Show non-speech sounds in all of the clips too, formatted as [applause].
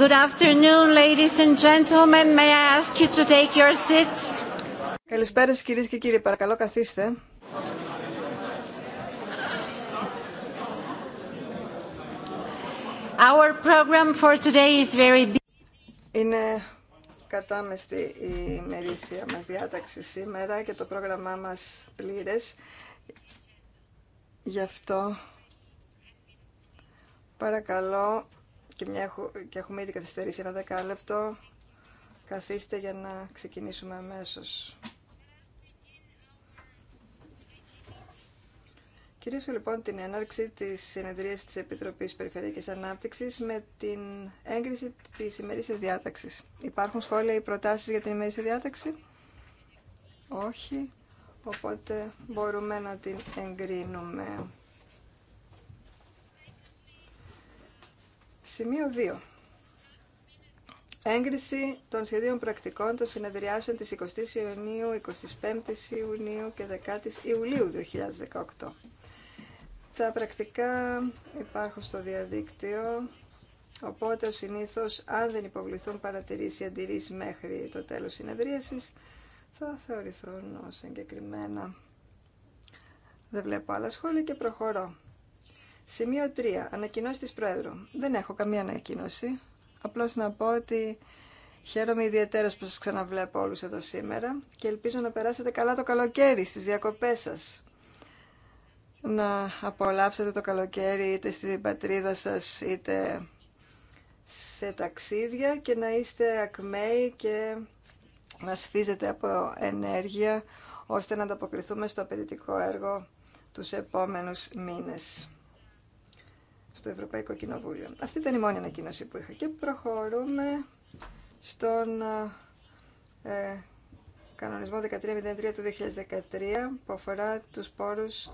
Good afternoon, ladies and gentlemen. May I ask you to take your seats? Καλησπέρα σας κυρίες και κύριοι. Παρακαλώ καθίστε. Our program for today is very busy. Είναι κατάμεστη η μερίσια μας διάταξη σήμερα και το πρόγραμμά μας πλήρες. Γι' αυτό παρακαλώ και, έχουμε ήδη καθυστερήσει ένα δεκάλεπτο. Καθίστε για να ξεκινήσουμε αμέσως. Κυρίσω λοιπόν την έναρξη της συνεδρίας της Επιτροπής Περιφερειακής Ανάπτυξης με την έγκριση της ημερήσιας διάταξης. Υπάρχουν σχόλια ή προτάσεις για την ημερήσια διάταξη? Όχι, οπότε μπορούμε να την εγκρίνουμε. Σημείο 2. Έγκριση των σχεδίων πρακτικών των συνεδριάσεων της 20ης Ιουνίου, 25ης Ιουνίου και 10ης Ιουλίου 2018. Τα πρακτικά υπάρχουν στο διαδίκτυο, οπότε ο συνήθως αν δεν υποβληθούν παρατηρήσεις ή αντιρρήσεις μέχρι το τέλος συνεδρίασης, θα θεωρηθούν ως εγκεκριμένα. Δεν βλέπω άλλα σχόλια και προχωρώ. Σημείο 3. Ανακοινώσει τη Πρόεδρου. Δεν έχω καμία ανακοίνωση. Απλώ να πω ότι χαίρομαι ιδιαίτερα που σα ξαναβλέπω όλου εδώ σήμερα και ελπίζω να περάσετε καλά το καλοκαίρι στι διακοπέ σα. Να απολαύσετε το καλοκαίρι είτε στην πατρίδα σας είτε σε ταξίδια και να είστε ακμαίοι και να σφίζετε από ενέργεια ώστε να ανταποκριθούμε στο απαιτητικό έργο τους επόμενους μήνες στο Ευρωπαϊκό Κοινοβούλιο. Αυτή ήταν η μόνη ανακοίνωση που είχα. Και προχωρούμε στον ε, ε κανονισμό 1303 του 2013 που αφορά τους πόρους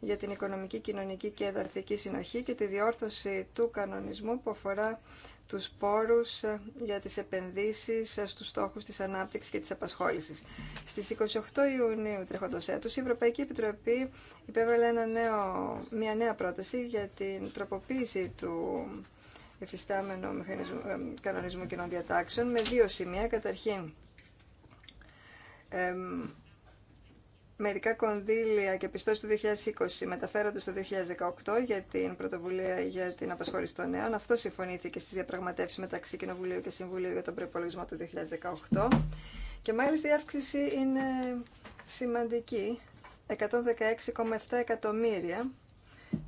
για την οικονομική, κοινωνική και εδαφική συνοχή και τη διόρθωση του κανονισμού που αφορά τους πόρους ε, για τις επενδύσεις ε, στους στόχους της ανάπτυξης και της απασχόλησης. Στις 28 Ιουνίου τρέχοντος έτους η Ευρωπαϊκή Επιτροπή υπέβαλε ένα νέο, μια νέα πρόταση για την τροποποίηση του εφιστάμενου μηχανισμού, ε, κανονισμού κοινών διατάξεων με δύο σημεία. Καταρχήν, μερικά κονδύλια και πιστώσεις του 2020 μεταφέρονται στο 2018 για την πρωτοβουλία για την απασχόληση των νέων. Αυτό συμφωνήθηκε στις διαπραγματεύσεις μεταξύ Κοινοβουλίου και Συμβουλίου για τον προϋπολογισμό του 2018. Και μάλιστα η αύξηση είναι σημαντική, 116,7 εκατομμύρια,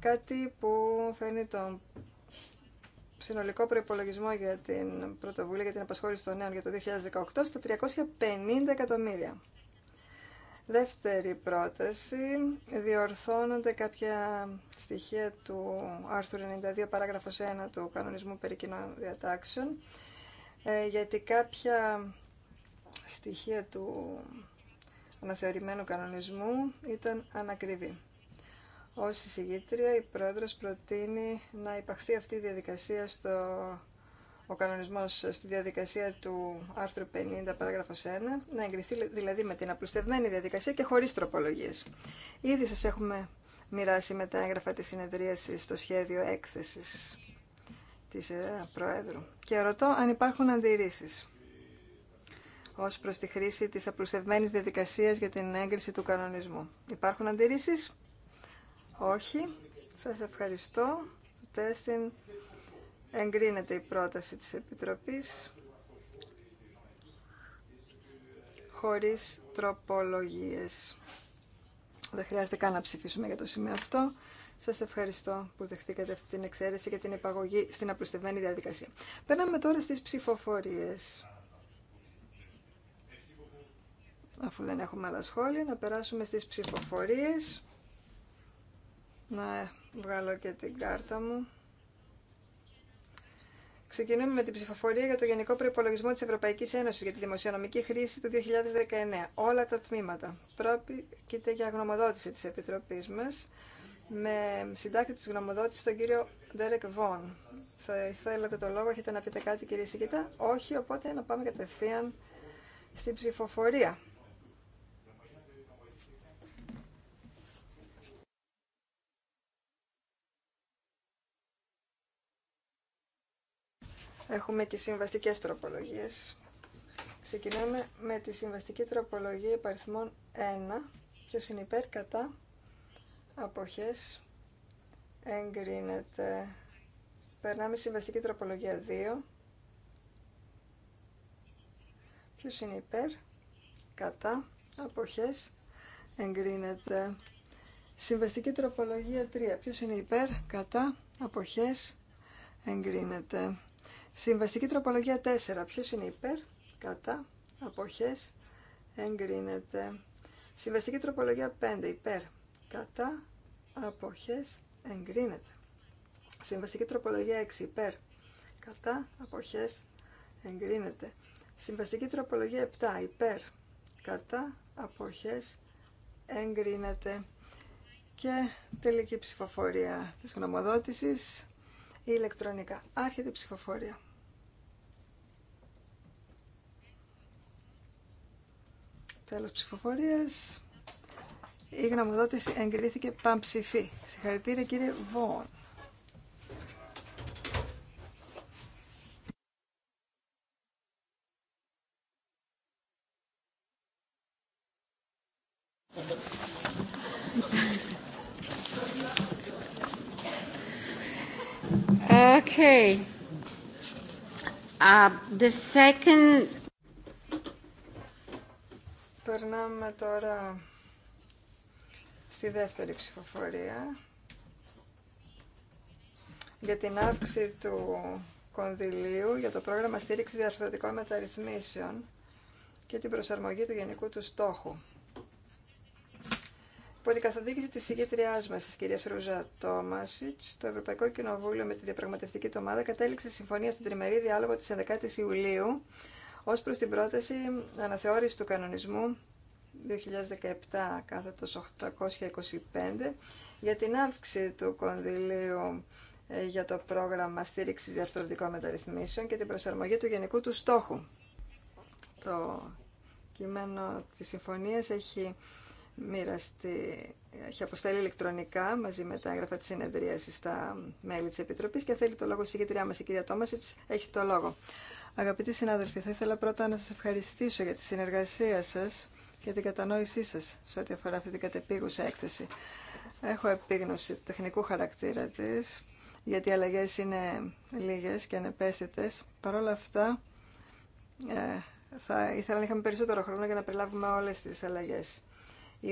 κάτι που φέρνει τον συνολικό προπολογισμό για την πρωτοβουλία για την απασχόληση των νέων για το 2018 στα 350 εκατομμύρια. Δεύτερη πρόταση, διορθώνονται κάποια στοιχεία του άρθρου 92 παράγραφος 1 του κανονισμού περί κοινών διατάξεων, ε, γιατί κάποια στοιχεία του αναθεωρημένου κανονισμού ήταν ανακριβή. Ως εισηγήτρια, η Πρόεδρος προτείνει να υπαχθεί αυτή η διαδικασία στο ο κανονισμός στη διαδικασία του άρθρου 50 παράγραφος 1 να εγκριθεί δηλαδή με την απλουστευμένη διαδικασία και χωρίς τροπολογίες. Ήδη σας έχουμε μοιράσει με τα έγγραφα της συνεδρίασης στο σχέδιο έκθεσης της ε, Προέδρου και ρωτώ αν υπάρχουν αντιρρήσεις ως προς τη χρήση της απλουστευμένης διαδικασίας για την έγκριση του κανονισμού. Υπάρχουν αντιρρήσεις? Όχι. Σας ευχαριστώ. Τέστην Εγκρίνεται η πρόταση της Επιτροπής χωρίς τροπολογίες. Δεν χρειάζεται καν να ψηφίσουμε για το σημείο αυτό. Σας ευχαριστώ που δεχτήκατε αυτή την εξαίρεση και την επαγωγή στην απλουστευμένη διαδικασία. Περνάμε τώρα στις ψηφοφορίες. Αφού δεν έχουμε άλλα σχόλια, να περάσουμε στις ψηφοφορίες. Να βγάλω και την κάρτα μου. Ξεκινούμε με την ψηφοφορία για το Γενικό Προπολογισμό τη Ευρωπαϊκή Ένωση για τη Δημοσιονομική Χρήση του 2019. Όλα τα τμήματα. Πρόκειται για γνωμοδότηση τη Επιτροπή μα με συντάκτη τη γνωμοδότηση τον κύριο Ντέρεκ Βον. Θα ήθελατε το λόγο, έχετε να πείτε κάτι κύριε Σιγητά. Όχι, οπότε να πάμε κατευθείαν στην ψηφοφορία. Έχουμε και συμβαστικές τροπολογίες. Ξεκινάμε με τη συμβαστική τροπολογία υπαριθμών 1. Ποιος είναι υπέρ, κατά, αποχές, εγκρίνεται. Περνάμε στη συμβαστική τροπολογία 2. Ποιος είναι υπέρ, κατά, αποχέ, εγκρίνεται. Συμβαστική τροπολογία 3. Ποιος είναι υπέρ, κατά, αποχέ, εγκρίνεται. Συμβαστική τροπολογία 4. Ποιο είναι υπέρ, κατά, αποχές, εγκρίνεται. Συμβαστική τροπολογία 5. Υπέρ, κατά, απόχέ. εγκρίνεται. Συμβαστική τροπολογία 6. Υπέρ, κατά, απόχέ. εγκρίνεται. Συμβαστική τροπολογία 7. Υπέρ, κατά, απόχέ. εγκρίνεται. Και τελική ψηφοφορία της γνωμοδότησης ηλεκτρονικά. Άρχεται η ψηφοφορία. Τέλος ψηφοφορίας. Η γνωμοδότηση εγκρίθηκε πανψηφή. Συγχαρητήρια κύριε Βόν. Okay. Uh, the second Περνάμε τώρα στη δεύτερη ψηφοφορία για την αύξηση του κονδυλίου για το πρόγραμμα στήριξη διαρθρωτικών μεταρρυθμίσεων και την προσαρμογή του γενικού του στόχου. Υπό την καθοδήγηση τη ηγέτριά μα, τη κυρία Ρούζα Τόμασιτ, το Ευρωπαϊκό Κοινοβούλιο με τη διαπραγματευτική ομάδα κατέληξε συμφωνία στον τριμερή διάλογο τη 11η Ιουλίου ως προς την πρόταση αναθεώρηση του κανονισμού 2017 κάθετος 825 για την αύξηση του κονδυλίου ε, για το πρόγραμμα στήριξης διαρθρωτικών μεταρρυθμίσεων και την προσαρμογή του γενικού του στόχου. Το κείμενο της συμφωνίας έχει μοιραστεί, έχει αποστέλει ηλεκτρονικά μαζί με τα έγγραφα της συνεδρίασης στα μέλη της Επιτροπής και θέλει το λόγο η συγκεκριά μας, η κυρία Τόμασιτς, έχει το λόγο. Αγαπητοί συνάδελφοι, θα ήθελα πρώτα να σας ευχαριστήσω για τη συνεργασία σας και την κατανόησή σας σε ό,τι αφορά αυτή την κατεπίγουσα έκθεση. Έχω επίγνωση του τεχνικού χαρακτήρα της, γιατί οι αλλαγές είναι λίγες και ανεπαίσθητες. Παρ' όλα αυτά, ε, θα ήθελα να είχαμε περισσότερο χρόνο για να περιλάβουμε όλες τις αλλαγές. Η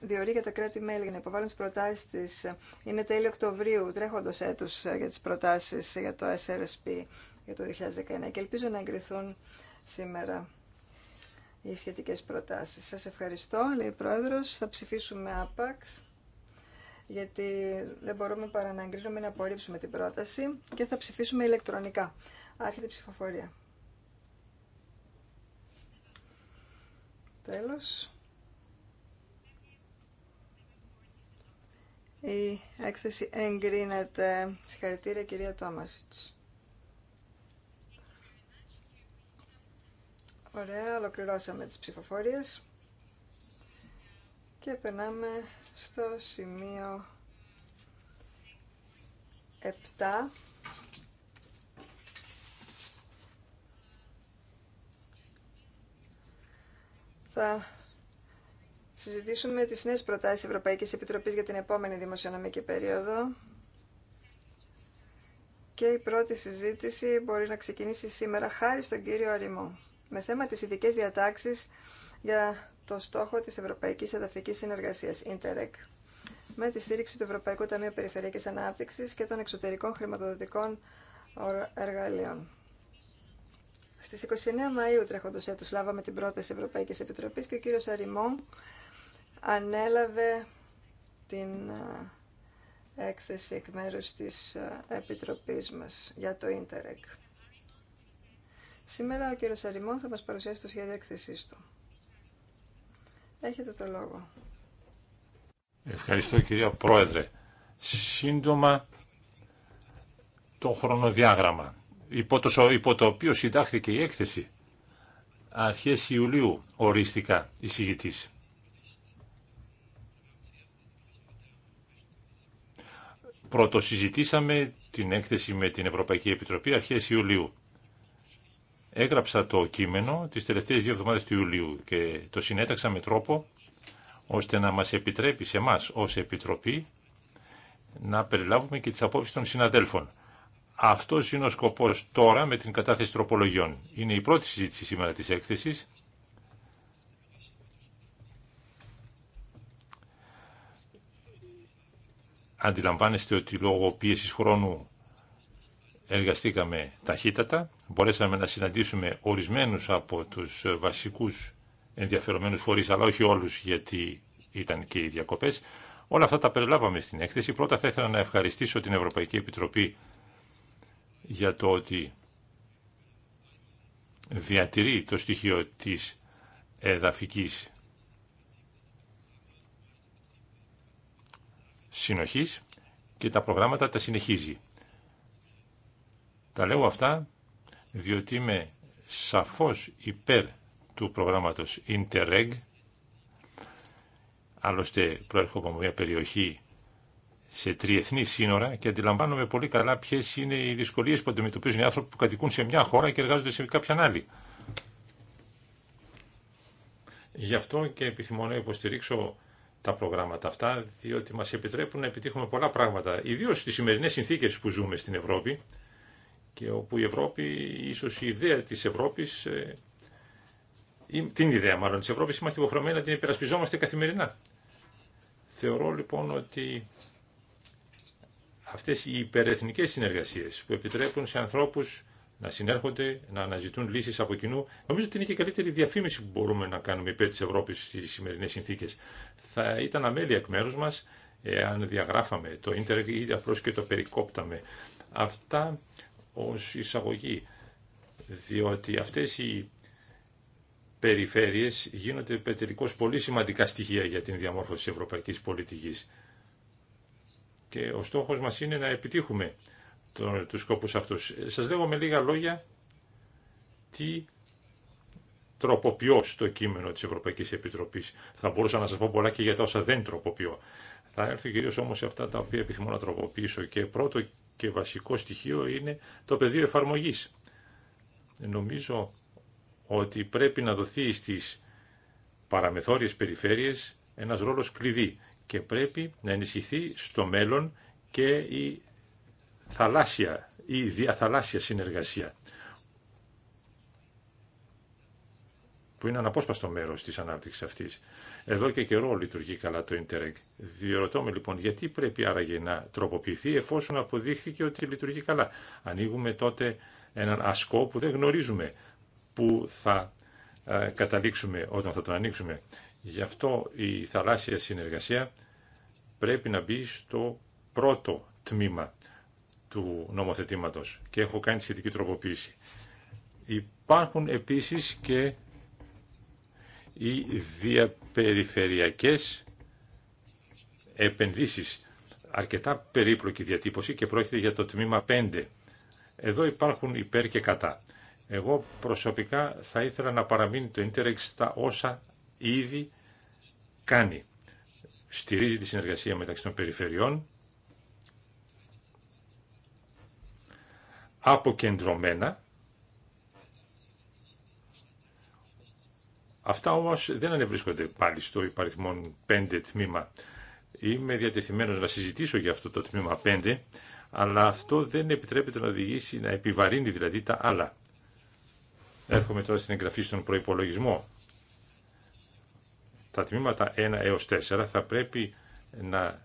διορία για τα κράτη-μέλη για να υποβάλουν τις προτάσεις της, είναι τέλειο Οκτωβρίου, τρέχοντος έτους για τις προτάσει για το SRSP για το 2019 και ελπίζω να εγκριθούν σήμερα οι σχετικές προτάσεις. Σας ευχαριστώ, λέει ο Πρόεδρος. Θα ψηφίσουμε άπαξ, γιατί δεν μπορούμε παρά να εγκρίνουμε να απορρίψουμε την πρόταση και θα ψηφίσουμε ηλεκτρονικά. Άρχεται η ψηφοφορία. Τέλος. Η έκθεση εγκρίνεται. Συγχαρητήρια κυρία Τόμασιτς. Ωραία, ολοκληρώσαμε τις ψηφοφορίες και περνάμε στο σημείο 7 θα συζητήσουμε τις νέες προτάσεις Ευρωπαϊκής Επιτροπής για την επόμενη δημοσιονομική περίοδο και η πρώτη συζήτηση μπορεί να ξεκινήσει σήμερα χάρη στον κύριο Αριμό με θέμα τις ειδικές διατάξεις για το στόχο της Ευρωπαϊκής Εδαφικής Συνεργασίας, Interreg, με τη στήριξη του Ευρωπαϊκού Ταμείου Περιφερειακής Ανάπτυξης και των εξωτερικών χρηματοδοτικών εργαλείων. Στις 29 Μαΐου τρέχοντος έτους λάβαμε την πρόταση Ευρωπαϊκής Επιτροπής και ο κύριος Αριμόν ανέλαβε την έκθεση εκ μέρους της Επιτροπής μας για το Interreg. Σήμερα ο κύριος Αριμών θα μας παρουσιάσει το σχέδιο έκθεσής του. Έχετε το λόγο. Ευχαριστώ κυρία Πρόεδρε. Σύντομα το χρονοδιάγραμμα υπό το, υπό το οποίο συντάχθηκε η έκθεση αρχές Ιουλίου ορίστηκα εισηγητής. Πρώτο συζητήσαμε την έκθεση με την Ευρωπαϊκή Επιτροπή αρχές Ιουλίου έγραψα το κείμενο τις τελευταίες δύο εβδομάδες του Ιουλίου και το συνέταξα με τρόπο ώστε να μας επιτρέπει σε εμά ως Επιτροπή να περιλάβουμε και τις απόψεις των συναδέλφων. Αυτό είναι ο σκοπός τώρα με την κατάθεση τροπολογιών. Είναι η πρώτη συζήτηση σήμερα της έκθεσης. Αντιλαμβάνεστε ότι λόγω πίεσης χρόνου εργαστήκαμε ταχύτατα μπορέσαμε να συναντήσουμε ορισμένους από τους βασικούς ενδιαφερομένους φορείς, αλλά όχι όλους γιατί ήταν και οι διακοπές. Όλα αυτά τα περιλάβαμε στην έκθεση. Πρώτα θα ήθελα να ευχαριστήσω την Ευρωπαϊκή Επιτροπή για το ότι διατηρεί το στοιχείο της εδαφικής συνοχής και τα προγράμματα τα συνεχίζει. Τα λέω αυτά διότι είμαι σαφώς υπέρ του προγράμματος Interreg. Άλλωστε προέρχομαι από μια περιοχή σε τριεθνή σύνορα και αντιλαμβάνομαι πολύ καλά ποιε είναι οι δυσκολίε που αντιμετωπίζουν οι άνθρωποι που κατοικούν σε μια χώρα και εργάζονται σε κάποια άλλη. Γι' αυτό και επιθυμώ να υποστηρίξω τα προγράμματα αυτά, διότι μα επιτρέπουν να επιτύχουμε πολλά πράγματα, Ιδίω στι σημερινέ συνθήκε που ζούμε στην Ευρώπη, και όπου η Ευρώπη, ίσως η ιδέα της Ευρώπης, ε, την ιδέα μάλλον της Ευρώπης, είμαστε υποχρεωμένοι να την υπερασπιζόμαστε καθημερινά. Θεωρώ λοιπόν ότι αυτές οι υπερεθνικές συνεργασίες που επιτρέπουν σε ανθρώπους να συνέρχονται, να αναζητούν λύσει από κοινού, νομίζω ότι είναι και η καλύτερη διαφήμιση που μπορούμε να κάνουμε υπέρ τη Ευρώπη στι σημερινέ συνθήκε. Θα ήταν αμέλεια εκ μέρου μα εάν διαγράφαμε το ίντερνετ ή απλώ και το περικόπταμε. Αυτά ως εισαγωγή, διότι αυτές οι περιφέρειες γίνονται τελικώς πολύ σημαντικά στοιχεία για την διαμόρφωση της ευρωπαϊκής πολιτικής. Και ο στόχος μας είναι να επιτύχουμε το, τους σκοπούς αυτούς. Σας λέγω με λίγα λόγια τι τροποποιώ στο κείμενο της Ευρωπαϊκής Επιτροπής. Θα μπορούσα να σας πω πολλά και για τα όσα δεν τροποποιώ. Θα έρθω κυρίω όμως σε αυτά τα οποία επιθυμώ να τροποποιήσω και πρώτο και βασικό στοιχείο είναι το πεδίο εφαρμογής. Νομίζω ότι πρέπει να δοθεί στις παραμεθόριες περιφέρειες ένας ρόλος κλειδί και πρέπει να ενισχυθεί στο μέλλον και η θαλάσσια ή διαθαλάσσια συνεργασία. που είναι αναπόσπαστο μέρο τη ανάπτυξη αυτή. Εδώ και καιρό λειτουργεί καλά το Interreg. Διερωτώ με λοιπόν γιατί πρέπει άραγε να τροποποιηθεί εφόσον αποδείχθηκε ότι λειτουργεί καλά. Ανοίγουμε τότε έναν ασκό που δεν γνωρίζουμε που θα ε, καταλήξουμε όταν θα τον ανοίξουμε. Γι' αυτό η θαλάσσια συνεργασία πρέπει να μπει στο πρώτο τμήμα του νομοθετήματος και έχω κάνει σχετική τροποποίηση. Υπάρχουν επίσης και ή περιφερειακές επενδύσεις. Αρκετά περίπλοκη διατύπωση και πρόκειται για το τμήμα 5. Εδώ υπάρχουν υπέρ και κατά. Εγώ προσωπικά θα ήθελα να παραμείνει το Interreg στα όσα ήδη κάνει. Στηρίζει τη συνεργασία μεταξύ των περιφερειών, αποκεντρωμένα Αυτά όμως δεν ανεβρίσκονται πάλι στο υπαριθμό 5 τμήμα. Είμαι διατεθειμένος να συζητήσω για αυτό το τμήμα 5, αλλά αυτό δεν επιτρέπεται να οδηγήσει, να επιβαρύνει δηλαδή τα άλλα. Έρχομαι τώρα στην εγγραφή στον προϋπολογισμό. Τα τμήματα 1 έως 4 θα πρέπει να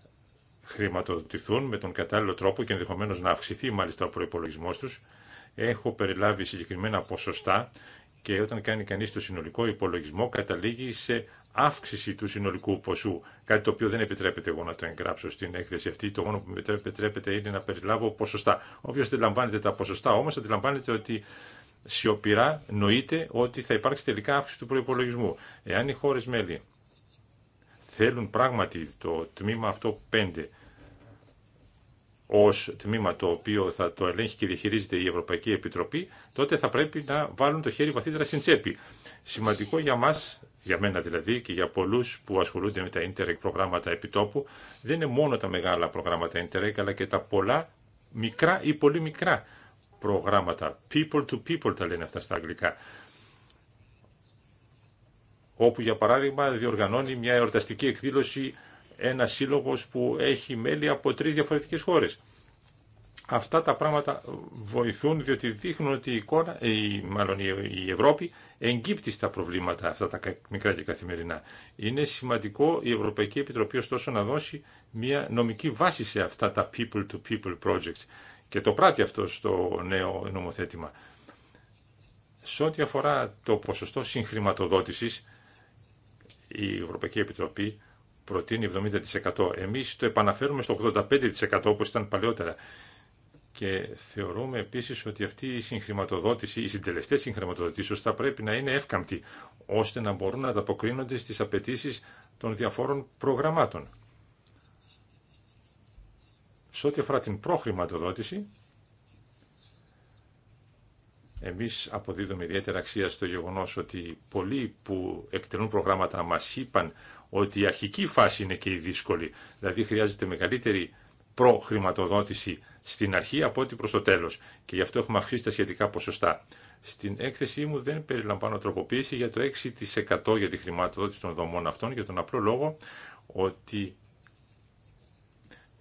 χρηματοδοτηθούν με τον κατάλληλο τρόπο και ενδεχομένως να αυξηθεί μάλιστα ο προϋπολογισμός τους. Έχω περιλάβει συγκεκριμένα ποσοστά και όταν κάνει κανείς το συνολικό υπολογισμό καταλήγει σε αύξηση του συνολικού ποσού, κάτι το οποίο δεν επιτρέπεται εγώ να το εγγράψω στην έκθεση αυτή, το μόνο που με επιτρέπεται είναι να περιλάβω ποσοστά. Όποιος δεν λαμβάνεται τα ποσοστά όμως αντιλαμβάνεται ότι σιωπηρά νοείται ότι θα υπάρξει τελικά αύξηση του προϋπολογισμού. Εάν οι χώρες μέλη θέλουν πράγματι το τμήμα αυτό 5 ως τμήμα το οποίο θα το ελέγχει και διαχειρίζεται η Ευρωπαϊκή Επιτροπή, τότε θα πρέπει να βάλουν το χέρι βαθύτερα στην τσέπη. Σημαντικό για μας, για μένα δηλαδή και για πολλούς που ασχολούνται με τα Interreg προγράμματα επιτόπου, δεν είναι μόνο τα μεγάλα προγράμματα Interreg, αλλά και τα πολλά μικρά ή πολύ μικρά προγράμματα. People to people τα λένε αυτά στα αγγλικά. Όπου για παράδειγμα διοργανώνει μια εορταστική εκδήλωση ένα σύλλογο που έχει μέλη από τρεις διαφορετικές χώρες. Αυτά τα πράγματα βοηθούν διότι δείχνουν ότι η, εικόνα, η, μάλλον η Ευρώπη εγκύπτει στα προβλήματα αυτά τα μικρά και καθημερινά. Είναι σημαντικό η Ευρωπαϊκή Επιτροπή ωστόσο να δώσει μια νομική βάση σε αυτά τα people-to-people projects και το πράττει αυτό στο νέο νομοθέτημα. Σε ό,τι αφορά το ποσοστό συγχρηματοδότησης, η Ευρωπαϊκή Επιτροπή προτείνει 70%. Εμείς το επαναφέρουμε στο 85% όπως ήταν παλαιότερα. Και θεωρούμε επίσης ότι αυτή η συγχρηματοδότηση, οι συντελεστές συγχρηματοδοτήσεως θα πρέπει να είναι εύκαμπτοι, ώστε να μπορούν να ανταποκρίνονται στις απαιτήσει των διαφόρων προγραμμάτων. Σε ό,τι αφορά την προχρηματοδότηση, εμείς αποδίδουμε ιδιαίτερα αξία στο γεγονός ότι πολλοί που εκτελούν προγράμματα μας είπαν ότι η αρχική φάση είναι και η δύσκολη. Δηλαδή χρειάζεται μεγαλύτερη προχρηματοδότηση στην αρχή από ό,τι προς το τέλος. Και γι' αυτό έχουμε αυξήσει τα σχετικά ποσοστά. Στην έκθεσή μου δεν περιλαμβάνω τροποποίηση για το 6% για τη χρηματοδότηση των δομών αυτών, για τον απλό λόγο ότι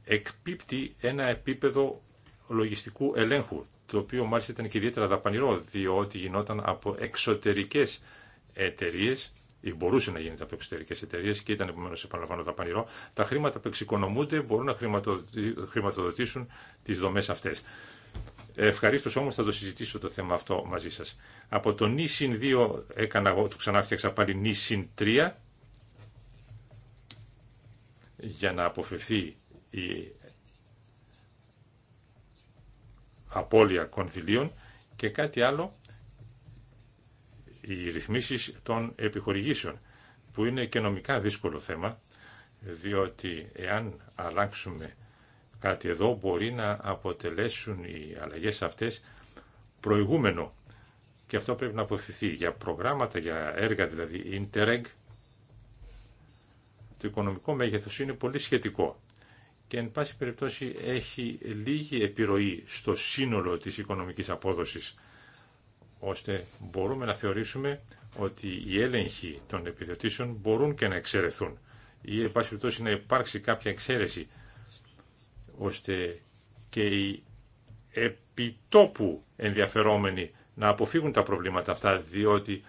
εκπίπτει ένα επίπεδο λογιστικού ελέγχου, το οποίο μάλιστα ήταν και ιδιαίτερα δαπανηρό, διότι γινόταν από εξωτερικές εταιρείες ή μπορούσε να γίνεται από εξωτερικέ εταιρείε και ήταν επομένω, επαναλαμβάνω, δαπανηρό. Τα χρήματα που εξοικονομούνται μπορούν να χρηματοδοτήσουν τι δομέ αυτέ. Ευχαρίστω όμω θα το συζητήσω το θέμα αυτό μαζί σα. Από το νη 2 έκανα εγώ, το φτιάξα πάλι νη 3 για να αποφευθεί η απώλεια κονδυλίων και κάτι άλλο οι ρυθμίσεις των επιχορηγήσεων, που είναι και νομικά δύσκολο θέμα, διότι εάν αλλάξουμε κάτι εδώ μπορεί να αποτελέσουν οι αλλαγές αυτές προηγούμενο και αυτό πρέπει να αποφυθεί για προγράμματα, για έργα δηλαδή Interreg το οικονομικό μέγεθος είναι πολύ σχετικό και εν πάση περιπτώσει έχει λίγη επιρροή στο σύνολο της οικονομικής απόδοσης ώστε μπορούμε να θεωρήσουμε ότι οι έλεγχοι των επιδοτήσεων μπορούν και να εξαιρεθούν ή εν πάση περιπτώσει να υπάρξει κάποια εξαίρεση ώστε και οι επιτόπου ενδιαφερόμενοι να αποφύγουν τα προβλήματα αυτά διότι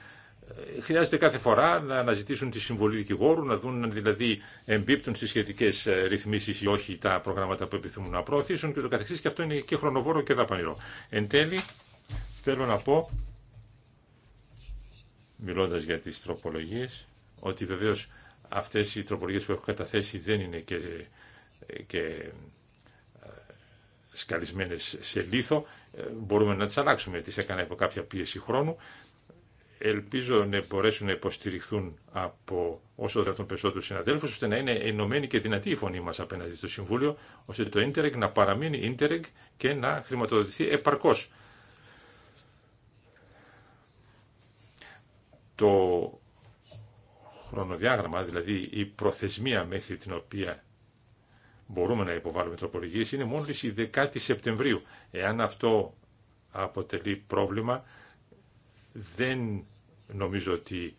ε, χρειάζεται κάθε φορά να αναζητήσουν τη συμβολή δικηγόρου, να δουν δηλαδή εμπίπτουν στις σχετικές ε, ρυθμίσεις ή όχι τα προγράμματα που επιθυμούν να προωθήσουν και το καθεξής και αυτό είναι και χρονοβόρο και δαπανηρό. Εν Θέλω να πω, μιλώντας για τις τροπολογίες, ότι βεβαίως αυτές οι τροπολογίες που έχω καταθέσει δεν είναι και, και ε, σκαλισμένες σε λίθο, ε, μπορούμε να τις αλλάξουμε, τις έκανα από κάποια πίεση χρόνου. Ελπίζω να μπορέσουν να υποστηριχθούν από όσο δυνατόν περισσότερου συναδέλφου, ώστε να είναι ενωμένη και δυνατή η φωνή μα απέναντι στο Συμβούλιο, ώστε το Ίντερεγ να παραμείνει Ίντερεγ και να χρηματοδοτηθεί επαρκώ. το χρονοδιάγραμμα, δηλαδή η προθεσμία μέχρι την οποία μπορούμε να υποβάλουμε τροπολογίες, είναι μόλις η 10η Σεπτεμβρίου. Εάν αυτό αποτελεί πρόβλημα, δεν νομίζω ότι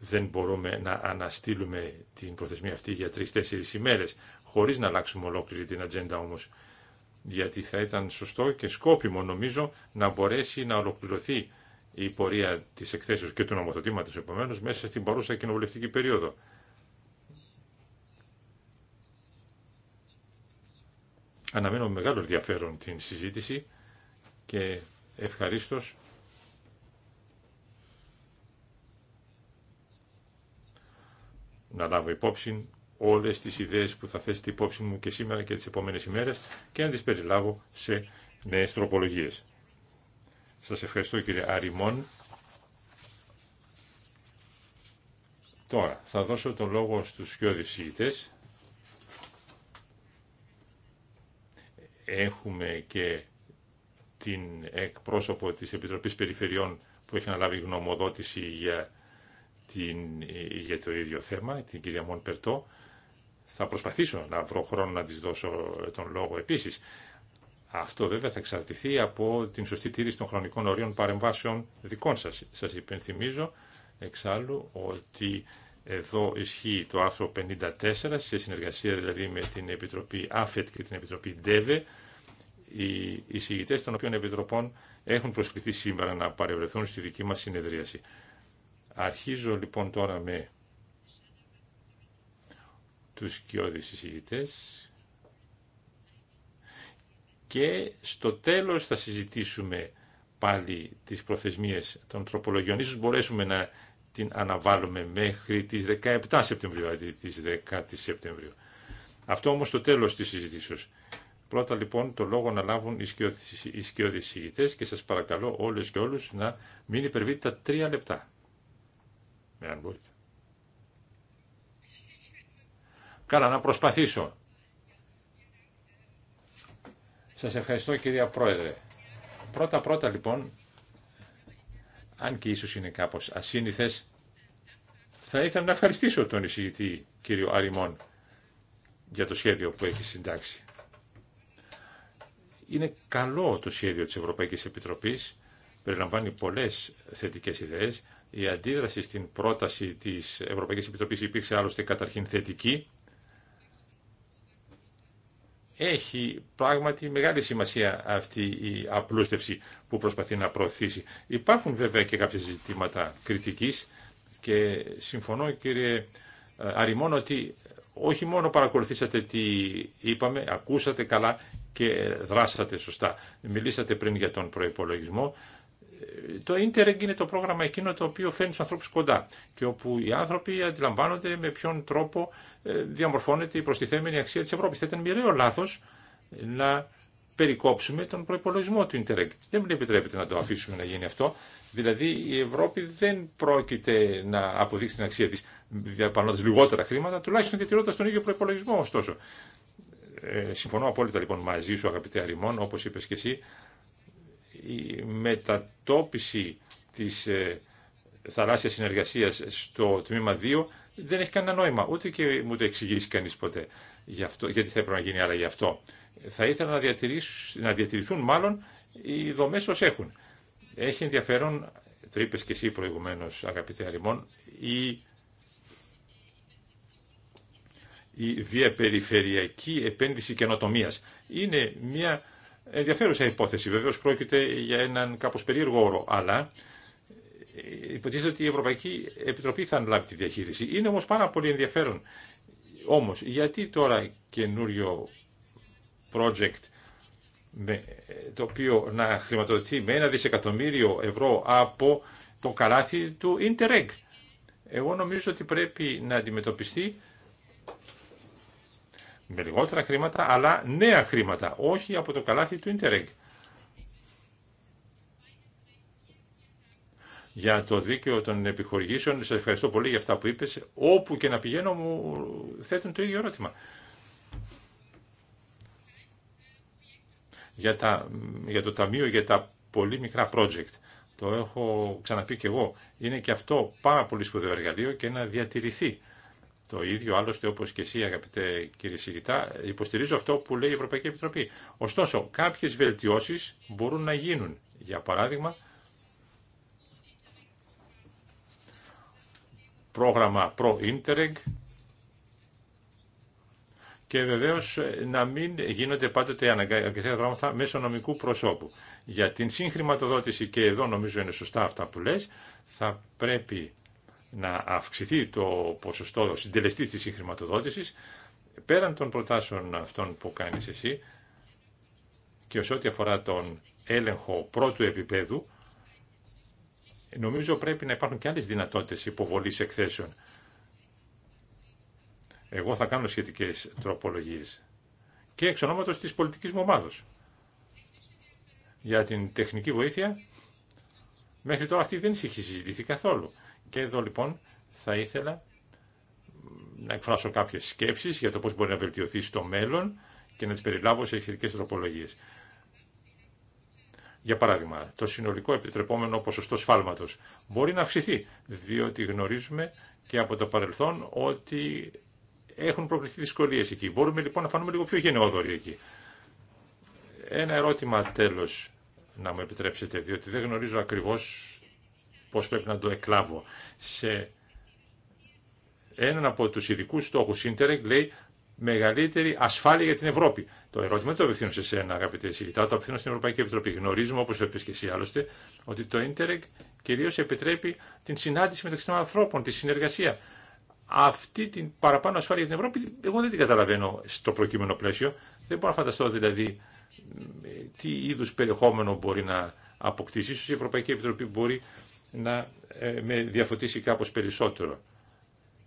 δεν μπορούμε να αναστείλουμε την προθεσμία αυτή για τρεις-τέσσερις ημέρες, χωρίς να αλλάξουμε ολόκληρη την ατζέντα όμως, γιατί θα ήταν σωστό και σκόπιμο νομίζω να μπορέσει να ολοκληρωθεί η πορεία της εκθέσεως και του νομοθετήματος επομένως μέσα στην παρούσα κοινοβουλευτική περίοδο. Αναμένω με μεγάλο ενδιαφέρον την συζήτηση και ευχαριστώ να λάβω υπόψη όλες τις ιδέες που θα θέσετε υπόψη μου και σήμερα και τις επόμενες ημέρες και να τις περιλάβω σε νέες τροπολογίες. Σας ευχαριστώ κύριε Αριμόν. Τώρα θα δώσω τον λόγο στους πιο δυσίτες. Έχουμε και την εκπρόσωπο της Επιτροπής Περιφερειών που έχει αναλάβει γνωμοδότηση για, την, για το ίδιο θέμα, την κυρία Μον Περτό. Θα προσπαθήσω να βρω χρόνο να της δώσω τον λόγο επίσης. Αυτό βέβαια θα εξαρτηθεί από την σωστή τήρηση των χρονικών ορίων παρεμβάσεων δικών σας. Σας υπενθυμίζω εξάλλου ότι εδώ ισχύει το άρθρο 54 σε συνεργασία δηλαδή με την Επιτροπή ΑΦΕΤ και την Επιτροπή ΔΕΒΕ. Οι εισηγητές των οποίων επιτροπών έχουν προσκληθεί σήμερα να παρευρεθούν στη δική μας συνεδρίαση. Αρχίζω λοιπόν τώρα με τους κοιόδης εισηγητές και στο τέλος θα συζητήσουμε πάλι τις προθεσμίες των τροπολογιών. Ίσως μπορέσουμε να την αναβάλουμε μέχρι τις 17 Σεπτεμβρίου, αντί τις 10 Σεπτεμβρίου. Αυτό όμως το τέλος της συζητήσεως. Πρώτα λοιπόν το λόγο να λάβουν οι σκιώδεις συγητές και σας παρακαλώ όλες και όλους να μην υπερβείτε τα τρία λεπτά. Εάν μπορείτε. Καλά, να προσπαθήσω. Σας ευχαριστώ κυρία Πρόεδρε. Πρώτα-πρώτα λοιπόν, αν και ίσως είναι κάπως ασύνηθες, θα ήθελα να ευχαριστήσω τον εισηγητή κύριο Αριμών για το σχέδιο που έχει συντάξει. Είναι καλό το σχέδιο της Ευρωπαϊκής Επιτροπής, περιλαμβάνει πολλές θετικές ιδέες. Η αντίδραση στην πρόταση της Ευρωπαϊκής Επιτροπής υπήρξε άλλωστε καταρχήν θετική έχει πράγματι μεγάλη σημασία αυτή η απλούστευση που προσπαθεί να προωθήσει. Υπάρχουν βέβαια και κάποια ζητήματα κριτικής και συμφωνώ κύριε ε, Αρημόν ότι όχι μόνο παρακολουθήσατε τι είπαμε, ακούσατε καλά και δράσατε σωστά. Μιλήσατε πριν για τον προϋπολογισμό το ίντερνετ είναι το πρόγραμμα εκείνο το οποίο φέρνει του ανθρώπου κοντά και όπου οι άνθρωποι αντιλαμβάνονται με ποιον τρόπο ε, διαμορφώνεται η προστιθέμενη αξία τη Ευρώπη. Θα ήταν μοιραίο λάθο να περικόψουμε τον προπολογισμό του Ιντερνετ. Δεν μου επιτρέπεται να το αφήσουμε να γίνει αυτό. Δηλαδή η Ευρώπη δεν πρόκειται να αποδείξει την αξία τη διαπανώντα λιγότερα χρήματα, τουλάχιστον διατηρώντα τον ίδιο προπολογισμό ωστόσο. Ε, συμφωνώ απόλυτα λοιπόν μαζί σου αγαπητέ Αριμών, όπω είπε και εσύ, η μετατόπιση της ε, θαλάσσιας συνεργασίας στο τμήμα 2 δεν έχει κανένα νόημα, ούτε και μου το εξηγήσει κανείς ποτέ αυτό, γιατί θα έπρεπε να γίνει άλλα γι' αυτό. Θα ήθελα να, να διατηρηθούν μάλλον οι δομές ως έχουν. Έχει ενδιαφέρον, το είπε και εσύ προηγουμένως αγαπητέ Αριμών, η η διαπεριφερειακή επένδυση καινοτομία. Είναι μια Ενδιαφέρουσα υπόθεση. Βεβαίω πρόκειται για έναν κάπω περίεργο όρο, αλλά υποτίθεται ότι η Ευρωπαϊκή Επιτροπή θα αναλάβει τη διαχείριση. Είναι όμω πάρα πολύ ενδιαφέρον. Όμω, γιατί τώρα καινούριο project το οποίο να χρηματοδοτεί με ένα δισεκατομμύριο ευρώ από το καλάθι του Interreg. Εγώ νομίζω ότι πρέπει να αντιμετωπιστεί με λιγότερα χρήματα, αλλά νέα χρήματα, όχι από το καλάθι του Interreg. Για το δίκαιο των επιχορηγήσεων, σας ευχαριστώ πολύ για αυτά που είπες. Όπου και να πηγαίνω μου θέτουν το ίδιο ερώτημα. Για, τα, για το Ταμείο για τα πολύ μικρά project. Το έχω ξαναπεί και εγώ. Είναι και αυτό πάρα πολύ σπουδαίο εργαλείο και να διατηρηθεί. Το ίδιο άλλωστε όπως και εσύ αγαπητέ κύριε Σιγητά υποστηρίζω αυτό που λέει η Ευρωπαϊκή Επιτροπή. Ωστόσο κάποιες βελτιώσεις μπορούν να γίνουν. Για παράδειγμα πρόγραμμα Pro-Interreg και βεβαίω ε, να μην γίνονται πάντοτε αναγκαστικά πράγματα μέσω νομικού προσώπου. Για την συγχρηματοδότηση, και εδώ νομίζω είναι σωστά αυτά που λες, θα πρέπει να αυξηθεί το ποσοστό συντελεστή της συγχρηματοδότησης πέραν των προτάσεων αυτών που κάνεις εσύ και ως ό,τι αφορά τον έλεγχο πρώτου επίπεδου νομίζω πρέπει να υπάρχουν και άλλες δυνατότητες υποβολής εκθέσεων. Εγώ θα κάνω σχετικές τροπολογίες και εξ ονόματος της πολιτικής μου Για την τεχνική βοήθεια, μέχρι τώρα αυτή δεν είχε συζητηθεί καθόλου. Και εδώ λοιπόν θα ήθελα να εκφράσω κάποιες σκέψεις για το πώς μπορεί να βελτιωθεί στο μέλλον και να τις περιλάβω σε εχθρικέ τροπολογίε. Για παράδειγμα, το συνολικό επιτρεπόμενο ποσοστό σφάλματος μπορεί να αυξηθεί, διότι γνωρίζουμε και από το παρελθόν ότι έχουν προκληθεί δυσκολίε εκεί. Μπορούμε λοιπόν να φανούμε λίγο πιο γενναιόδοροι εκεί. Ένα ερώτημα τέλο να μου επιτρέψετε, διότι δεν γνωρίζω ακριβώς πώς πρέπει να το εκλάβω. Σε έναν από τους ειδικού στόχους Ίντερεκ λέει μεγαλύτερη ασφάλεια για την Ευρώπη. Το ερώτημα δεν το απευθύνω σε εσένα, αγαπητέ Σιγητά, το απευθύνω στην Ευρωπαϊκή Επιτροπή. Γνωρίζουμε, όπω είπε και εσύ άλλωστε, ότι το Ίντερεκ κυρίω επιτρέπει την συνάντηση μεταξύ των ανθρώπων, τη συνεργασία. Αυτή την παραπάνω ασφάλεια για την Ευρώπη, εγώ δεν την καταλαβαίνω στο προκείμενο πλαίσιο. Δεν μπορώ να φανταστώ δηλαδή τι είδου περιεχόμενο μπορεί να αποκτήσει. σω η Ευρωπαϊκή Επιτροπή μπορεί να ε, με διαφωτίσει κάπως περισσότερο.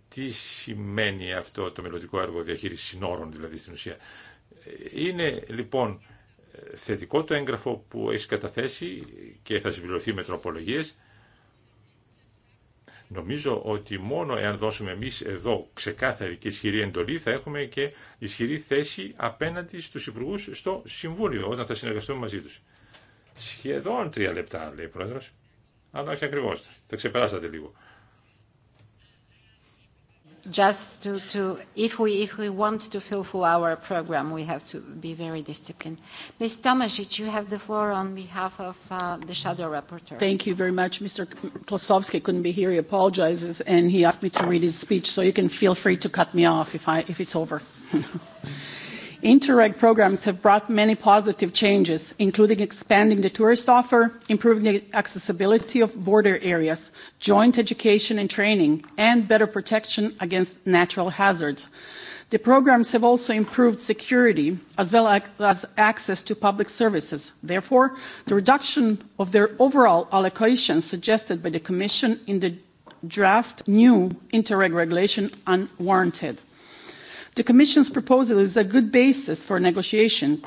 Τι σημαίνει αυτό το μελλοντικό έργο διαχείριση συνόρων δηλαδή στην ουσία. Είναι λοιπόν θετικό το έγγραφο που έχει καταθέσει και θα συμπληρωθεί με τροπολογίες. Νομίζω ότι μόνο εάν δώσουμε εμείς εδώ ξεκάθαρη και ισχυρή εντολή θα έχουμε και ισχυρή θέση απέναντι στους υπουργού στο Συμβούλιο όταν θα συνεργαστούμε μαζί τους. Σχεδόν τρία λεπτά λέει ο Πρόεδρος αλλά όχι Τα ξεπεράσατε λίγο. Just to, to if we if we want to fulfill our program, we have to be very disciplined. Ms. Tomasic, you have the floor on behalf of uh, the shadow rapporteur. Thank you very much, Mr. Klosowski couldn't be here. He apologizes, and he asked me to read his speech, so you can feel free to cut me off if I if it's over. Interreg programmes have brought many positive changes, including expanding the tourist offer, improving the accessibility of border areas, joint education and training, and better protection against natural hazards. The programmes have also improved security as well as access to public services. Therefore, the reduction of their overall allocation suggested by the Commission in the draft new Interreg regulation unwarranted. The Commission's proposal is a good basis for negotiation.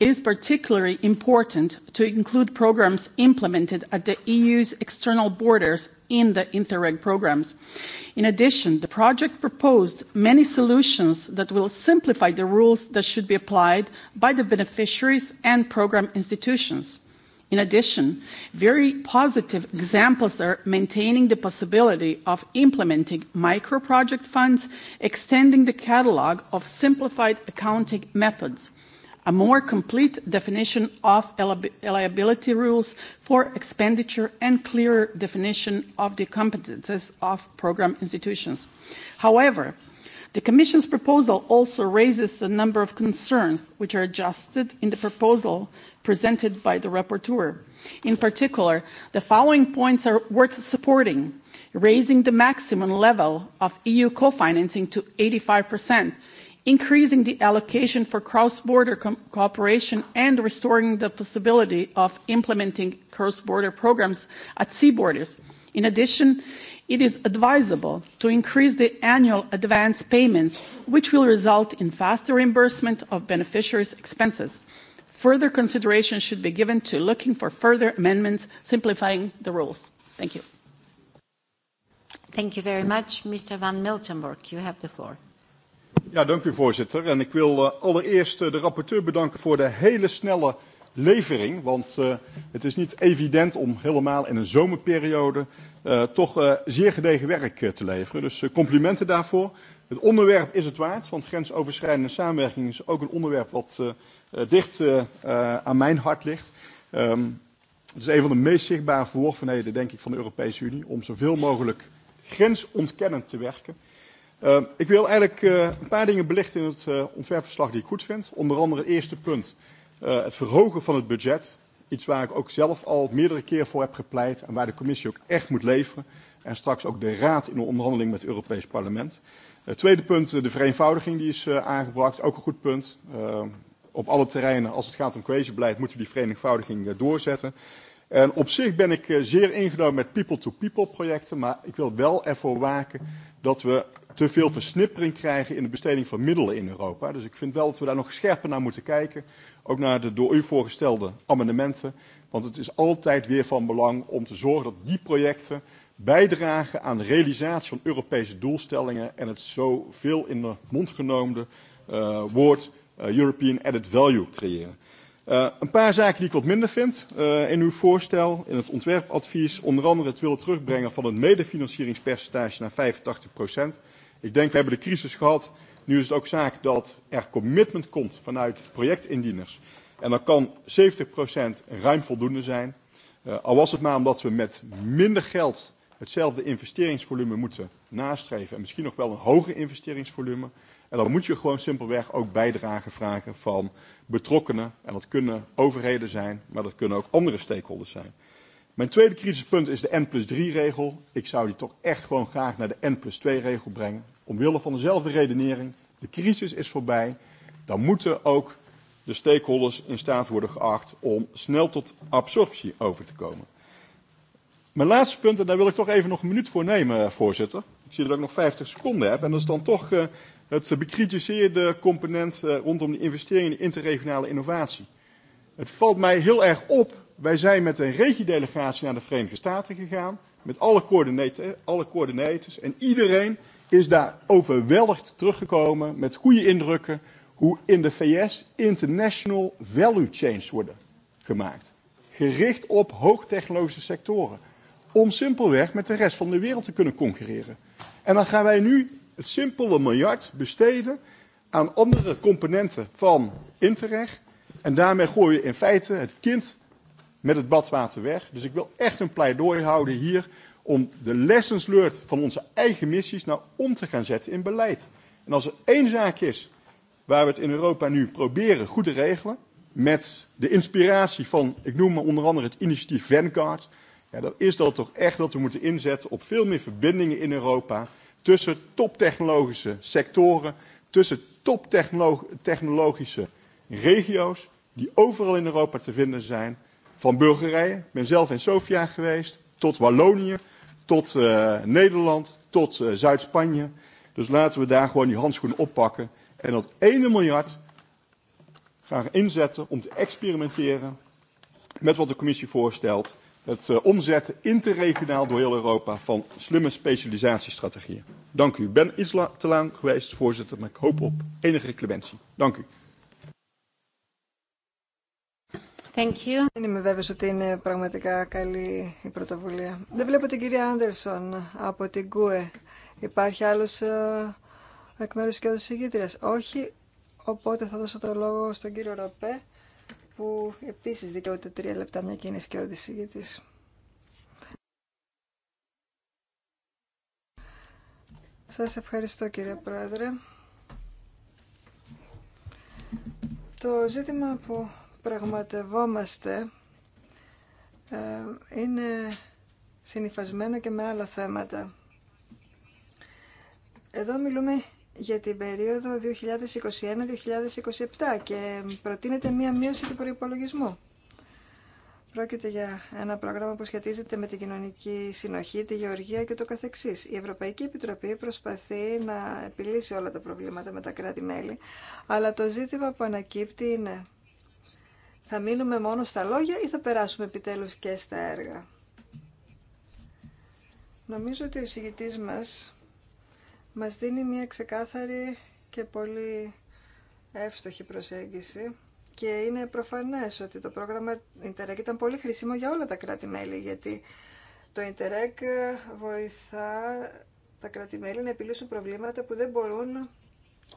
It is particularly important to include programmes implemented at the EU's external borders in the Interreg programmes. In addition, the project proposed many solutions that will simplify the rules that should be applied by the beneficiaries and programme institutions. In addition, very positive examples are maintaining the possibility of implementing micro-project funds, extending the catalog of simplified accounting methods, a more complete definition of liability rules for expenditure and clearer definition of the competences of program institutions. However, The Commission's proposal also raises a number of concerns which are adjusted in the proposal presented by the rapporteur. In particular, the following points are worth supporting. Raising the maximum level of EU co-financing to 85%, increasing the allocation for cross-border cooperation and restoring the possibility of implementing cross-border programs at sea borders. In addition, it is advisable to increase the annual advance payments, which will result in faster reimbursement of beneficiaries' expenses. Further consideration should be given to looking for further amendments simplifying the rules. Thank you. Thank you very much. Mr. Van Miltenburg, you have the floor. Ja, dank u voorzitter. En ik wil allereerst de rapporteur bedanken voor de hele snelle levering. Want het is niet evident om helemaal in een zomerperiode toch zeer gedegen werk te leveren. Dus complimenten daarvoor. Het onderwerp is het waard, want grensoverschrijdende samenwerking is ook een onderwerp wat dicht aan mijn hart ligt. Het is een van de meest zichtbare verworvenheden, denk ik, van de Europese Unie, om zoveel mogelijk grensontkennend te werken. Ik wil eigenlijk een paar dingen belichten in het ontwerpverslag die ik goed vind. Onder andere het eerste punt, het verhogen van het budget. Iets waar ik ook zelf al meerdere keren voor heb gepleit en waar de commissie ook echt moet leveren. En straks ook de raad in de onderhandeling met het Europees Parlement. Het tweede punt, de vereenvoudiging die is aangebracht. Ook een goed punt. Op alle terreinen, als het gaat om cohesiebeleid, moeten we die vereenvoudiging doorzetten. En op zich ben ik zeer ingenomen met people-to-people projecten. Maar ik wil wel ervoor waken dat we te veel versnippering krijgen in de besteding van middelen in Europa. Dus ik vind wel dat we daar nog scherper naar moeten kijken. Ook naar de door u voorgestelde amendementen. Want het is altijd weer van belang om te zorgen dat die projecten bijdragen aan de realisatie van Europese doelstellingen. En het zoveel in de mond genomen woord European Added Value creëren. Een paar zaken die ik wat minder vind in uw voorstel, in het ontwerpadvies. Onder andere het willen terugbrengen van het medefinancieringspercentage naar 85 procent. Ik denk, we hebben de crisis gehad. Nu is het ook zaak dat er commitment komt vanuit projectindieners. En dan kan 70% ruim voldoende zijn. Al was het maar omdat we met minder geld hetzelfde investeringsvolume moeten nastreven. En misschien nog wel een hoger investeringsvolume. En dan moet je gewoon simpelweg ook bijdrage vragen van betrokkenen. En dat kunnen overheden zijn, maar dat kunnen ook andere stakeholders zijn. Mijn tweede crisispunt is de N plus 3 regel. Ik zou die toch echt gewoon graag naar de N plus 2 regel brengen omwille van dezelfde redenering, de crisis is voorbij, dan moeten ook de stakeholders in staat worden geacht om snel tot absorptie over te komen. Mijn laatste punt, en daar wil ik toch even nog een minuut voor nemen, voorzitter. Ik zie dat ik nog 50 seconden heb. En dat is dan toch het bekritiseerde component rondom de investering in de interregionale innovatie. Het valt mij heel erg op. Wij zijn met een regiedelegatie naar de Verenigde Staten gegaan. Met alle coördinators, alle coördinators en iedereen is daar overweldigd teruggekomen met goede indrukken hoe in de VS international value chains worden gemaakt. Gericht op hoogtechnologische sectoren. Om simpelweg met de rest van de wereld te kunnen concurreren. En dan gaan wij nu het simpele miljard besteden aan andere componenten van Interreg. En daarmee gooien je in feite het kind met het badwater weg. Dus ik wil echt een pleidooi houden hier om de lessons learned van onze eigen missies nou om te gaan zetten in beleid. En als er één zaak is waar we het in Europa nu proberen goed te regelen, met de inspiratie van, ik noem maar onder andere het initiatief Vanguard, ja, dan is dat toch echt dat we moeten inzetten op veel meer verbindingen in Europa tussen toptechnologische sectoren, tussen toptechnologische regio's, die overal in Europa te vinden zijn, van Bulgarije, ik ben zelf in Sofia geweest, tot Wallonië, tot Nederland, tot Zuid-Spanje. Dus laten we daar gewoon die handschoen oppakken en dat 1 miljard gaan inzetten om te experimenteren met wat de commissie voorstelt. Het omzetten interregionaal door heel Europa van slimme specialisatiestrategieën. Dank u. Ik ben iets te lang geweest, voorzitter, maar ik hoop op enige clementie. Dank u. Thank you. Δεν είμαι βέβαιος ότι είναι πραγματικά καλή η πρωτοβουλία. Δεν βλέπω την κυρία Άντερσον από την ΚΟΕ. Υπάρχει άλλος ε, εκ μέρους Όχι, οπότε θα δώσω το λόγο στον κύριο Ροπέ που επίσης δικαιούται τρία λεπτά μια και είναι σκιώδης Σας ευχαριστώ κύριε Πρόεδρε. Το ζήτημα που πραγματευόμαστε ε, είναι συνειφασμένο και με άλλα θέματα. Εδώ μιλούμε για την περίοδο 2021-2027 και προτείνεται μία μείωση του προϋπολογισμού. Πρόκειται για ένα πρόγραμμα που σχετίζεται με την κοινωνική συνοχή, τη γεωργία και το καθεξής. Η Ευρωπαϊκή Επιτροπή προσπαθεί να επιλύσει όλα τα προβλήματα με τα κράτη-μέλη, αλλά το ζήτημα που ανακύπτει είναι θα μείνουμε μόνο στα λόγια ή θα περάσουμε επιτέλους και στα έργα. Νομίζω ότι ο συγητής μας μας δίνει μια ξεκάθαρη και πολύ εύστοχη προσέγγιση και είναι προφανές ότι το πρόγραμμα Interreg ήταν πολύ χρήσιμο για όλα τα κράτη-μέλη γιατί το Interreg βοηθά τα κράτη-μέλη να επιλύσουν προβλήματα που δεν μπορούν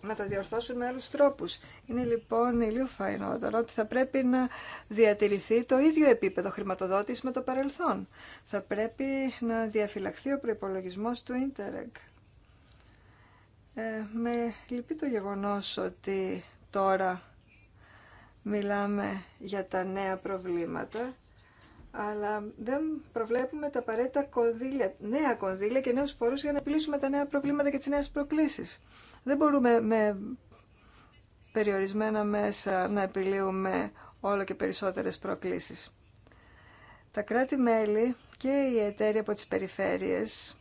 να τα διορθώσουν με άλλους τρόπους. Είναι λοιπόν ηλίου φαϊνότερο ότι θα πρέπει να διατηρηθεί το ίδιο επίπεδο χρηματοδότηση με το παρελθόν. Θα πρέπει να διαφυλαχθεί ο προπολογισμό του Ίντερεγ. με λυπεί το γεγονός ότι τώρα μιλάμε για τα νέα προβλήματα αλλά δεν προβλέπουμε τα απαραίτητα κονδύλια, νέα κονδύλια και νέους πόρους για να πλήσουμε τα νέα προβλήματα και τις νέες προκλήσεις. Δεν μπορούμε με περιορισμένα μέσα να επιλύουμε όλο και περισσότερες προκλήσεις. Τα κράτη-μέλη και οι εταίροι από τις περιφέρειες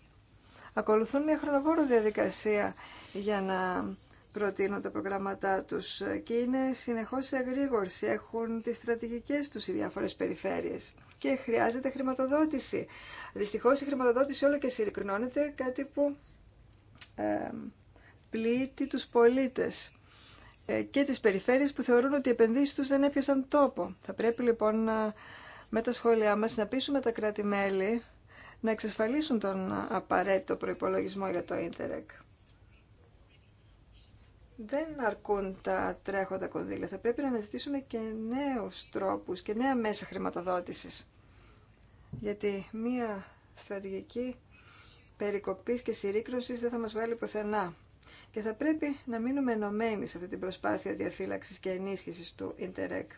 ακολουθούν μια χρονοβόρο διαδικασία για να προτείνουν τα προγραμματά τους και είναι συνεχώς σε αγρήγορση, έχουν τις στρατηγικές τους οι διάφορες περιφέρειες και χρειάζεται χρηματοδότηση. Δυστυχώς η χρηματοδότηση όλο και συρρυκνώνεται, κάτι που ε, πλήττει τους πολίτες ε, και τις περιφέρειες που θεωρούν ότι οι επενδύσεις τους δεν έπιασαν τόπο. Θα πρέπει λοιπόν με τα σχόλιά μας να πείσουμε τα κράτη-μέλη να εξασφαλίσουν τον απαραίτητο προϋπολογισμό για το Ίντερεκ. Δεν αρκούν τα τρέχοντα κονδύλια. Θα πρέπει να αναζητήσουμε και νέους τρόπους και νέα μέσα χρηματοδότησης. Γιατί μία στρατηγική περικοπής και συρρήκνωσης δεν θα μας βάλει πουθενά. Και θα πρέπει να μείνουμε ενωμένοι σε αυτή την προσπάθεια διαφύλαξης και ενίσχυσης του Ιντερεκ.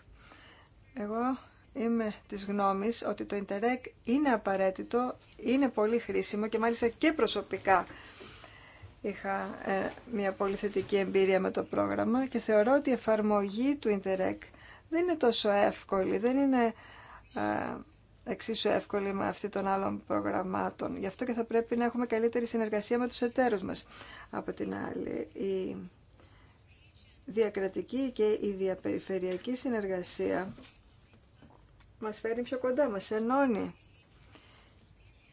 Εγώ είμαι της γνώμης ότι το Ιντερεκ είναι απαραίτητο, είναι πολύ χρήσιμο και μάλιστα και προσωπικά είχα ε, μια πολύ θετική εμπειρία με το πρόγραμμα και θεωρώ ότι η εφαρμογή του Ιντερεκ δεν είναι τόσο εύκολη, δεν είναι ε, εξίσου εύκολη με αυτή των άλλων προγραμμάτων. Γι' αυτό και θα πρέπει να έχουμε καλύτερη συνεργασία με τους εταίρους μας. Από την άλλη, η διακρατική και η διαπεριφερειακή συνεργασία μας φέρνει πιο κοντά, μας ενώνει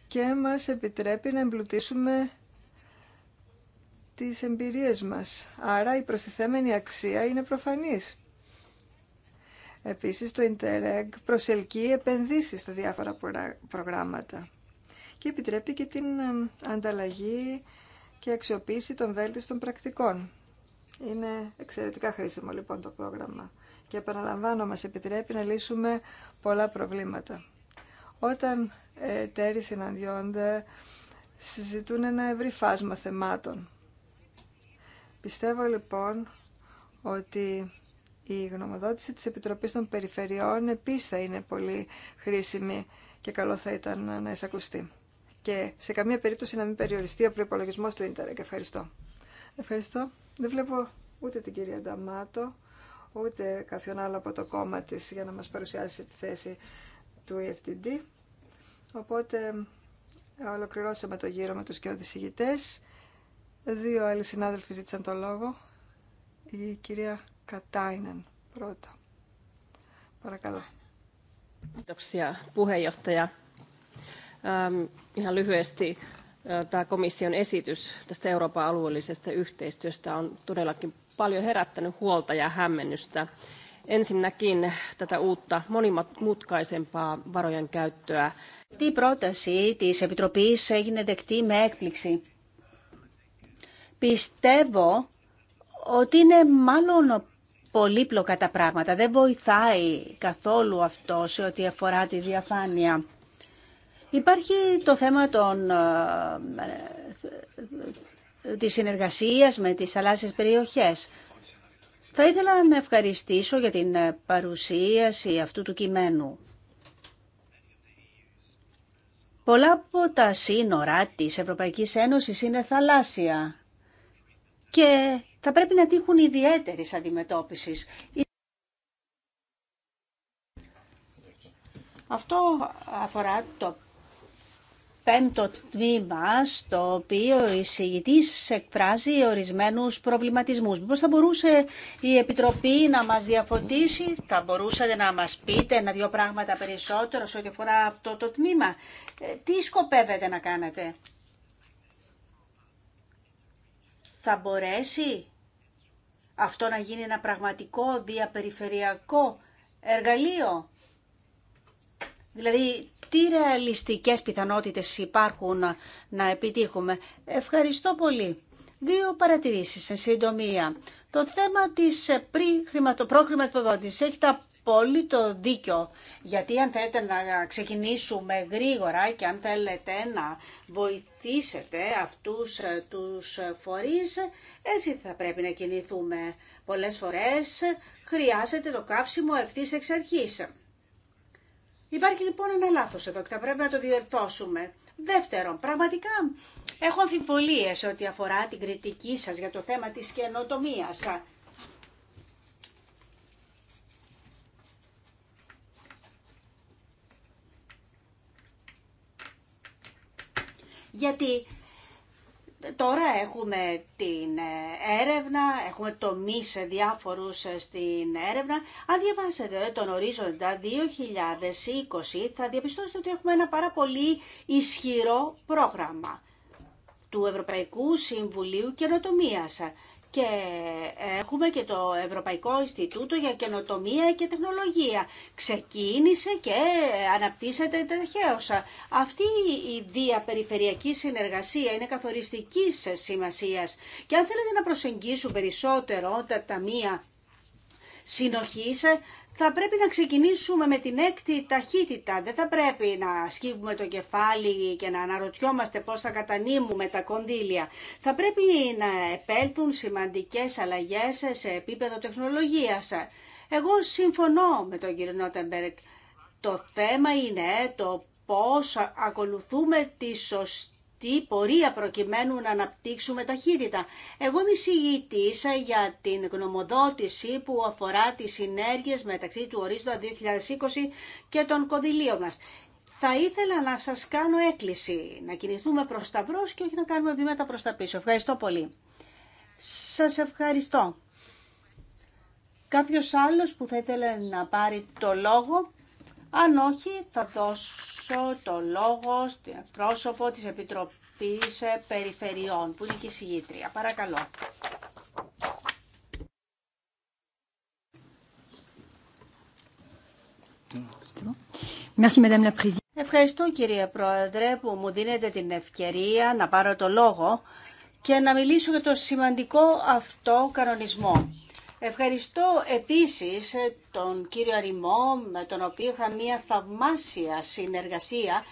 και μας επιτρέπει να εμπλουτίσουμε τις εμπειρίες μας. Άρα η προστιθέμενη αξία είναι προφανής. Επίσης, το Interreg προσελκύει επενδύσεις στα διάφορα προγράμματα και επιτρέπει και την ε, ανταλλαγή και αξιοποίηση των βέλτιστων πρακτικών. Είναι εξαιρετικά χρήσιμο λοιπόν το πρόγραμμα και επαναλαμβάνω μας επιτρέπει να λύσουμε πολλά προβλήματα. Όταν εταίροι συναντιόνται συζητούν ένα ευρύ φάσμα θεμάτων. Πιστεύω λοιπόν ότι η γνωμοδότηση της Επιτροπής των Περιφερειών επίσης θα είναι πολύ χρήσιμη και καλό θα ήταν να εισακουστεί. Και σε καμία περίπτωση να μην περιοριστεί ο προπολογισμό του Ιντερνετ. Ευχαριστώ. Ευχαριστώ. Δεν βλέπω ούτε την κυρία Νταμάτο, ούτε κάποιον άλλο από το κόμμα τη για να μα παρουσιάσει τη θέση του EFTD. Οπότε ολοκληρώσαμε το γύρο με του και οδησηγητές. Δύο άλλοι συνάδελφοι ζήτησαν το λόγο. Η κυρία Katainen πρώτα. Παρακαλώ. Kiitoksia puheenjohtaja. Ähm, ihan lyhyesti tämä komission esitys tästä Euroopan alueellisesta yhteistyöstä on todellakin paljon herättänyt huolta ja hämmennystä. Ensinnäkin tätä uutta monimutkaisempaa varojen käyttöä. πρόταση έγινε δεκτή με έκπληξη. Πιστεύω ότι είναι μάλλον πολύπλοκα τα πράγματα. Δεν βοηθάει καθόλου αυτό σε ό,τι αφορά τη διαφάνεια. Υπάρχει το θέμα των, ε, ε, της συνεργασίας με τις θαλάσσιες περιοχές. Θα ήθελα να ευχαριστήσω για την παρουσίαση αυτού του κειμένου. Πολλά από τα σύνορα της Ευρωπαϊκής Ένωσης είναι θαλάσσια και θα πρέπει να τύχουν ιδιαίτερης αντιμετώπισης. Αυτό αφορά το πέμπτο τμήμα στο οποίο η συγητής εκφράζει ορισμένους προβληματισμούς. Πώς θα μπορούσε η Επιτροπή να μας διαφωτίσει, θα μπορούσατε να μας πείτε ένα-δυο πράγματα περισσότερο σε ό,τι αφορά αυτό το τμήμα. Ε, τι σκοπεύετε να κάνετε. Θα μπορέσει αυτό να γίνει ένα πραγματικό διαπεριφερειακό εργαλείο. Δηλαδή, τι ρεαλιστικές πιθανότητες υπάρχουν να επιτύχουμε. Ευχαριστώ πολύ. Δύο παρατηρήσεις σε συντομία. Το θέμα της ε, προχρηματοδότησης έχει τα Πολύ το δίκιο. Γιατί αν θέλετε να ξεκινήσουμε γρήγορα και αν θέλετε να βοηθήσετε αυτούς ε, τους φορείς, έτσι θα πρέπει να κινηθούμε. Πολλές φορές χρειάζεται το κάψιμο ευθύς εξ αρχής. Υπάρχει λοιπόν ένα λάθος εδώ και θα πρέπει να το διορθώσουμε. Δεύτερον, πραγματικά έχω αμφιβολίες ό,τι αφορά την κριτική σας για το θέμα της καινοτομίας. Γιατί τώρα έχουμε την ε, έρευνα, έχουμε τομεί διάφορους ε, στην έρευνα. Αν διαβάσετε ε, τον ορίζοντα 2020 θα διαπιστώσετε ότι έχουμε ένα πάρα πολύ ισχυρό πρόγραμμα του Ευρωπαϊκού Συμβουλίου Καινοτομίας και έχουμε και το Ευρωπαϊκό Ινστιτούτο για Καινοτομία και Τεχνολογία. Ξεκίνησε και αναπτύσσεται ταχαίως. Αυτή η διαπεριφερειακή συνεργασία είναι καθοριστική σημασίας και αν θέλετε να προσεγγίσουν περισσότερο τα ταμεία συνοχής θα πρέπει να ξεκινήσουμε με την έκτη ταχύτητα. Δεν θα πρέπει να σκύβουμε το κεφάλι και να αναρωτιόμαστε πώς θα κατανείμουμε τα κονδύλια. Θα πρέπει να επέλθουν σημαντικές αλλαγές σε επίπεδο τεχνολογίας. Εγώ συμφωνώ με τον κύριο Νότεμπερκ. Το θέμα είναι το πώς ακολουθούμε τη σωστή τι πορεία προκειμένου να αναπτύξουμε ταχύτητα. Εγώ είμαι συγητήσα ε, για την γνωμοδότηση που αφορά τις συνέργειες μεταξύ του ορίζοντα 2020 και των κονδυλίων μας. Θα ήθελα να σας κάνω έκκληση, να κινηθούμε προς τα μπρος και όχι να κάνουμε βήματα προς τα πίσω. Ευχαριστώ πολύ. Σας ευχαριστώ. Κάποιος άλλος που θα ήθελε να πάρει το λόγο, αν όχι θα δώσω το λόγο στο πρόσωπο της Επιτροπής Περιφερειών, που είναι και η συγγήτρια. Παρακαλώ. Ευχαριστώ κύριε Πρόεδρε που μου δίνετε την ευκαιρία να πάρω το λόγο και να μιλήσω για το σημαντικό αυτό κανονισμό. Ευχαριστώ επίσης τον κύριο Αριμό, με τον οποίο είχα μία θαυμάσια συνεργασία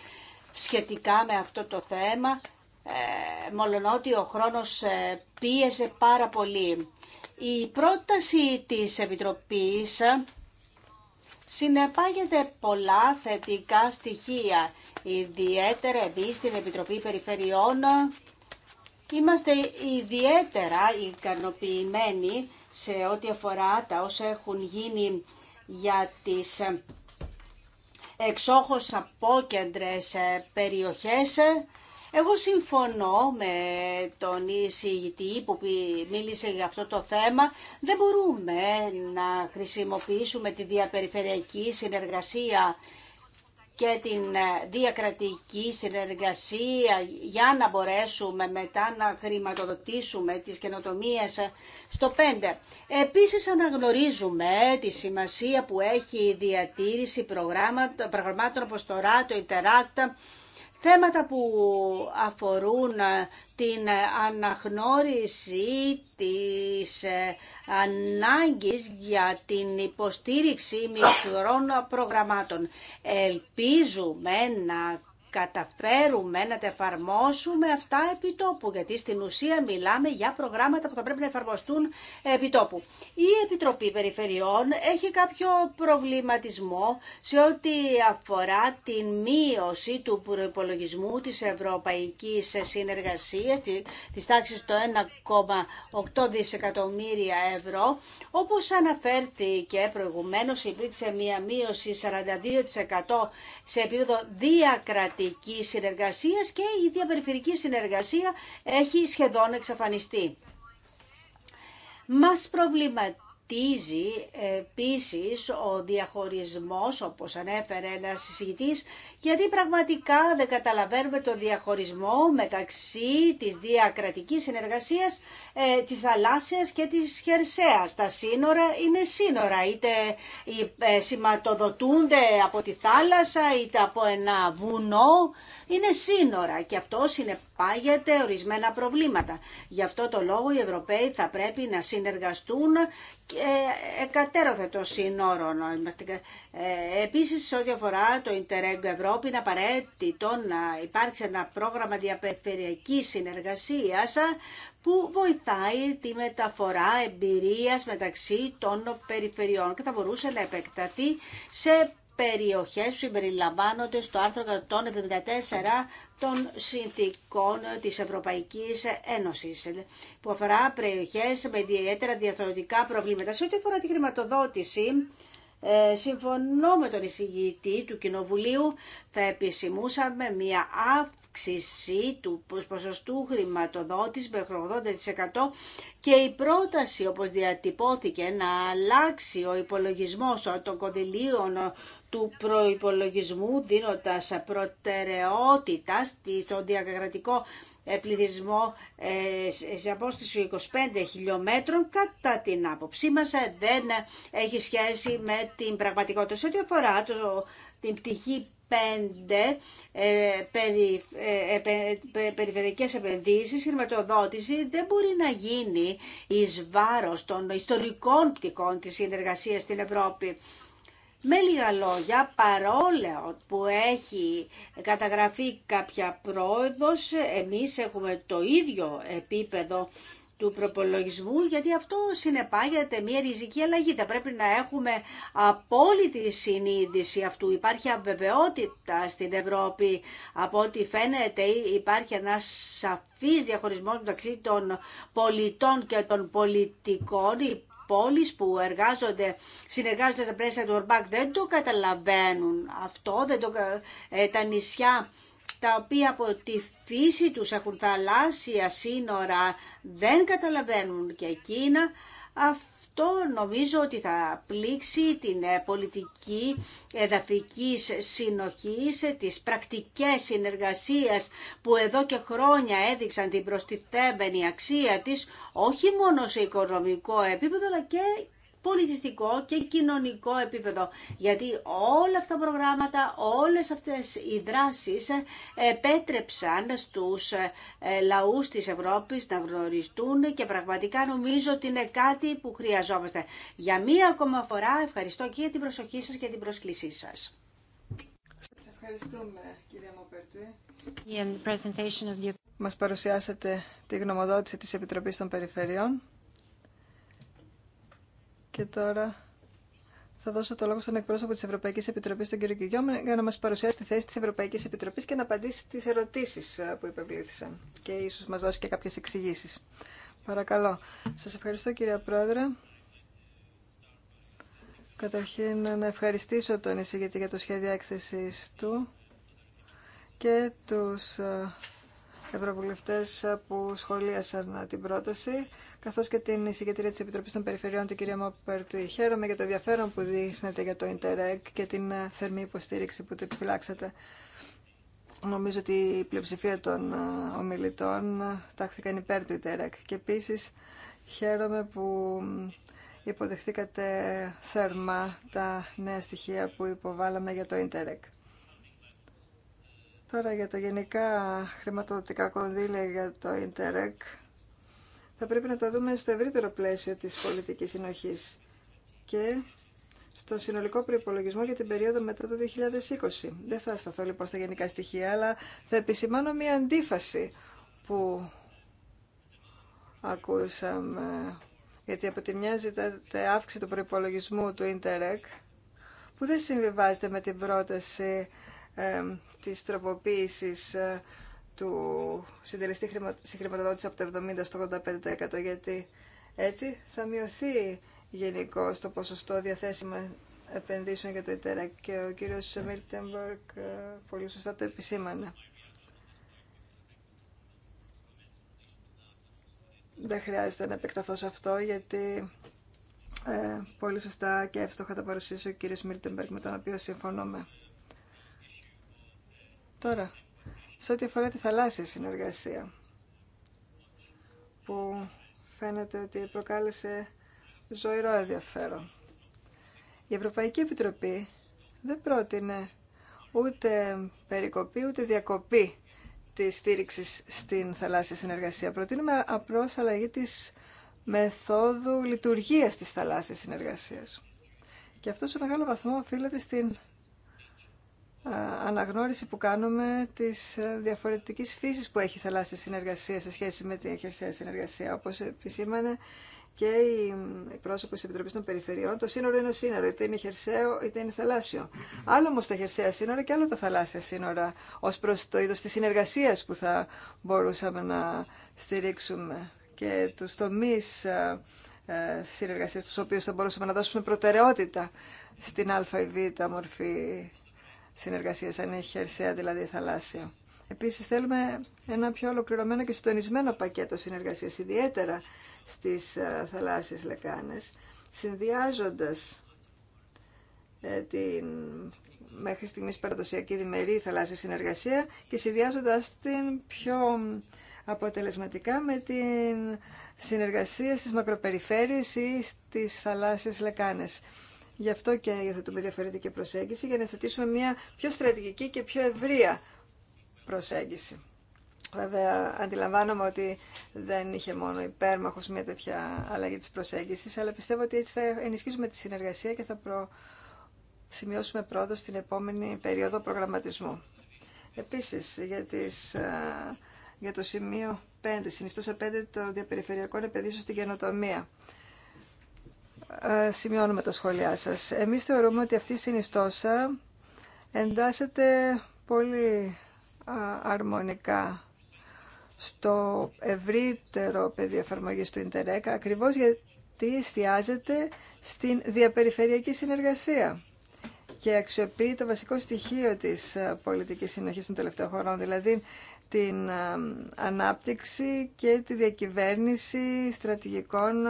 σχετικά με αυτό το θέμα, ε, ότι ο χρόνος ε, πίεσε πάρα πολύ. Η πρόταση της Επιτροπής συνεπάγεται πολλά θετικά στοιχεία, ιδιαίτερα εμείς στην Επιτροπή Περιφερειών. Είμαστε ιδιαίτερα ικανοποιημένοι σε ό,τι αφορά τα όσα έχουν γίνει για τις ε, εξόχως απόκεντρες ε, περιοχές. Εγώ συμφωνώ με τον εισηγητή που μίλησε για αυτό το θέμα. Δεν μπορούμε να χρησιμοποιήσουμε τη διαπεριφερειακή συνεργασία και την ε, διακρατική συνεργασία για να μπορέσουμε μετά να χρηματοδοτήσουμε τις καινοτομίες στο 5. Επίσης αναγνωρίζουμε τη σημασία που έχει η διατήρηση προγράμματων όπως το ΡΑΤΟ, η ΤΕΡΑΤΑ, θέματα που αφορούν ε, την αναγνώριση της ε, ανάγκης για την υποστήριξη μικρών προγραμμάτων. Ελπίζουμε να καταφέρουμε να τα εφαρμόσουμε αυτά επί τόπου, γιατί στην ουσία μιλάμε για προγράμματα που θα πρέπει να εφαρμοστούν επί τόπου. Η Επιτροπή Περιφερειών έχει κάποιο προβληματισμό σε ό,τι αφορά την μείωση του προϋπολογισμού της Ευρωπαϊκής Συνεργασίας, της τάξης το 1,8 δισεκατομμύρια ευρώ. Όπως αναφέρθηκε προηγουμένως, υπήρξε μία μείωση 42% σε επίπεδο διακρατή κρατική συνεργασίας και η διαπεριφερική συνεργασία έχει σχεδόν εξαφανιστεί. Μας προβληματίζει επίση επίσης ο διαχωρισμός, όπως ανέφερε ένας συζητητής, γιατί πραγματικά δεν καταλαβαίνουμε τον διαχωρισμό μεταξύ της διακρατικής συνεργασίας ε, της θαλάσσιας και της χερσαίας. Τα σύνορα είναι σύνορα, είτε ε, σηματοδοτούνται από τη θάλασσα, είτε από ένα βουνό είναι σύνορα και αυτό συνεπάγεται ορισμένα προβλήματα. Γι' αυτό το λόγο οι Ευρωπαίοι θα πρέπει να συνεργαστούν και εκατέρωθε των σύνορων. Ε, επίσης, ό,τι αφορά το Interreg Ευρώπη, είναι απαραίτητο να υπάρξει ένα πρόγραμμα διαπεριφερειακής συνεργασίας που βοηθάει τη μεταφορά εμπειρίας μεταξύ των περιφερειών και θα μπορούσε να επεκταθεί σε περιοχές που συμπεριλαμβάνονται στο άρθρο 174 των συνθήκων της Ευρωπαϊκής Ένωσης που αφορά περιοχές με ιδιαίτερα διαθροτικά προβλήματα. Σε ό,τι αφορά τη χρηματοδότηση, ε, συμφωνώ με τον εισηγητή του Κοινοβουλίου, θα επισημούσαμε μια αύξηση του ποσοστού χρηματοδότης με 80% και η πρόταση όπως διατυπώθηκε να αλλάξει ο υπολογισμός των κονδυλίων του προϋπολογισμού δίνοντας προτεραιότητα στον διακρατικό ε, πληθυσμό ε, σε απόσταση 25 χιλιόμετρων κατά την άποψή μας ε, δεν έχει σχέση με την πραγματικότητα. Σε ό,τι αφορά την πτυχή 5 ε, περι, περιφερειακές επενδύσεις, η χρηματοδότηση δεν μπορεί να γίνει εις βάρος των ιστορικών πτυχών της συνεργασίας στην Ευρώπη. Με λίγα λόγια, παρόλα που έχει καταγραφεί κάποια πρόοδος, εμείς έχουμε το ίδιο επίπεδο του προπολογισμού, γιατί αυτό συνεπάγεται μια ριζική αλλαγή. Θα πρέπει να έχουμε απόλυτη συνείδηση αυτού. Υπάρχει αβεβαιότητα στην Ευρώπη. Από ό,τι φαίνεται υπάρχει ένα σαφής διαχωρισμός μεταξύ των πολιτών και των πολιτικών πόλεις που εργάζονται, συνεργάζονται στα πλαίσια του Ορμπάκ δεν το καταλαβαίνουν αυτό, δεν το, ε, τα νησιά τα οποία από τη φύση τους έχουν θαλάσσια σύνορα δεν καταλαβαίνουν και εκείνα αυτό νομίζω ότι θα πλήξει την ε, πολιτική εδαφικής συνοχής, ε, τις πρακτικέ συνεργασίας που εδώ και χρόνια έδειξαν την προστιθέμενη αξία της, όχι μόνο σε οικονομικό επίπεδο, αλλά και πολιτιστικό και κοινωνικό επίπεδο. Γιατί όλα αυτά τα προγράμματα, όλες αυτές οι δράσεις ε, επέτρεψαν στους ε, λαούς της Ευρώπης να γνωριστούν και πραγματικά νομίζω ότι είναι κάτι που χρειαζόμαστε. Για μία ακόμα φορά ευχαριστώ και για την προσοχή σας και την προσκλησή σας. Σας ευχαριστούμε κυρία Μοπερτή. Μας παρουσιάσατε τη γνωμοδότηση της Επιτροπής των Περιφερειών. Και τώρα θα δώσω το λόγο στον εκπρόσωπο της Ευρωπαϊκής Επιτροπής, τον κύριο Κιγιώμη, για να μα παρουσιάσει τη θέση της Ευρωπαϊκής Επιτροπής και να απαντήσει τις ερωτήσεις ε, που υπευλήθησαν και ίσως μας δώσει και κάποιες εξηγήσεις. Παρακαλώ. Σας ευχαριστώ κύριε Πρόεδρε. Καταρχήν να ευχαριστήσω τον εισηγητή για το σχέδιο έκθεσης του και τους ε, ευρωβουλευτές που σχολίασαν την πρόταση, καθώς και την εισηγητήρια της Επιτροπής των Περιφερειών, την κυρία Μαπερτουή. Χαίρομαι για το ενδιαφέρον που δείχνετε για το Interreg και την ε, θερμή υποστήριξη που το επιφυλάξατε. Νομίζω ότι η πλειοψηφία των ε, ομιλητών ε, τάχθηκαν υπέρ του Interreg. Και επίσης χαίρομαι που υποδεχθήκατε θερμά τα νέα στοιχεία που υποβάλαμε για το Interreg. Τώρα για τα γενικά χρηματοδοτικά κονδύλια για το ΙΝΤΕΡΕΚ θα πρέπει να τα δούμε στο ευρύτερο πλαίσιο της πολιτικής συνοχής και στο συνολικό προϋπολογισμό για την περίοδο μετά το 2020. Δεν θα σταθώ λοιπόν στα γενικά στοιχεία, αλλά θα επισημάνω μια αντίφαση που ακούσαμε. Γιατί από τη μια ζητάτε αύξηση του προπολογισμού του Ιντερεκ, που δεν συμβιβάζεται με την πρόταση ε, της τροποποίησης ε, του συντελεστή συγχρηματοδότηση από το 70% στο 85% γιατί έτσι θα μειωθεί γενικώ το ποσοστό διαθέσιμων επενδύσεων για το ΙΤΕΡΑ και ο κύριος Μίλτεμπορκ ε, πολύ σωστά το επισήμανε. Δεν χρειάζεται να επεκταθώ σε αυτό γιατί ε, πολύ σωστά και εύστοχα τα παρουσίασε ο κύριος Μίλτεμπερκ με τον οποίο συμφωνούμε. Τώρα, σε ό,τι αφορά τη θαλάσσια συνεργασία, που φαίνεται ότι προκάλεσε ζωηρό ενδιαφέρον. Η Ευρωπαϊκή Επιτροπή δεν πρότεινε ούτε περικοπή ούτε διακοπή της στήριξης στην θαλάσσια συνεργασία. Προτείνουμε απλώς αλλαγή της μεθόδου λειτουργίας της θαλάσσιας συνεργασίας. Και αυτό σε μεγάλο βαθμό οφείλεται στην αναγνώριση που κάνουμε της ε, διαφορετικής φύσης που έχει η θαλάσσια συνεργασία σε σχέση με τη χερσαία συνεργασία. Όπως επισήμανε και οι πρόσωπο τη Επιτροπή των Περιφερειών, το σύνορο είναι σύνορο, είτε είναι χερσαίο είτε είναι θαλάσσιο. Άλλο όμω τα χερσαία σύνορα και άλλο τα θαλάσσια σύνορα, ω προ το είδο τη συνεργασία που θα μπορούσαμε να στηρίξουμε και του τομεί ε, ε, συνεργασία, του οποίου θα μπορούσαμε να δώσουμε προτεραιότητα στην α ή β μορφή συνεργασίας, αν έχει χερσαία δηλαδή θαλάσσια. Επίσης θέλουμε ένα πιο ολοκληρωμένο και συντονισμένο πακέτο συνεργασίας, ιδιαίτερα στις ε, θαλάσσιες λεκάνες, συνδυάζοντας ε, την μέχρι στιγμής παραδοσιακή διμερή θαλάσσια συνεργασία και συνδυάζοντας την πιο αποτελεσματικά με την συνεργασία στις μακροπεριφέρειες ή στις θαλάσσιες λεκάνες. Γι' αυτό και υιοθετούμε διαφορετική προσέγγιση για να θετήσουμε μια πιο στρατηγική και πιο ευρεία προσέγγιση. Βέβαια, αντιλαμβάνομαι ότι δεν είχε μόνο υπέρμαχος μια τέτοια αλλαγή της προσέγγιση, αλλά πιστεύω ότι έτσι θα ενισχύσουμε τη συνεργασία και θα προ... σημειώσουμε πρόοδο στην επόμενη περίοδο προγραμματισμού. Επίσης, για, τις... για το σημείο 5, σε 5 των διαπεριφερειακών επενδύσεων στην καινοτομία. Ε, σημειώνουμε τα σχόλιά σας. Εμείς θεωρούμε ότι αυτή η συνιστόσα εντάσσεται πολύ αρμονικά στο ευρύτερο πεδίο εφαρμογής του Ιντερεκ, ακριβώς γιατί εστιάζεται στην διαπεριφερειακή συνεργασία και αξιοποιεί το βασικό στοιχείο της ε, πολιτικής συνοχής των τελευταίων χωρών, δηλαδή την ε, ανάπτυξη και τη διακυβέρνηση στρατηγικών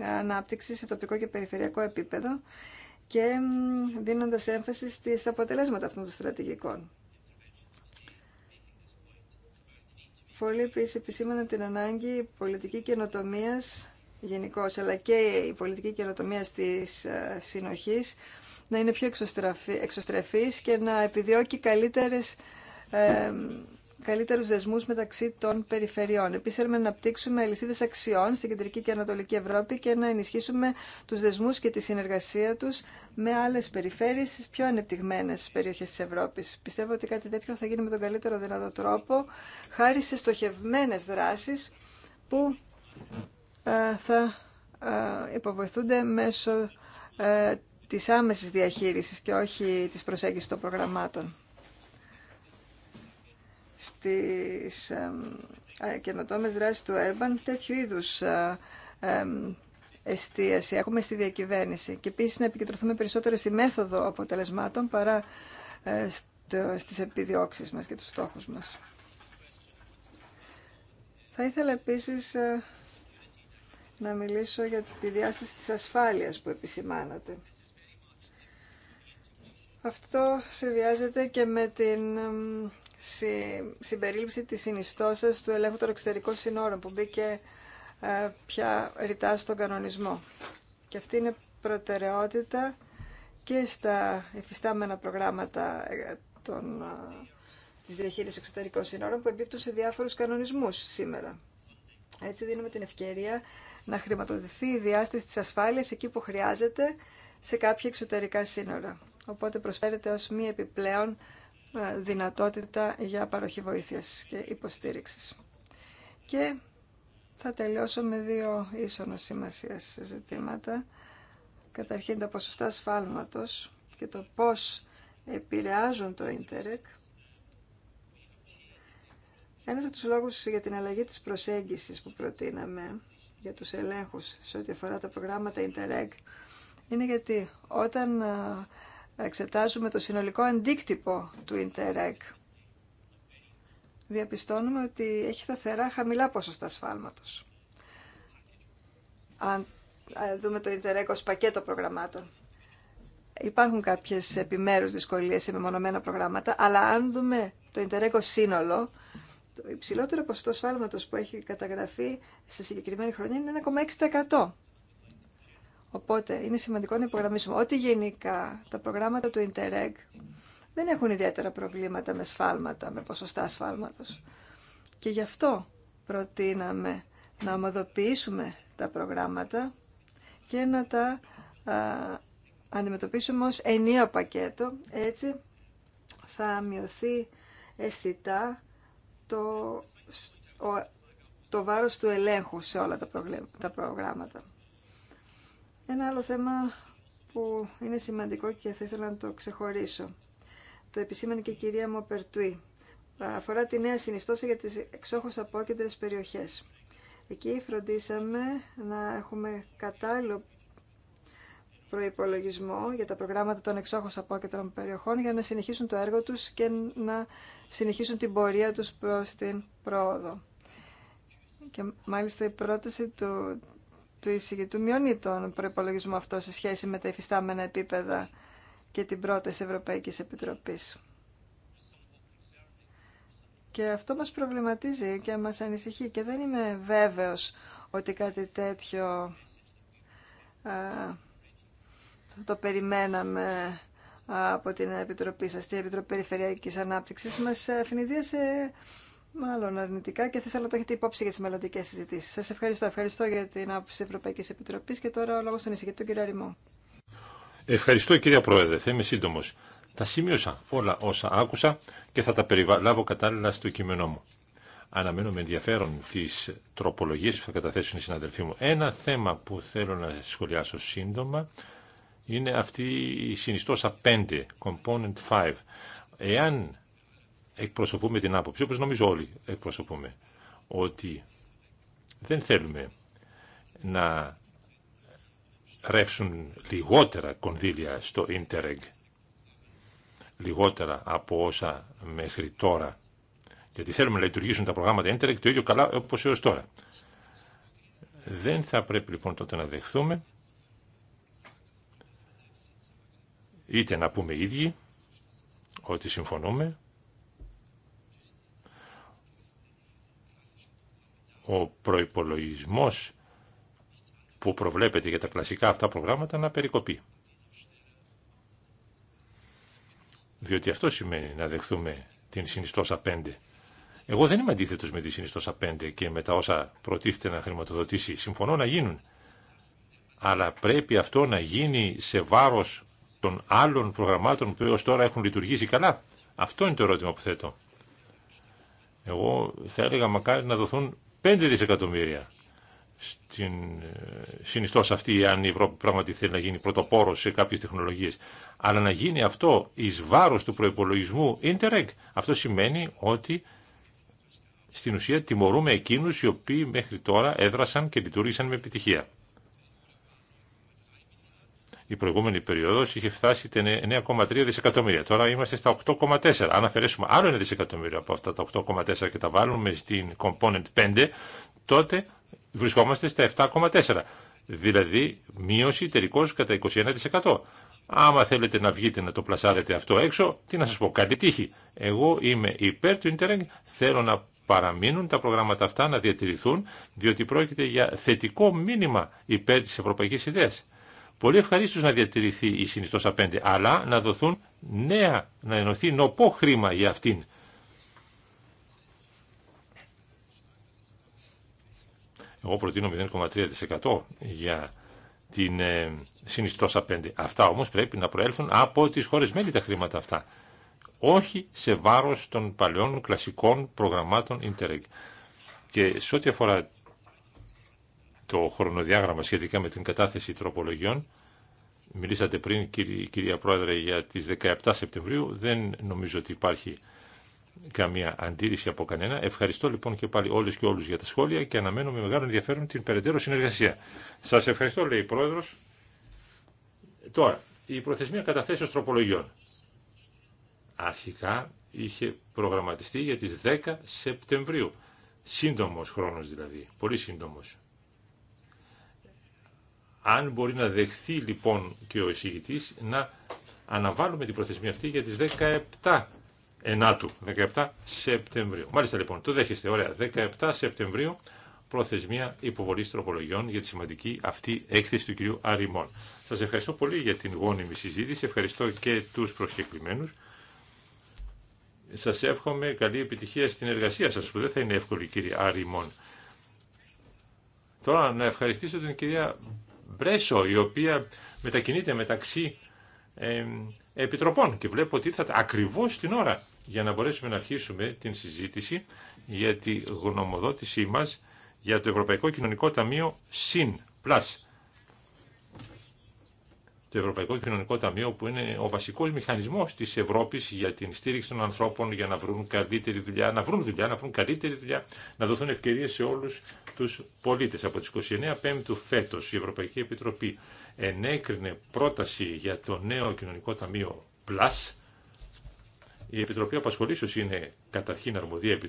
ε, ανάπτυξης σε τοπικό και περιφερειακό επίπεδο και δίνοντας έμφαση στις αποτελέσματα αυτών των στρατηγικών. Πολύ επίσης επισήμανα την ανάγκη πολιτική καινοτομία γενικώ, αλλά και η πολιτική καινοτομία της ε, συνοχής να είναι πιο εξωστρεφής και να επιδιώκει καλύτερες Καλύτερου δεσμού μεταξύ των περιφερειών. Επίση θέλουμε να αναπτύξουμε αλυσίδε αξιών στην Κεντρική και Ανατολική Ευρώπη και να ενισχύσουμε του δεσμού και τη συνεργασία του με άλλε περιφέρειες στι πιο ανεπτυγμένε περιοχέ τη Ευρώπη. Πιστεύω ότι κάτι τέτοιο θα γίνει με τον καλύτερο δυνατό τρόπο, χάρη σε στοχευμένε δράσει, που ε, θα ε, υποβοηθούνται μέσω ε, της άμεσης διαχείρισης και όχι της προσέγγισης των προγραμμάτων στις ε, καινοτόμες δράσεις του Urban τέτοιου είδους ε, εστίαση. Έχουμε στη διακυβέρνηση και επίσης να επικεντρωθούμε περισσότερο στη μέθοδο αποτελεσμάτων παρά ε, στις επιδιώξεις μας και τους στόχους μας. Θα ήθελα επίσης να μιλήσω για τη διάσταση της ασφάλειας που επισημάνατε. Αυτό συνδυάζεται και με την συμπερίληψη της συνιστώσας του ελέγχου των εξωτερικών συνόρων που μπήκε ε, πια ρητά στον κανονισμό. Και αυτή είναι προτεραιότητα και στα εφιστάμενα προγράμματα ε, των, ε, της διαχείρισης εξωτερικών συνόρων που εμπίπτουν σε διάφορους κανονισμούς σήμερα. Έτσι δίνουμε την ευκαιρία να χρηματοδοτηθεί η διάστηση της ασφάλειας εκεί που χρειάζεται σε κάποια εξωτερικά σύνορα. Οπότε προσφέρεται ως μη επιπλέον ε, δυνατότητα για παροχή βοήθειας και υποστήριξης. Και θα τελειώσω με δύο ίσονο σημασία ζητήματα. Καταρχήν τα ποσοστά σφάλματος και το πώς επηρεάζουν το ίντερεκ. Ένας από τους λόγους για την αλλαγή της προσέγγισης που προτείναμε για τους ελέγχους σε ό,τι αφορά τα προγράμματα Interreg είναι γιατί όταν ε, εξετάζουμε το συνολικό αντίκτυπο του Interreg, διαπιστώνουμε ότι έχει σταθερά χαμηλά ποσοστά σφάλματος. Αν ε, δούμε το Interreg ως πακέτο προγραμμάτων, υπάρχουν κάποιες επιμέρους δυσκολίες σε μεμονωμένα προγράμματα, αλλά αν δούμε το Interreg ως σύνολο, το υψηλότερο ποσοστό σφάλματος που έχει καταγραφεί σε συγκεκριμένη χρονιά είναι 1,6%. Οπότε είναι σημαντικό να υπογραμμίσουμε ότι γενικά τα προγράμματα του Interreg δεν έχουν ιδιαίτερα προβλήματα με σφάλματα, με ποσοστά σφάλματος. Και γι' αυτό προτείναμε να ομοδοποιήσουμε τα προγράμματα και να τα α, αντιμετωπίσουμε ως ενίο πακέτο. Έτσι θα μειωθεί αισθητά το, το βάρος του ελέγχου σε όλα τα, τα προγράμματα. Ένα άλλο θέμα που είναι σημαντικό και θα ήθελα να το ξεχωρίσω. Το επισήμανε και η κυρία Μοπερτουή. Αφορά τη νέα συνιστόση για τις εξόχως απόκεντρες περιοχές. Εκεί φροντίσαμε να έχουμε κατάλληλο προϋπολογισμό για τα προγράμματα των εξόχως απόκεντρων περιοχών για να συνεχίσουν το έργο τους και να συνεχίσουν την πορεία τους προς την πρόοδο. Και μάλιστα η πρόταση του, του του μειώνει τον προπολογισμό αυτό σε σχέση με τα υφιστάμενα επίπεδα και την πρόταση Ευρωπαϊκής Επιτροπής. Και αυτό μας προβληματίζει και μας ανησυχεί και δεν είμαι βέβαιος ότι κάτι τέτοιο θα το περιμέναμε από την Επιτροπή σας. την Επιτροπή Περιφερειακής Ανάπτυξης μας ευνηδίασε Μάλλον αρνητικά και θα ήθελα να το έχετε υπόψη για τι μελλοντικέ συζητήσει. Σα ευχαριστώ. Ευχαριστώ για την άποψη τη Ευρωπαϊκή Επιτροπή και τώρα ο λόγο στον εισηγητή, του κ. Ρημό. Ευχαριστώ, κυρία Πρόεδρε. Θα είμαι σύντομο. Τα σημείωσα όλα όσα άκουσα και θα τα περιλάβω κατάλληλα στο κείμενό μου. Αναμένω με ενδιαφέρον τι τροπολογίε που θα καταθέσουν οι συναδελφοί μου. Ένα θέμα που θέλω να σχολιάσω σύντομα είναι αυτή η συνιστόσα 5, component 5. Εάν εκπροσωπούμε την άποψη, όπως νομίζω όλοι εκπροσωπούμε, ότι δεν θέλουμε να ρεύσουν λιγότερα κονδύλια στο Ιντερεγ, λιγότερα από όσα μέχρι τώρα, γιατί θέλουμε να λειτουργήσουν τα προγράμματα Ιντερεγ το ίδιο καλά όπως έως τώρα. Δεν θα πρέπει λοιπόν τότε να δεχθούμε είτε να πούμε ίδιοι ότι συμφωνούμε ο προϋπολογισμός που προβλέπεται για τα κλασικά αυτά προγράμματα να περικοπεί. Διότι αυτό σημαίνει να δεχθούμε την συνιστόσα 5. Εγώ δεν είμαι αντίθετο με τη συνιστόσα 5 και με τα όσα προτίθεται να χρηματοδοτήσει. Συμφωνώ να γίνουν. Αλλά πρέπει αυτό να γίνει σε βάρο των άλλων προγραμμάτων που έω τώρα έχουν λειτουργήσει καλά. Αυτό είναι το ερώτημα που θέτω. Εγώ θα έλεγα μακάρι να δοθούν 5 δισεκατομμύρια στην σε αυτή αν η Ευρώπη πράγματι θέλει να γίνει πρωτοπόρος σε κάποιες τεχνολογίες. Αλλά να γίνει αυτό εις βάρος του προϋπολογισμού Interreg, αυτό σημαίνει ότι στην ουσία τιμωρούμε εκείνους οι οποίοι μέχρι τώρα έδρασαν και λειτουργήσαν με επιτυχία η προηγούμενη περίοδος είχε φτάσει 9,3 δισεκατομμύρια. Τώρα είμαστε στα 8,4. Αν αφαιρέσουμε άλλο ένα δισεκατομμύριο από αυτά τα 8,4 και τα βάλουμε στην component 5, τότε βρισκόμαστε στα 7,4. Δηλαδή μείωση τελικώς κατά 21%. Άμα θέλετε να βγείτε να το πλασάρετε αυτό έξω, τι να σας πω, καλή τύχη. Εγώ είμαι υπέρ του Interreg, θέλω να παραμείνουν τα προγράμματα αυτά, να διατηρηθούν, διότι πρόκειται για θετικό μήνυμα υπέρ της ευρωπαϊκής ιδέας πολύ ευχαρίστω να διατηρηθεί η συνιστόσα 5, αλλά να δοθούν νέα, να ενωθεί νοπό χρήμα για αυτήν. Εγώ προτείνω 0,3% για την ε, συνιστόσα 5. Αυτά όμως πρέπει να προέλθουν από τις χώρες μέλη τα χρήματα αυτά. Όχι σε βάρος των παλαιών κλασικών προγραμμάτων Interreg. Και σε ό,τι αφορά το χρονοδιάγραμμα σχετικά με την κατάθεση τροπολογιών. Μιλήσατε πριν, κυρία Πρόεδρε, για τις 17 Σεπτεμβρίου. Δεν νομίζω ότι υπάρχει καμία αντίρρηση από κανένα. Ευχαριστώ λοιπόν και πάλι όλες και όλους για τα σχόλια και αναμένω με μεγάλο ενδιαφέρον την περαιτέρω συνεργασία. Σας ευχαριστώ, λέει η Πρόεδρος. Τώρα, η προθεσμία καταθέσεως τροπολογιών. Αρχικά είχε προγραμματιστεί για τις 10 Σεπτεμβρίου. Σύντομος χρόνος δηλαδή, πολύ σύντομος. Αν μπορεί να δεχθεί λοιπόν και ο εισηγητή να αναβάλουμε την προθεσμία αυτή για τι 17 Ενάτου, 17 Σεπτεμβρίου. Μάλιστα λοιπόν, το δέχεστε, ωραία. 17 Σεπτεμβρίου προθεσμία υποβολή τροπολογιών για τη σημαντική αυτή έκθεση του κυρίου Αριμών. Σα ευχαριστώ πολύ για την γόνιμη συζήτηση, ευχαριστώ και του προσκεκλημένου. Σα εύχομαι καλή επιτυχία στην εργασία σα που δεν θα είναι εύκολη κύριε Αριμών. Τώρα να ευχαριστήσω την κυρία Μπρέσο, η οποία μετακινείται μεταξύ επιτροπών και βλέπω ότι ήρθατε ακριβώς την ώρα για να μπορέσουμε να αρχίσουμε την συζήτηση για τη γνωμοδότησή μας για το Ευρωπαϊκό Κοινωνικό Ταμείο ΣΥΝ, το Ευρωπαϊκό Κοινωνικό Ταμείο που είναι ο βασικός μηχανισμός της Ευρώπης για την στήριξη των ανθρώπων για να βρουν καλύτερη δουλειά, να βρουν δουλειά, να βρουν καλύτερη δουλειά, να δοθούν ευκαιρίες σε όλους τους πολίτες. Από τις 29 Πέμπτου φέτος η Ευρωπαϊκή Επιτροπή ενέκρινε πρόταση για το νέο κοινωνικό ταμείο Plus. Η Επιτροπή Απασχολήσεω είναι καταρχήν αρμοδία επί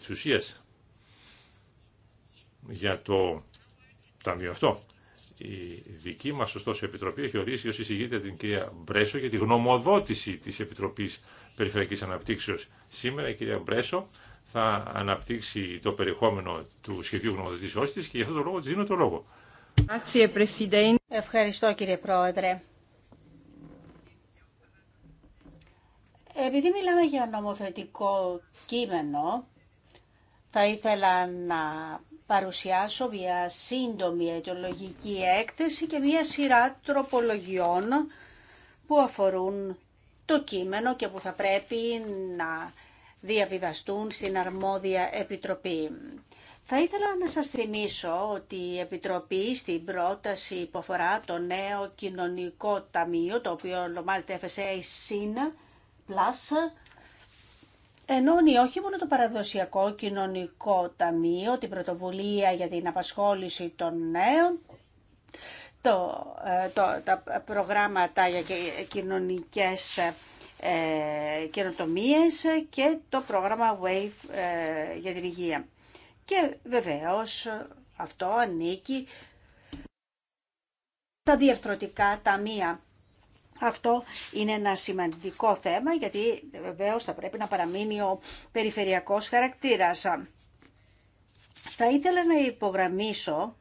για το ταμείο αυτό. Η δική μας ωστόσο Επιτροπή έχει ορίσει ω εισηγήτρια την κυρία Μπρέσο για τη γνωμοδότηση της Επιτροπής Περιφερειακής Αναπτύξεω. Σήμερα η κυρία Μπρέσο θα αναπτύξει το περιεχόμενο του σχεδίου γνωμοδοτήσεώς της και για αυτό το λόγο της δίνω το λόγο. Ευχαριστώ κύριε Πρόεδρε. Επειδή μιλάμε για νομοθετικό κείμενο, θα ήθελα να παρουσιάσω μια σύντομη αιτιολογική έκθεση και μια σειρά τροπολογιών που αφορούν το κείμενο και που θα πρέπει να διαβιβαστούν στην αρμόδια επιτροπή. Θα ήθελα να σας θυμίσω ότι η Επιτροπή στην πρόταση που αφορά το νέο κοινωνικό ταμείο, το οποίο ονομάζεται FSA SIN Plus, ενώνει όχι μόνο το παραδοσιακό κοινωνικό ταμείο, την πρωτοβουλία για την απασχόληση των νέων, το, ε, το, τα προγράμματα για κοινωνικές ε, Καινοτομίε και το πρόγραμμα WAVE ε, για την υγεία. Και βεβαίως αυτό ανήκει τα διαρθρωτικά ταμεία. Αυτό είναι ένα σημαντικό θέμα γιατί βεβαίως θα πρέπει να παραμείνει ο περιφερειακός χαρακτήρας. Θα ήθελα να υπογραμμίσω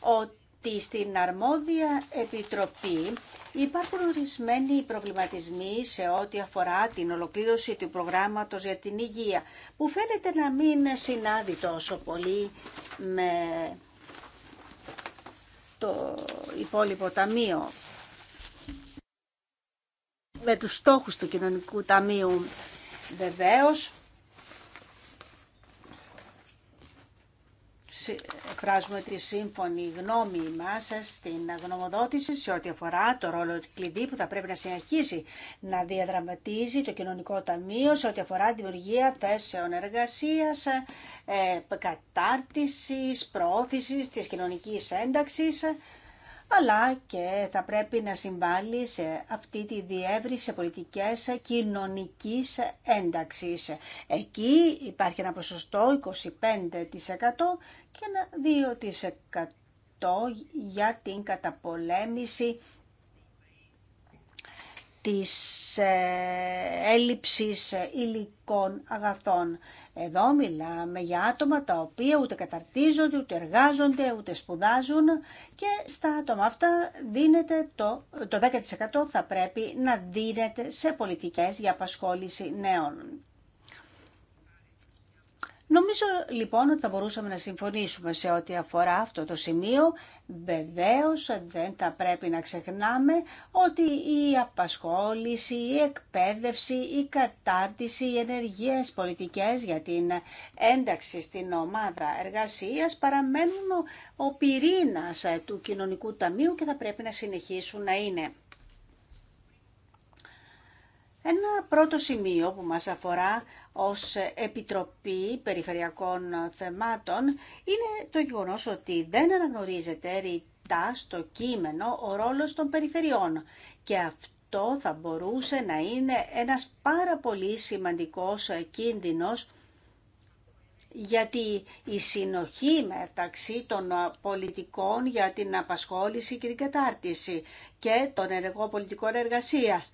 ότι ότι στην αρμόδια επιτροπή υπάρχουν ορισμένοι προβληματισμοί σε ό,τι αφορά την ολοκλήρωση του προγράμματος για την υγεία, που φαίνεται να μην συνάδει τόσο πολύ με το υπόλοιπο ταμείο, με τους στόχους του κοινωνικού ταμείου. Βεβαίως, εκφράζουμε τη σύμφωνη γνώμη μας στην γνωμοδότηση σε ό,τι αφορά το ρόλο του κλειδί που θα πρέπει να συνεχίσει να διαδραματίζει το κοινωνικό ταμείο σε ό,τι αφορά τη δημιουργία θέσεων εργασίας, ε, κατάρτισης, προώθησης της κοινωνικής ένταξης αλλά και θα πρέπει να συμβάλλει σε αυτή τη διεύρυνση σε πολιτικές κοινωνικής ένταξης. Εκεί υπάρχει ένα ποσοστό 25% και ένα 2% για την καταπολέμηση της ε, έλλειψης υλικών αγαθών. Εδώ μιλάμε για άτομα τα οποία ούτε καταρτίζονται, ούτε εργάζονται, ούτε σπουδάζουν και στα άτομα αυτά δίνεται το, το 10% θα πρέπει να δίνεται σε πολιτικές για απασχόληση νέων. Νομίζω λοιπόν ότι θα μπορούσαμε να συμφωνήσουμε σε ό,τι αφορά αυτό το σημείο. Βεβαίω δεν θα πρέπει να ξεχνάμε ότι η απασχόληση, η εκπαίδευση, η κατάρτιση, οι ενεργείες πολιτικές για την ένταξη στην ομάδα εργασίας παραμένουν ο πυρήνας του κοινωνικού ταμείου και θα πρέπει να συνεχίσουν να είναι. Ένα πρώτο σημείο που μας αφορά ως Επιτροπή Περιφερειακών Θεμάτων είναι το γεγονός ότι δεν αναγνωρίζεται ρητά στο κείμενο ο ρόλος των περιφερειών και αυτό θα μπορούσε να είναι ένας πάρα πολύ σημαντικός κίνδυνος γιατί η συνοχή μεταξύ των πολιτικών για την απασχόληση και την κατάρτιση και των εργοπολιτικών πολιτικών εργασίας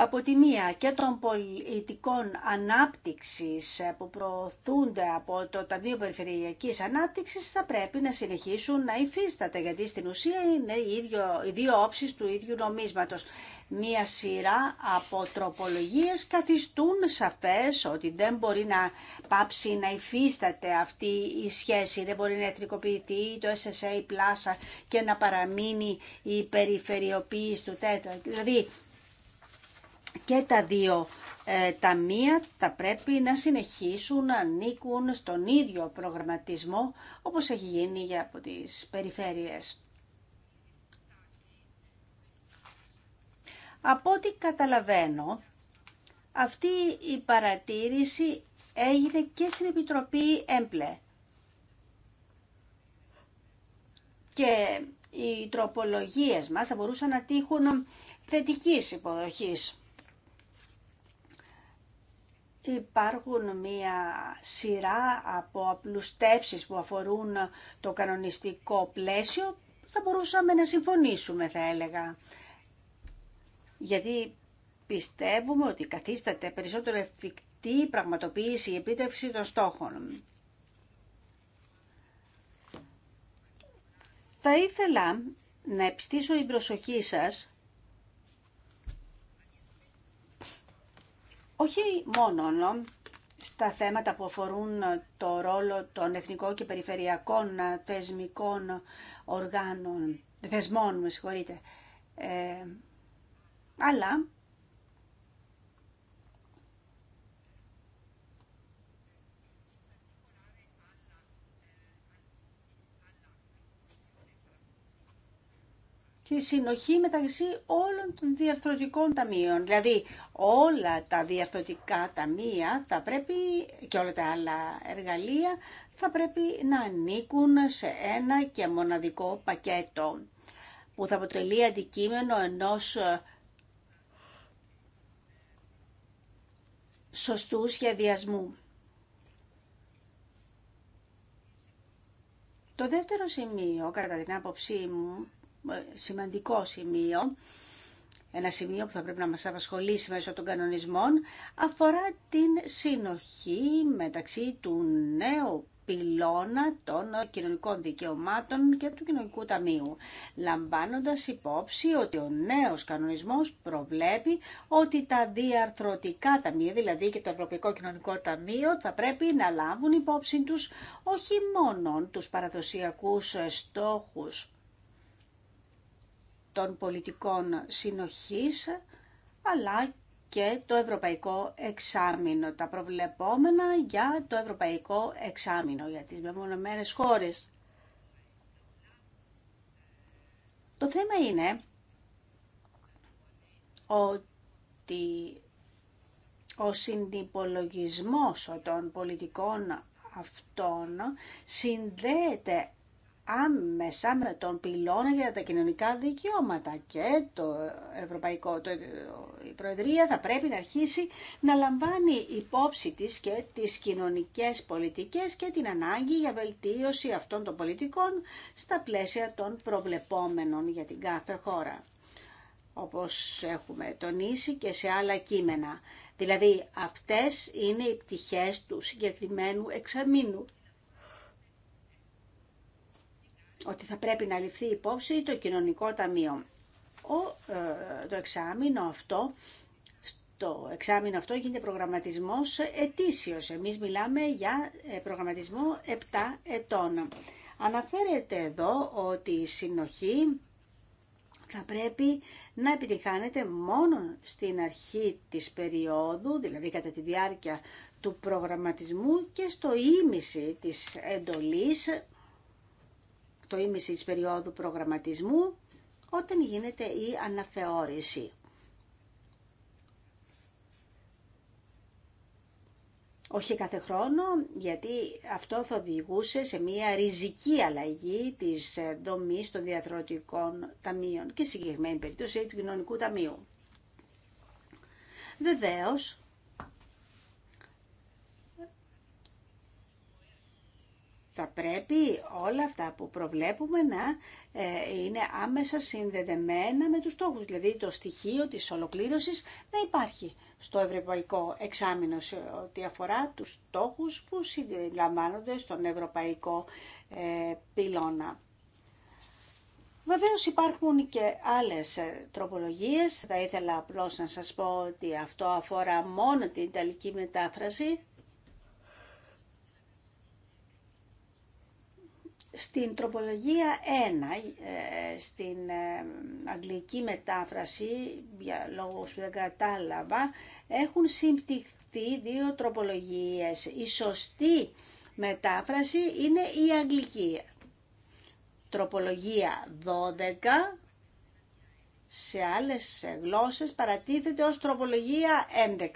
από τη μία και των πολιτικών ανάπτυξης που προωθούνται από το Ταμείο Περιφερειακής Ανάπτυξης θα πρέπει να συνεχίσουν να υφίσταται γιατί στην ουσία είναι οι, ίδιο, δύο όψεις του ίδιου νομίσματος. Μία σειρά από τροπολογίες καθιστούν σαφές ότι δεν μπορεί να πάψει να υφίσταται αυτή η σχέση, δεν μπορεί να εθνικοποιηθεί το SSA πλάσα και να παραμείνει η περιφερειοποίηση του τέταρτου. Δηλαδή και τα δύο τα ε, ταμεία τα πρέπει να συνεχίσουν να ανήκουν στον ίδιο προγραμματισμό όπως έχει γίνει για από τις περιφέρειες. Από ό,τι καταλαβαίνω, αυτή η παρατήρηση έγινε και στην Επιτροπή ΕΜΠΛΕ. Και οι τροπολογίες μας θα μπορούσαν να τύχουν θετικής υποδοχής. Υπάρχουν μία σειρά από απλουστεύσεις που αφορούν το κανονιστικό πλαίσιο θα μπορούσαμε να συμφωνήσουμε θα έλεγα. Γιατί πιστεύουμε ότι καθίσταται περισσότερο εφικτή πραγματοποίηση η επίτευξη των στόχων. Θα ήθελα να επιστήσω την προσοχή σας όχι μόνο στα θέματα που αφορούν το ρόλο των εθνικών και περιφερειακών θεσμικών οργάνων, θεσμών, με συγχωρείτε, ε, αλλά τη συνοχή μεταξύ όλων των διαρθρωτικών ταμείων. Δηλαδή όλα τα διαρθρωτικά ταμεία θα πρέπει, και όλα τα άλλα εργαλεία θα πρέπει να ανήκουν σε ένα και μοναδικό πακέτο που θα αποτελεί αντικείμενο ενός σωστού σχεδιασμού. Το δεύτερο σημείο, κατά την άποψή μου, σημαντικό σημείο, ένα σημείο που θα πρέπει να μας απασχολήσει μέσω των κανονισμών, αφορά την συνοχή μεταξύ του νέου πυλώνα των κοινωνικών δικαιωμάτων και του κοινωνικού ταμείου, λαμβάνοντας υπόψη ότι ο νέος κανονισμός προβλέπει ότι τα διαρθρωτικά ταμεία, δηλαδή και το Ευρωπαϊκό Κοινωνικό Ταμείο, θα πρέπει να λάβουν υπόψη τους όχι μόνο τους παραδοσιακούς στόχους των πολιτικών συνοχής, αλλά και το Ευρωπαϊκό Εξάμεινο, τα προβλεπόμενα για το Ευρωπαϊκό Εξάμεινο, για τις μεμονωμένες χώρες. Το θέμα είναι ότι ο συνυπολογισμός των πολιτικών αυτών συνδέεται άμεσα με τον πυλώνα για τα κοινωνικά δικαιώματα και το Ευρωπαϊκό, το, η Προεδρία θα πρέπει να αρχίσει να λαμβάνει υπόψη της και τις κοινωνικές πολιτικές και την ανάγκη για βελτίωση αυτών των πολιτικών στα πλαίσια των προβλεπόμενων για την κάθε χώρα όπως έχουμε τονίσει και σε άλλα κείμενα. Δηλαδή αυτές είναι οι πτυχές του συγκεκριμένου εξαμήνου ότι θα πρέπει να ληφθεί υπόψη το κοινωνικό ταμείο. Ο, ε, το εξάμεινο αυτό το εξάμεινο αυτό γίνεται προγραμματισμός ετήσιος. Εμείς μιλάμε για ε, προγραμματισμό 7 ετών. Αναφέρεται εδώ ότι η συνοχή θα πρέπει να επιτυχάνεται μόνο στην αρχή της περίοδου, δηλαδή κατά τη διάρκεια του προγραμματισμού και στο ίμιση της εντολής το ίμιση της περίοδου προγραμματισμού όταν γίνεται η αναθεώρηση. Όχι κάθε χρόνο, γιατί αυτό θα οδηγούσε σε μια ριζική αλλαγή της ε, δομής των διαθροτικών ταμείων και συγκεκριμένη περίπτωση του κοινωνικού ταμείου. Βεβαίως, θα πρέπει όλα αυτά που προβλέπουμε να ε, είναι άμεσα συνδεδεμένα με τους στόχους. Δηλαδή το στοιχείο της ολοκλήρωσης να υπάρχει στο ευρωπαϊκό εξάμεινο σε ό,τι αφορά τους στόχους που συλλαμβάνονται στον ευρωπαϊκό ε, πυλώνα. Βεβαίως υπάρχουν και άλλες ε, τροπολογίες. Θα ήθελα απλώς να σας πω ότι αυτό αφορά μόνο την Ιταλική μετάφραση Στην τροπολογία 1, ε, στην ε, αγγλική μετάφραση, για λόγους που δεν κατάλαβα, έχουν συμπτυχθεί δύο τροπολογίες. Η σωστή μετάφραση είναι η αγγλική. Τροπολογία 12 σε άλλες γλώσσες παρατίθεται ως τροπολογία 11.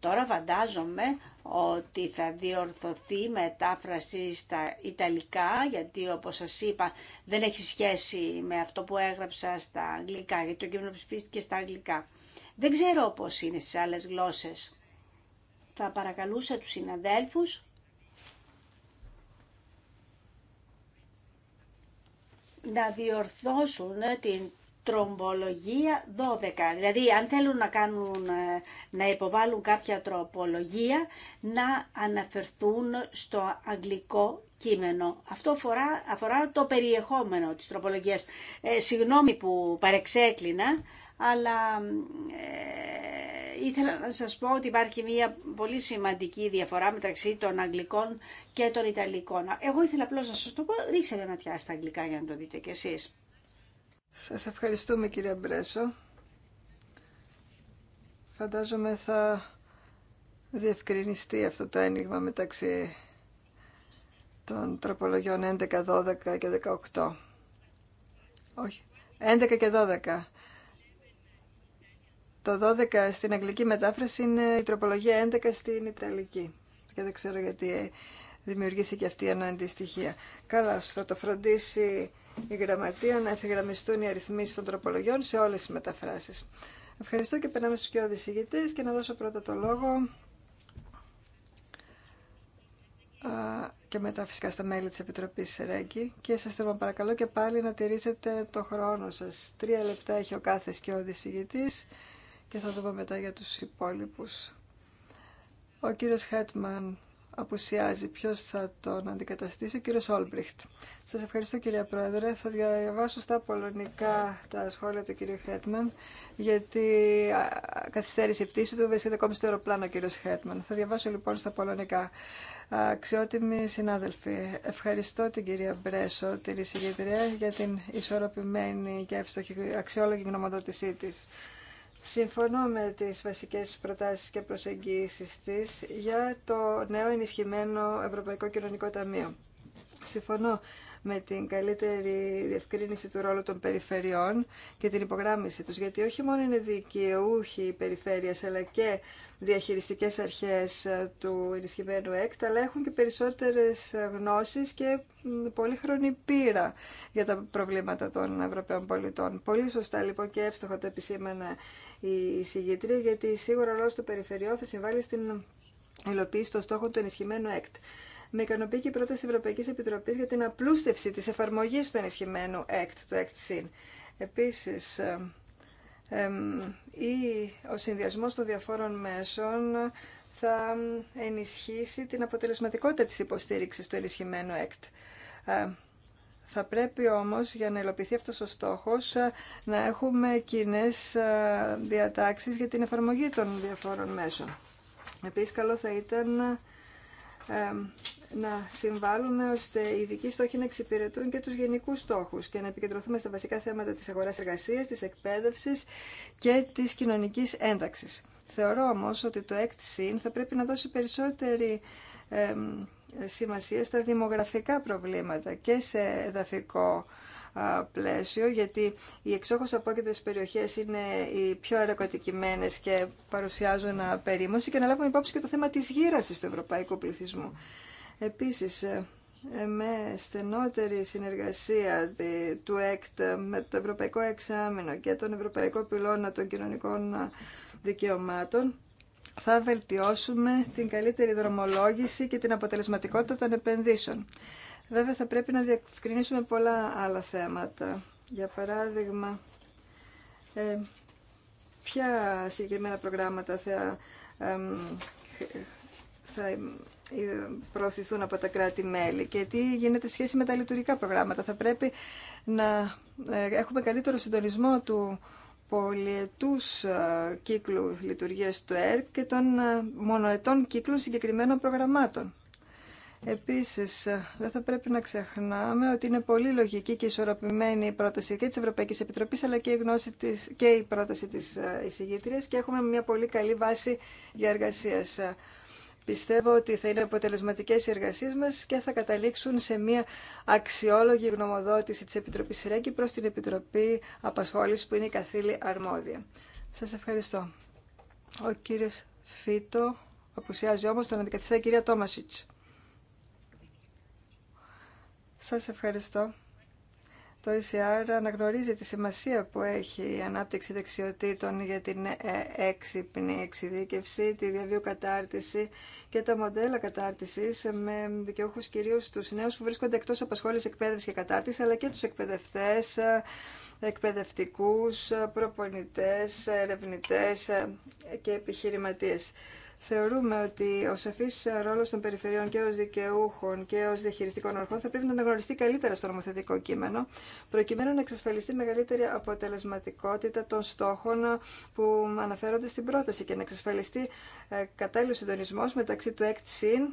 Τώρα φαντάζομαι ότι θα διορθωθεί μετάφραση στα Ιταλικά, γιατί όπως σας είπα δεν έχει σχέση με αυτό που έγραψα στα Αγγλικά, γιατί το κείμενο ψηφίστηκε στα Αγγλικά. Δεν ξέρω πώς είναι στις άλλες γλώσσες. Θα παρακαλούσα τους συναδέλφους να διορθώσουν την τρομπολογία 12. Δηλαδή αν θέλουν να, κάνουν, ε, να υποβάλουν κάποια τροπολογία να αναφερθούν στο αγγλικό κείμενο. Αυτό αφορά, αφορά το περιεχόμενο της τροπολογίας. Ε, συγγνώμη που παρεξέκλεινα, αλλά ε, ήθελα να σας πω ότι υπάρχει μια πολύ σημαντική διαφορά μεταξύ των αγγλικών και των ιταλικών. Εγώ ήθελα απλώς να σας το πω, ρίξτε ματιά στα αγγλικά για να το δείτε κι εσείς. Σας ευχαριστούμε κύριε Μπρέσο. Φαντάζομαι θα διευκρινιστεί αυτό το ένιγμα μεταξύ των τροπολογιών 11, 12 και 18. Όχι, 11 και 12. Το 12 στην αγγλική μετάφραση είναι η τροπολογία 11 στην ιταλική. Και δεν ξέρω γιατί δημιουργήθηκε αυτή η αναντιστοιχία. Καλά, θα το φροντίσει η γραμματεία να εφηγραμμιστούν οι αριθμίσει των τροπολογιών σε όλε τι μεταφράσει. Ευχαριστώ και περνάμε στου κοιόδη ηγητέ και να δώσω πρώτα το λόγο και μετά φυσικά στα μέλη τη Επιτροπής ΡΕΚΙ και σα θέλω παρακαλώ και πάλι να τηρήσετε το χρόνο σα. Τρία λεπτά έχει ο κάθε σκιώδης ηγητή και θα δούμε μετά για του υπόλοιπου. Ο κύριος Χέτμαν απουσιάζει. Ποιο θα τον αντικαταστήσει, ο κύριο Όλμπριχτ. Σα ευχαριστώ, κυρία Πρόεδρε. Θα διαβάσω στα πολωνικά τα σχόλια του κυρίου Χέτμαν, γιατί καθυστέρησε η πτήση του, βρίσκεται ακόμη στο αεροπλάνο ο κύριο Χέτμαν. Θα διαβάσω λοιπόν στα πολωνικά. Αξιότιμοι συνάδελφοι, ευχαριστώ την κυρία Μπρέσο, τη εισηγητρία, για την ισορροπημένη και αξιόλογη γνωμοδότησή της. Συμφωνώ με τις βασικές προτάσεις και προσεγγίσεις της για το νέο ενισχυμένο Ευρωπαϊκό Κοινωνικό Ταμείο. Συμφωνώ με την καλύτερη διευκρίνηση του ρόλου των περιφερειών και την υπογράμμιση τους, γιατί όχι μόνο είναι δικαιούχοι οι αλλά και διαχειριστικές αρχές ε, του ενισχυμένου ΕΚΤ, αλλά έχουν και περισσότερες ε, γνώσεις και πολύ χρονή πείρα για τα προβλήματα των Ευρωπαίων πολιτών. Πολύ σωστά λοιπόν και εύστοχα το επισήμανα η συγγετρία, γιατί σίγουρα ο του περιφερειού θα συμβάλλει στην υλοποίηση των στόχων του ενισχυμένου ΕΚΤ. Με ικανοποιεί και η πρόταση Ευρωπαϊκής Επιτροπής για την απλούστευση της εφαρμογής του ενισχυμένου ΕΚΤ, του ΕΚΤ-ΣΥΝ. Επίση, ε, ή ο συνδυασμός των διαφόρων μέσων θα ενισχύσει την αποτελεσματικότητα της υποστήριξης του ενισχυμένου ΕΚΤ. Ε, θα πρέπει όμως για να υλοποιηθεί αυτός ο στόχος ε, να έχουμε κοινέ ε, διατάξεις για την εφαρμογή των διαφόρων μέσων. Επίσης καλό θα ήταν να συμβάλλουμε ώστε οι ειδικοί στόχοι να εξυπηρετούν και τους γενικούς στόχους και να επικεντρωθούμε στα βασικά θέματα της αγοράς εργασίας, της εκπαίδευσης και της κοινωνικής ένταξης. Θεωρώ όμως ότι το ΕΚΤΣΥΝ θα πρέπει να δώσει περισσότερη σημασία στα δημογραφικά προβλήματα και σε εδαφικό πλαίσιο, γιατί οι εξόχως απόκεντες περιοχές είναι οι πιο αεροκατοικημένες και παρουσιάζουν περίμωση και να λάβουμε υπόψη και το θέμα της γύρασης του ευρωπαϊκού πληθυσμού. Επίσης, ε, ε, με στενότερη συνεργασία του ΕΚΤ με το Ευρωπαϊκό Εξάμεινο και τον Ευρωπαϊκό Πυλώνα των Κοινωνικών Δικαιωμάτων, θα βελτιώσουμε την καλύτερη δρομολόγηση και την αποτελεσματικότητα των επενδύσεων. Βέβαια, θα πρέπει να διευκρινίσουμε πολλά άλλα θέματα. Για παράδειγμα, ε, ποια συγκεκριμένα προγράμματα θα, θα ε, προωθηθούν από τα κράτη-μέλη και τι γίνεται σχέση με τα λειτουργικά προγράμματα. Θα πρέπει να ε, έχουμε καλύτερο συντονισμό του πολυετούς ε, κύκλου λειτουργίας του ΕΡΚ και των μονοετών κύκλων συγκεκριμένων προγραμμάτων. Επίσης, δεν θα πρέπει να ξεχνάμε ότι είναι πολύ λογική και ισορροπημένη η πρόταση και της Ευρωπαϊκής Επιτροπής, αλλά και η, γνώση της, και η πρόταση της εισηγήτριας και έχουμε μια πολύ καλή βάση για εργασίας. Πιστεύω ότι θα είναι αποτελεσματικές οι εργασίες μας και θα καταλήξουν σε μια αξιόλογη γνωμοδότηση τη Επιτροπή ΡΕΚΙ προς την Επιτροπή Απασχόλησης που είναι η καθήλη αρμόδια. Σας ευχαριστώ. Ο κύριος Φίτο απουσιάζει όμω τον αντικαθιστά κυρία Τόμασιτς. Σας ευχαριστώ. Το ECR αναγνωρίζει τη σημασία που έχει η ανάπτυξη δεξιοτήτων για την ε, έξυπνη εξειδίκευση, τη διαβίου κατάρτιση και τα μοντέλα κατάρτιση με δικαιούχου κυρίως του νέους που βρίσκονται εκτός απασχόληση εκπαίδευση και κατάρτιση, αλλά και τους εκπαιδευτέ, ε, εκπαιδευτικού, προπονητέ, ερευνητέ ε, και επιχειρηματίε θεωρούμε ότι ο σαφή ρόλο των περιφερειών και ω δικαιούχων και ω διαχειριστικών αρχών θα πρέπει να αναγνωριστεί καλύτερα στο νομοθετικό κείμενο, προκειμένου να εξασφαλιστεί μεγαλύτερη αποτελεσματικότητα των στόχων που αναφέρονται στην πρόταση και να εξασφαλιστεί ε, κατάλληλο συντονισμό μεταξύ του ΕΚΤΣΥΝ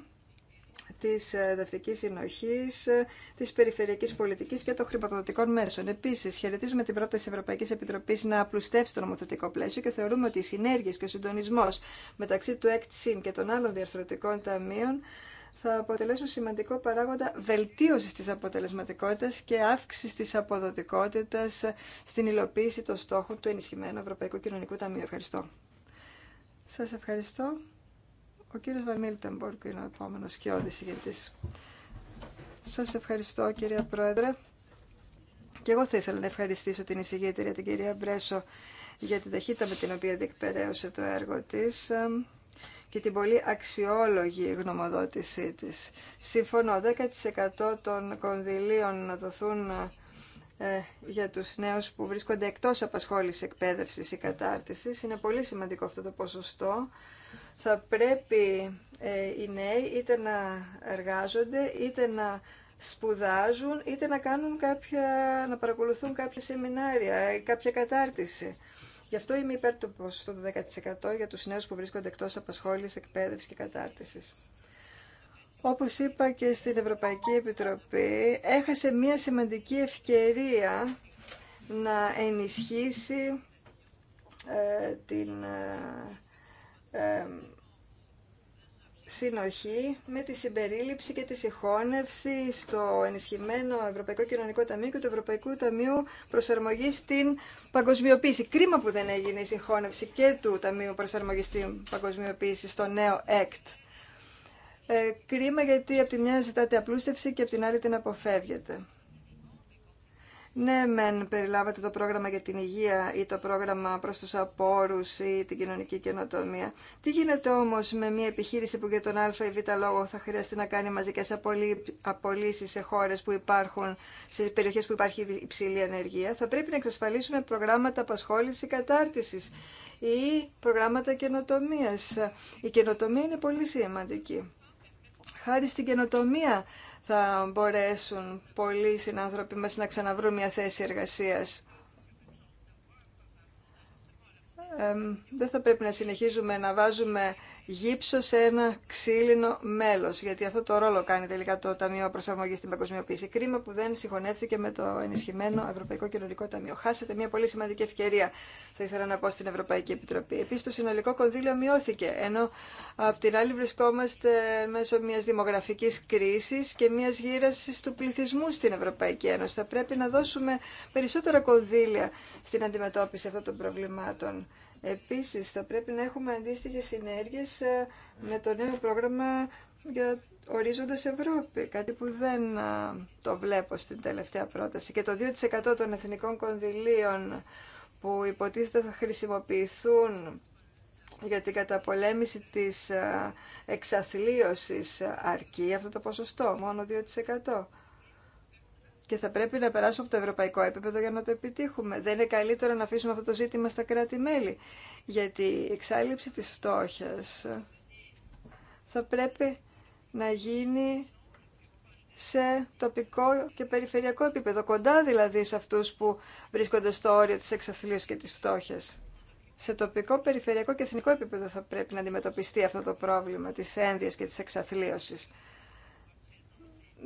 της εδαφικής συνοχής, ε, της περιφερειακής πολιτικής και των χρηματοδοτικών μέσων. Επίσης, χαιρετίζουμε την πρόταση της Ευρωπαϊκής Επιτροπής να απλουστεύσει το νομοθετικό πλαίσιο και θεωρούμε ότι οι συνέργειες και ο συντονισμός μεταξύ του ΕΚΤΣΙΝ και των άλλων διαρθρωτικών ταμείων θα αποτελέσουν σημαντικό παράγοντα βελτίωσης της αποτελεσματικότητας και αύξησης της αποδοτικότητας στην υλοποίηση των στόχων του ενισχυμένου Ευρωπαϊκού Κοινωνικού Ταμείου. Ευχαριστώ. Σας ευχαριστώ. Ο κύριος Βαμίλτεμπορκ είναι ο επόμενος και ηγετής. Σας ευχαριστώ κυρία Πρόεδρε. Και εγώ θα ήθελα να ευχαριστήσω την εισηγήτρια την κυρία Μπρέσο για την ταχύτητα με την οποία διεκπαιρέωσε το έργο της και την πολύ αξιόλογη γνωμοδότησή της. Συμφωνώ, 10% των κονδυλίων να δοθούν ε, για τους νέους που βρίσκονται εκτός απασχόλησης εκπαίδευσης ή κατάρτισης. Είναι πολύ σημαντικό αυτό το ποσοστό θα πρέπει ε, οι νέοι είτε να εργάζονται, είτε να σπουδάζουν, είτε να, κάνουν κάποια, να παρακολουθούν κάποια σεμινάρια, ε, κάποια κατάρτιση. Γι' αυτό είμαι υπέρ του ποσοστού του 10% για τους νέους που βρίσκονται εκτός απασχόλησης, εκπαίδευσης και κατάρτισης. Όπως είπα και στην Ευρωπαϊκή Επιτροπή, έχασε μια σημαντική ευκαιρία να ενισχύσει ε, την συνοχή με τη συμπερίληψη και τη συγχώνευση στο ενισχυμένο Ευρωπαϊκό Κοινωνικό Ταμείο και του Ευρωπαϊκού Ταμείου Προσαρμογής στην Παγκοσμιοποίηση. Κρίμα που δεν έγινε η συγχώνευση και του Ταμείου Προσαρμογής στην Παγκοσμιοποίηση στο νέο ΕΚΤ. Ε, κρίμα γιατί από τη μια ζητάτε απλούστευση και από την άλλη την αποφεύγετε ναι, μεν περιλάβατε το πρόγραμμα για την υγεία ή το πρόγραμμα προς τους απόρους ή την κοινωνική καινοτομία. Τι γίνεται όμως με μια επιχείρηση που για τον α ή β λόγο θα χρειαστεί να κάνει μαζικές απολύσεις σε χώρες που υπάρχουν, σε περιοχές που υπάρχει υψηλή ανεργία. Θα πρέπει να εξασφαλίσουμε προγράμματα απασχόλησης ή κατάρτισης ή προγράμματα καινοτομίας. Η καινοτομία είναι πολύ σημαντική. Χάρη στην καινοτομία θα μπορέσουν πολλοί συνάνθρωποι μας να ξαναβρούν μια θέση εργασίας. δεν θα πρέπει να συνεχίζουμε να βάζουμε γύψο σε ένα ξύλινο μέλο. γιατί αυτό το ρόλο κάνει τελικά το Ταμείο προσαρμογή στην Παγκοσμιοποίηση. Κρίμα που δεν συγχωνεύτηκε με το ενισχυμένο Ευρωπαϊκό Κοινωνικό Ταμείο. Χάσατε μια πολύ σημαντική ευκαιρία, θα ήθελα να πω στην Ευρωπαϊκή Επιτροπή. Επίση, το συνολικό κονδύλιο μειώθηκε, ενώ απ' την άλλη βρισκόμαστε μέσω μια δημογραφική κρίση και μια γύραση του πληθυσμού στην Ευρωπαϊκή Ένωση. Θα πρέπει να δώσουμε περισσότερα κονδύλια στην αντιμετώπιση αυτών των προβλημάτων. Επίσης, θα πρέπει να έχουμε αντίστοιχες συνέργειες ε, με το νέο πρόγραμμα για ορίζοντας Ευρώπη, κάτι που δεν ε, το βλέπω στην τελευταία πρόταση. Και το 2% των εθνικών κονδυλίων που υποτίθεται θα χρησιμοποιηθούν για την καταπολέμηση της ε, εξαθλίωσης αρκεί αυτό το ποσοστό, μόνο 2% και θα πρέπει να περάσουμε από το ευρωπαϊκό επίπεδο για να το επιτύχουμε. Δεν είναι καλύτερο να αφήσουμε αυτό το ζήτημα στα κράτη-μέλη, γιατί η εξάλληψη της φτώχειας θα πρέπει να γίνει σε τοπικό και περιφερειακό επίπεδο, κοντά δηλαδή σε αυτούς που βρίσκονται στο όριο της εξαθλίωσης και της φτώχειας. Σε τοπικό, περιφερειακό και εθνικό επίπεδο θα πρέπει να αντιμετωπιστεί αυτό το πρόβλημα της ένδυας και της εξαθλίωσης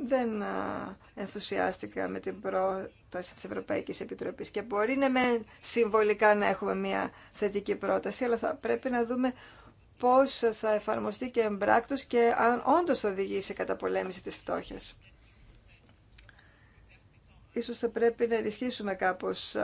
δεν ενθουσιάστηκα με την πρόταση της Ευρωπαϊκής Επιτροπής και μπορεί να με συμβολικά να έχουμε μια θετική πρόταση, αλλά θα πρέπει να δούμε πώς θα εφαρμοστεί και εμπράκτος και αν όντως θα οδηγήσει σε καταπολέμηση της φτώχειας ίσως θα πρέπει να ενισχύσουμε κάπως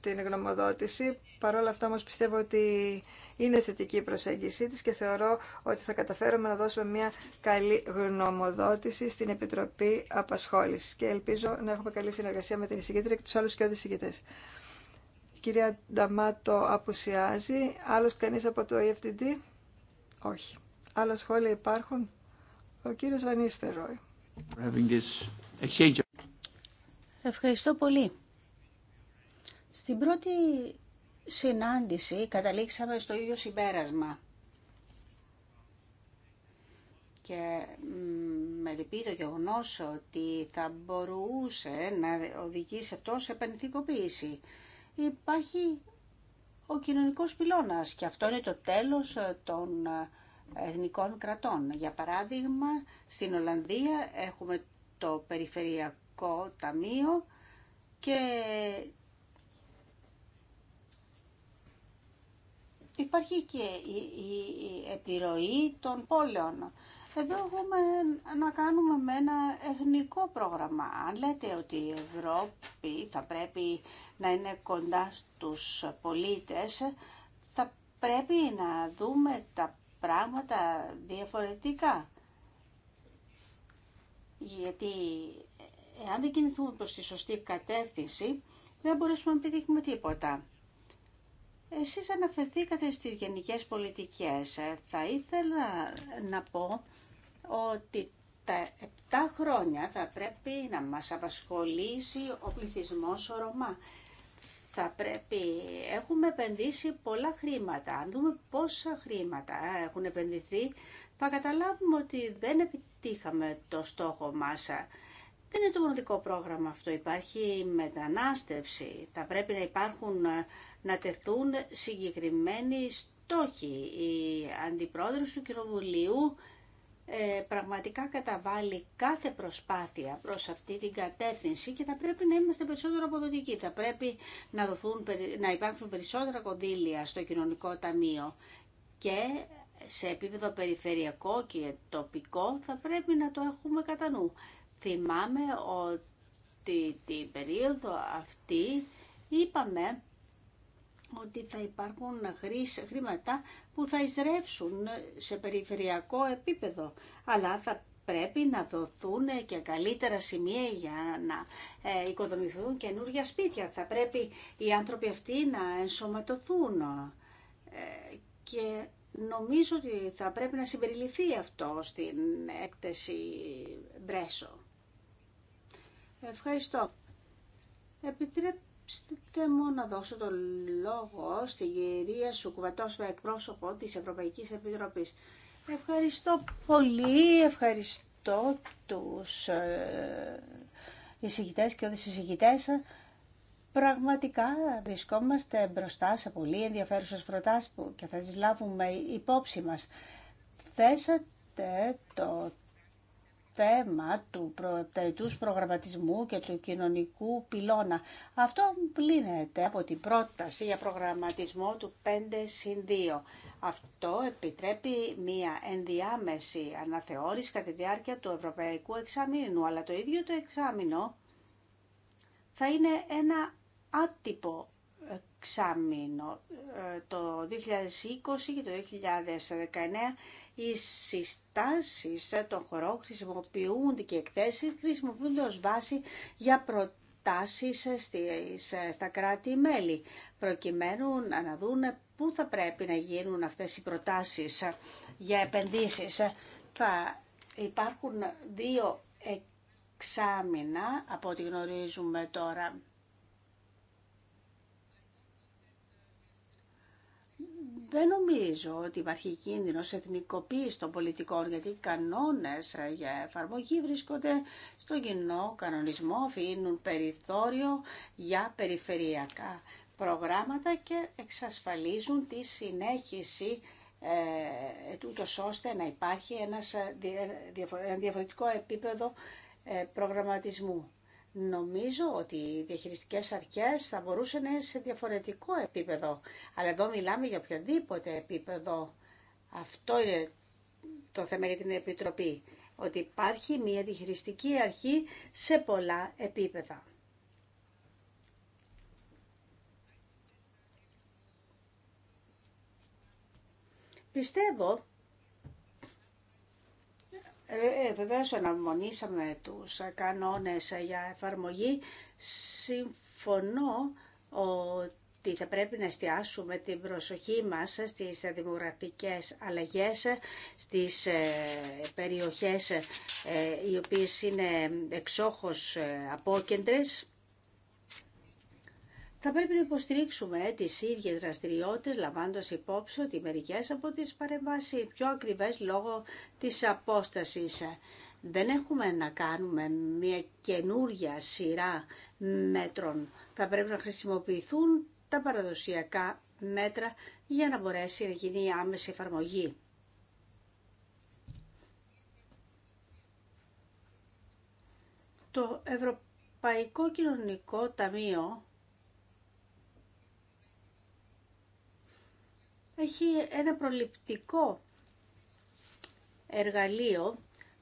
την γνωμοδότηση. Παρ' όλα αυτά όμως πιστεύω ότι είναι θετική η προσέγγιση της και θεωρώ ότι θα καταφέρουμε να δώσουμε μια καλή γνωμοδότηση στην Επιτροπή Απασχόλησης και ελπίζω να έχουμε καλή συνεργασία με την εισηγήτρια και τους άλλους και εισηγητές. Η κυρία Νταμάτο απουσιάζει. Άλλος κανείς από το EFTD? Όχι. Άλλα σχόλια υπάρχουν. Ο κύριος Βανίστερόι. Ευχαριστώ πολύ. Στην πρώτη συνάντηση καταλήξαμε στο ίδιο συμπέρασμα. Και με λυπεί το γεγονό ότι θα μπορούσε να οδηγήσει αυτό σε επενδυτικοποίηση. Υπάρχει ο κοινωνικός πυλώνας και αυτό είναι το τέλος των ε, εθνικών κρατών. Για παράδειγμα, στην Ολλανδία έχουμε το περιφερειακό ταμείο και υπάρχει και η επιρροή των πόλεων. Εδώ έχουμε να κάνουμε με ένα εθνικό πρόγραμμα. Αν λέτε ότι η Ευρώπη θα πρέπει να είναι κοντά στους πολίτες, θα πρέπει να δούμε τα πράγματα διαφορετικά. Γιατί Εάν δεν κινηθούμε προς τη σωστή κατεύθυνση, δεν μπορέσουμε να πετύχουμε τίποτα. Εσείς αναφερθήκατε στις γενικές πολιτικές. Ε, θα ήθελα να πω ότι τα επτά χρόνια θα πρέπει να μας απασχολήσει ο πληθυσμός ο Ρωμά. Θα πρέπει, έχουμε επενδύσει πολλά χρήματα. Αν δούμε πόσα χρήματα έχουν επενδυθεί, θα καταλάβουμε ότι δεν επιτύχαμε το στόχο μας. Δεν είναι το μοναδικό πρόγραμμα αυτό. Υπάρχει μετανάστευση. Θα πρέπει να υπάρχουν, ε, να τεθούν συγκεκριμένοι στόχοι. Η Αντιπρόεδρος του Κοινοβουλίου ε, πραγματικά καταβάλει κάθε προσπάθεια προς αυτή την κατεύθυνση και θα πρέπει να είμαστε περισσότερο αποδοτικοί. Θα πρέπει να, δοθούν, να υπάρξουν περισσότερα κονδύλια στο κοινωνικό ταμείο και σε επίπεδο περιφερειακό και τοπικό θα πρέπει να το έχουμε κατά νου. Θυμάμαι ότι την περίοδο αυτή είπαμε ότι θα υπάρχουν χρήματα που θα εισρεύσουν σε περιφερειακό επίπεδο, αλλά θα πρέπει να δοθούν και καλύτερα σημεία για να ε, οικοδομηθούν καινούργια σπίτια. Θα πρέπει οι άνθρωποι αυτοί να ενσωματωθούν ε, και νομίζω ότι θα πρέπει να συμπεριληφθεί αυτό στην έκθεση Μπρέσο. Ευχαριστώ. Επιτρέψτε μου να δώσω το λόγο στη γυρία σου κουβατός εκπρόσωπο της Ευρωπαϊκής Επιτροπής. Ευχαριστώ πολύ, ευχαριστώ τους ε, εισηγητές και όδες εισηγητές. Πραγματικά βρισκόμαστε μπροστά σε πολύ ενδιαφέρουσες προτάσεις που και θα τις λάβουμε υπόψη μας. Θέσατε το θέμα του πρωταετούς προγραμματισμού και του κοινωνικού πυλώνα. Αυτό πλύνεται από την πρόταση για προγραμματισμό του 5 συν 2. Αυτό επιτρέπει μία ενδιάμεση αναθεώρηση κατά τη διάρκεια του Ευρωπαϊκού Εξαμήνου, αλλά το ίδιο το εξάμεινο θα είναι ένα άτυπο εξάμεινο. Ε, το 2020 και το 2019 οι συστάσεις των χωρών χρησιμοποιούνται και εκθέσεις χρησιμοποιούνται ως βάση για προτάσεις στα κράτη-μέλη προκειμένου να δουν πού θα πρέπει να γίνουν αυτές οι προτάσεις για επενδύσεις. Θα υπάρχουν δύο εξάμεινα από ό,τι γνωρίζουμε τώρα Δεν νομίζω ότι υπάρχει κίνδυνο εθνικοποίηση των πολιτικών, γιατί οι κανόνε για εφαρμογή βρίσκονται στον κοινό κανονισμό, αφήνουν περιθώριο για περιφερειακά προγράμματα και εξασφαλίζουν τη συνέχιση ε, ώστε να υπάρχει ένα ε, ε, ε, διαφορετικό επίπεδο προγραμματισμού. Νομίζω ότι οι διαχειριστικές αρχές θα μπορούσαν σε διαφορετικό επίπεδο, αλλά εδώ μιλάμε για οποιοδήποτε επίπεδο. Αυτό είναι το θέμα για την Επιτροπή, ότι υπάρχει μια διαχειριστική αρχή σε πολλά επίπεδα. Πιστεύω ε, ε, βεβαίως αναμονήσαμε τους κανόνες για εφαρμογή. Συμφωνώ ότι θα πρέπει να εστιάσουμε την προσοχή μας στις δημογραφικές αλλαγές, στις ε, περιοχές ε, οι οποίες είναι εξόχως απόκεντρες θα πρέπει να υποστηρίξουμε τις ίδιες δραστηριότητες λαμβάνοντας υπόψη ότι μερικές από τις παρεμβάσεις είναι πιο ακριβές λόγω της απόστασης. Δεν έχουμε να κάνουμε μια καινούρια σειρά μέτρων. Θα πρέπει να χρησιμοποιηθούν τα παραδοσιακά μέτρα για να μπορέσει να γίνει η άμεση εφαρμογή. Το Ευρωπαϊκό Κοινωνικό Ταμείο έχει ένα προληπτικό εργαλείο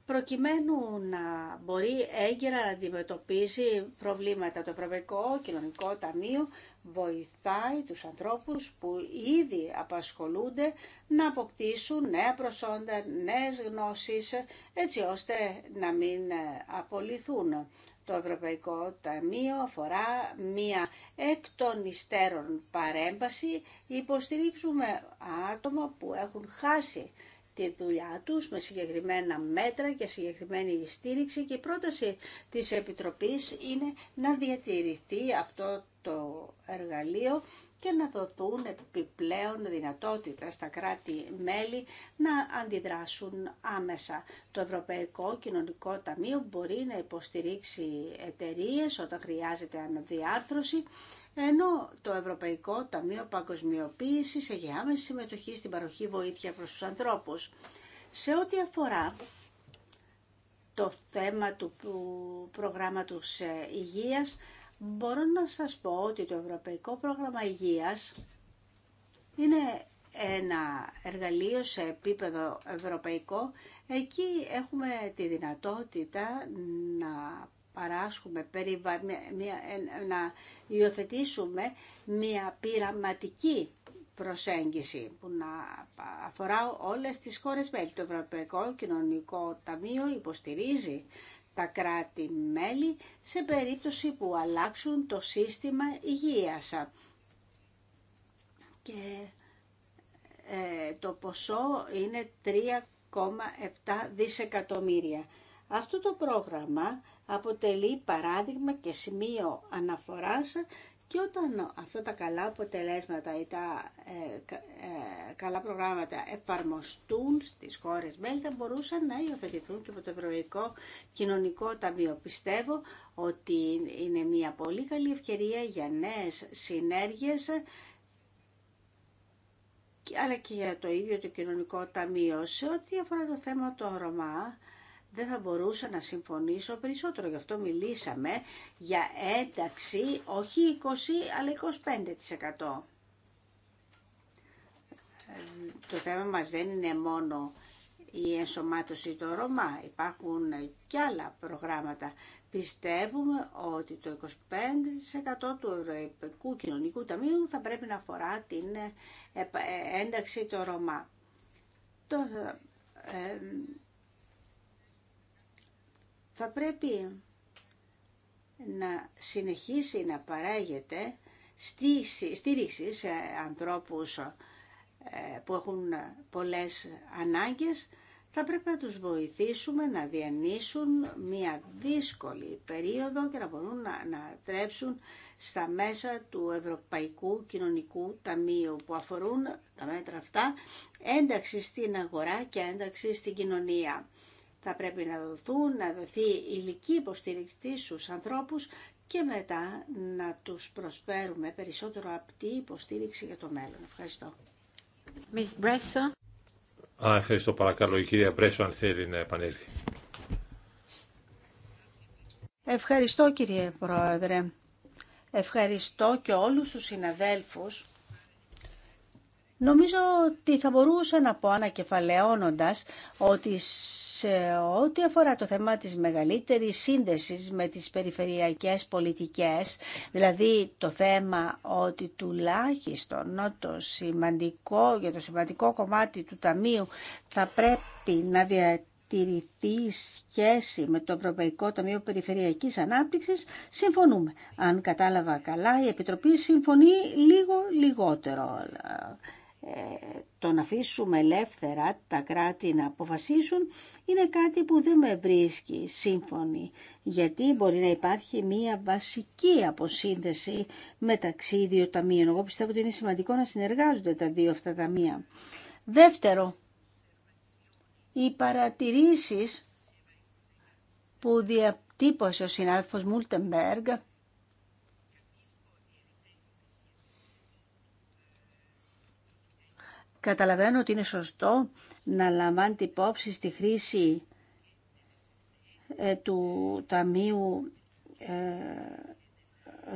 προκειμένου να μπορεί έγκαιρα να αντιμετωπίζει προβλήματα. Το Ευρωπαϊκό Κοινωνικό Ταμείο βοηθάει τους ανθρώπους που ήδη απασχολούνται να αποκτήσουν νέα προσόντα, νέες γνώσεις, έτσι ώστε να μην απολυθούν. Το Ευρωπαϊκό Ταμείο αφορά μία εκ των υστέρων παρέμβαση. Υποστηρίξουμε άτομα που έχουν χάσει τη δουλειά τους με συγκεκριμένα μέτρα και συγκεκριμένη στήριξη και η πρόταση της Επιτροπής είναι να διατηρηθεί αυτό το εργαλείο και να δοθούν επιπλέον δυνατότητα στα κράτη-μέλη να αντιδράσουν άμεσα. Το Ευρωπαϊκό Κοινωνικό Ταμείο μπορεί να υποστηρίξει εταιρείες όταν χρειάζεται αναδιάρθρωση, ενώ το Ευρωπαϊκό Ταμείο Παγκοσμιοποίησης έχει άμεση συμμετοχή στην παροχή βοήθεια προς τους ανθρώπους. Σε ό,τι αφορά το θέμα του προγράμματος ε, υγείας, Μπορώ να σας πω ότι το Ευρωπαϊκό Πρόγραμμα Υγείας είναι ένα εργαλείο σε επίπεδο ευρωπαϊκό. Εκεί έχουμε τη δυνατότητα να παράσχουμε, να υιοθετήσουμε μια πειραματική προσέγγιση που να αφορά όλες τις χώρες μέλη. Το Ευρωπαϊκό Κοινωνικό Ταμείο υποστηρίζει τα κράτη-μέλη σε περίπτωση που αλλάξουν το σύστημα υγείας. Και ε, το ποσό είναι 3,7 δισεκατομμύρια. Αυτό το πρόγραμμα αποτελεί παράδειγμα και σημείο αναφοράς και όταν αυτά τα καλά αποτελέσματα ή τα ε, ε, καλά προγράμματα εφαρμοστούν στις χώρες μέλη θα μπορούσαν να υιοθετηθούν και από το Ευρωπαϊκό Κοινωνικό Ταμείο. Πιστεύω ότι είναι μια πολύ καλή ευκαιρία για νέες συνέργειες αλλά και για το ίδιο το Κοινωνικό Ταμείο σε ό,τι αφορά το θέμα των Ρωμά δεν θα μπορούσα να συμφωνήσω περισσότερο. Γι' αυτό μιλήσαμε για ένταξη όχι 20 αλλά 25%. Ε, το θέμα μας δεν είναι μόνο η ενσωμάτωση των Ρωμά. Υπάρχουν και άλλα προγράμματα. Πιστεύουμε ότι το 25% του Ευρωπαϊκού Κοινωνικού Ταμείου θα πρέπει να αφορά την ε, ε, ένταξη των Ρωμά. Το, ε, θα πρέπει να συνεχίσει να παράγεται στήριξη σε ανθρώπους ε, που έχουν πολλές ανάγκες, θα πρέπει να τους βοηθήσουμε να διανύσουν μια δύσκολη περίοδο και να μπορούν να, να τρέψουν στα μέσα του Ευρωπαϊκού Κοινωνικού Ταμείου που αφορούν τα μέτρα αυτά ένταξη στην αγορά και ένταξη στην κοινωνία θα πρέπει να δοθούν, να δοθεί ηλική υποστήριξη στους ανθρώπους και μετά να τους προσφέρουμε περισσότερο απτή υποστήριξη για το μέλλον. Ευχαριστώ. Α, ευχαριστώ παρακαλώ. Η κυρία Μπρέσο αν θέλει να επανέλθει. Ευχαριστώ κύριε Πρόεδρε. Ευχαριστώ και όλους τους συναδέλφους Νομίζω ότι θα μπορούσα να πω ανακεφαλαιώνοντας ότι σε ό,τι αφορά το θέμα της μεγαλύτερης σύνδεσης με τις περιφερειακές πολιτικές, δηλαδή το θέμα ότι τουλάχιστον το σημαντικό, για το σημαντικό κομμάτι του Ταμείου θα πρέπει να διατηρηθεί σχέση με το Ευρωπαϊκό Ταμείο Περιφερειακής Ανάπτυξης, συμφωνούμε. Αν κατάλαβα καλά, η Επιτροπή συμφωνεί λίγο λιγότερο το να αφήσουμε ελεύθερα τα κράτη να αποφασίσουν είναι κάτι που δεν με βρίσκει σύμφωνη γιατί μπορεί να υπάρχει μία βασική αποσύνδεση μεταξύ δύο ταμείων. Εγώ πιστεύω ότι είναι σημαντικό να συνεργάζονται τα δύο αυτά ταμεία. Δεύτερο, οι παρατηρήσεις που διατύπωσε ο συνάδελφος Μούλτεμπεργκ Καταλαβαίνω ότι είναι σωστό να λαμβάνει υπόψη στη χρήση ε, του Ταμείου ε,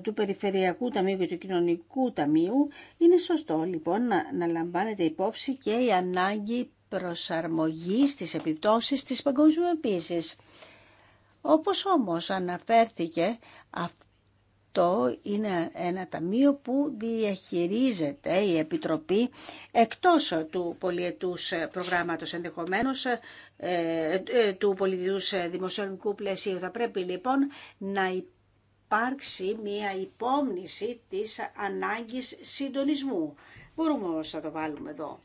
του Περιφερειακού Ταμείου και του Κοινωνικού Ταμείου, είναι σωστό λοιπόν να, να λαμβάνεται υπόψη και η ανάγκη προσαρμογής της επιπτώσεις της παγκοσμιοποίησης. Όπως όμως αναφέρθηκε, αυτό είναι ένα ταμείο που διαχειρίζεται η Επιτροπή εκτός του πολιετούς προγράμματος ενδεχομένως ε, ε, του πολιετούς δημοσιονομικού πλαισίου. Θα πρέπει λοιπόν να υπάρξει μια υπόμνηση της ανάγκης συντονισμού. Μπορούμε όμως να το βάλουμε εδώ.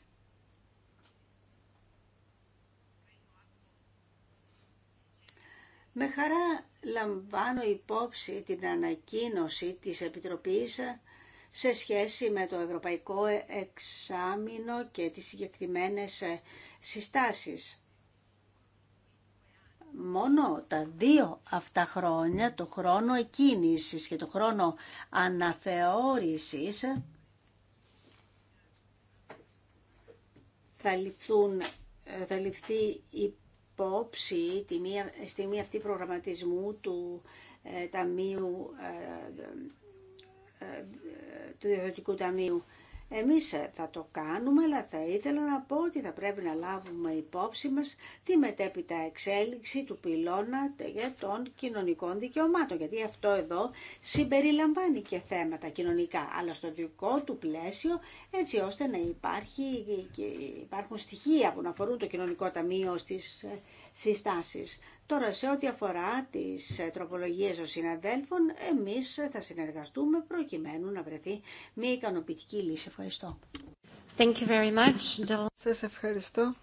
Με χαρά λαμβάνω υπόψη την ανακοίνωση της Επιτροπής σε σχέση με το Ευρωπαϊκό Εξάμεινο και τις συγκεκριμένες συστάσεις. Μόνο τα δύο αυτά χρόνια, το χρόνο εκκίνησης και το χρόνο αναθεώρησης, θα, ληφθούν, θα ληφθεί η υπόψη τη μία, στιγμή αυτή προγραμματισμού του ε, Ταμείου, ε, ε, ε, του Ταμείου. Εμείς ε, θα το κάνουμε, αλλά θα ήθελα να πω ότι θα πρέπει να λάβουμε υπόψη μας τη μετέπειτα εξέλιξη του πυλώνα των κοινωνικών δικαιωμάτων, γιατί αυτό εδώ συμπεριλαμβάνει και θέματα κοινωνικά, αλλά στο δικό του πλαίσιο, έτσι ώστε να υπάρχει, υπάρχουν στοιχεία που να αφορούν το κοινωνικό ταμείο στις ε, συστάσεις. Τώρα σε ό,τι αφορά τις ε, τροπολογίες των συναδέλφων, εμείς θα συνεργαστούμε προκειμένου να βρεθεί μια ικανοποιητική λύση. Ευχαριστώ. Thank you very much. Σας ευχαριστώ.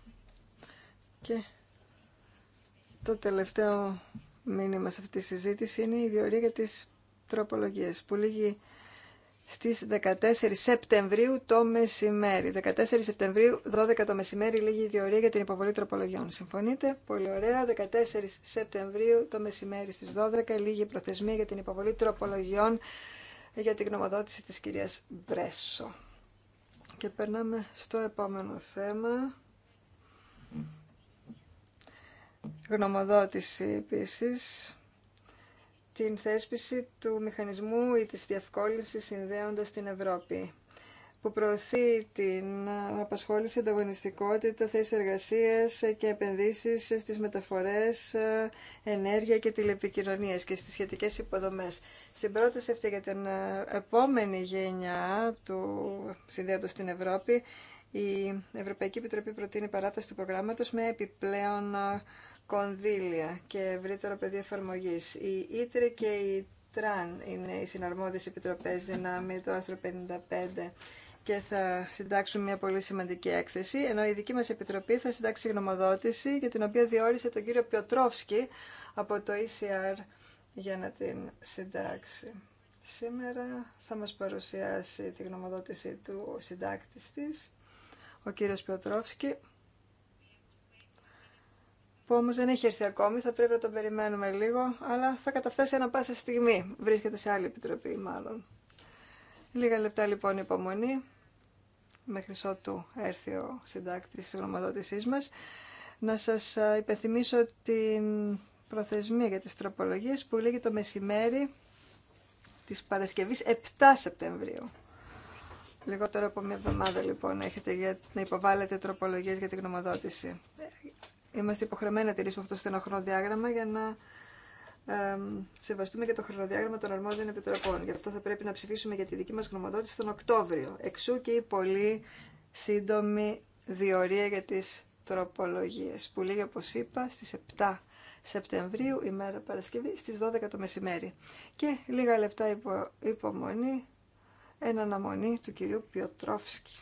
Και το τελευταίο μήνυμα σε αυτή τη συζήτηση είναι η διορία για τις τροπολογίες που λύγει στις 14 Σεπτεμβρίου το μεσημέρι. 14 Σεπτεμβρίου, 12 το μεσημέρι, λίγη διορία για την υποβολή τροπολογιών. Συμφωνείτε? Πολύ ωραία. 14 Σεπτεμβρίου το μεσημέρι στις 12, λίγη προθεσμία για την υποβολή τροπολογιών για την γνωμοδότηση της κυρίας Μπρέσο. Και περνάμε στο επόμενο θέμα. Γνωμοδότηση επίσης την θέσπιση του μηχανισμού ή της διευκόλυνσης συνδέοντας την Ευρώπη που προωθεί την απασχόληση, ανταγωνιστικότητα, θέσεις εργασίας και επενδύσεις στις μεταφορές, ενέργεια και τηλεπικοινωνίες και στις σχετικές υποδομές. Στην πρόταση αυτή για την επόμενη γενιά του συνδέοντος στην Ευρώπη, η Ευρωπαϊκή Επιτροπή προτείνει παράταση του προγράμματος με επιπλέον κονδύλια και ευρύτερο πεδίο εφαρμογή. Η Ήτρε και η ΤΡΑΝ είναι οι συναρμόδιες επιτροπές δυνάμει του άρθρου 55 και θα συντάξουν μια πολύ σημαντική έκθεση, ενώ η δική μας επιτροπή θα συντάξει γνωμοδότηση για την οποία διόρισε τον κύριο Πιοτρόφσκι από το ECR για να την συντάξει. Σήμερα θα μας παρουσιάσει τη γνωμοδότηση του συντάκτης της, ο κύριος Πιοτρόφσκι που όμως δεν έχει έρθει ακόμη, θα πρέπει να τον περιμένουμε λίγο, αλλά θα καταφτάσει ένα πάσα στιγμή. Βρίσκεται σε άλλη επιτροπή μάλλον. Λίγα λεπτά λοιπόν υπομονή, μέχρι ότου έρθει ο συντάκτη τη γνωμοδότησής μας. Να σας υπενθυμίσω την προθεσμία για τις τροπολογίες που λέγει το μεσημέρι της παρασκευή 7 Σεπτεμβρίου. Λιγότερο από μια εβδομάδα λοιπόν έχετε για να υποβάλλετε τροπολογίες για την γνωμοδότηση είμαστε υποχρεωμένοι να τηρήσουμε αυτό το χρονοδιάγραμμα για να ε, σεβαστούμε και το χρονοδιάγραμμα των αρμόδιων επιτροπών. Γι' αυτό θα πρέπει να ψηφίσουμε για τη δική μα γνωμοδότηση τον Οκτώβριο. Εξού και η πολύ σύντομη διορία για τι τροπολογίε. που λέγει όπως είπα στις 7 Σεπτεμβρίου, ημέρα Παρασκευή, στις 12 το μεσημέρι. Και λίγα λεπτά υπο, υπομονή, εν αναμονή του κυρίου Πιοτρόφσκη.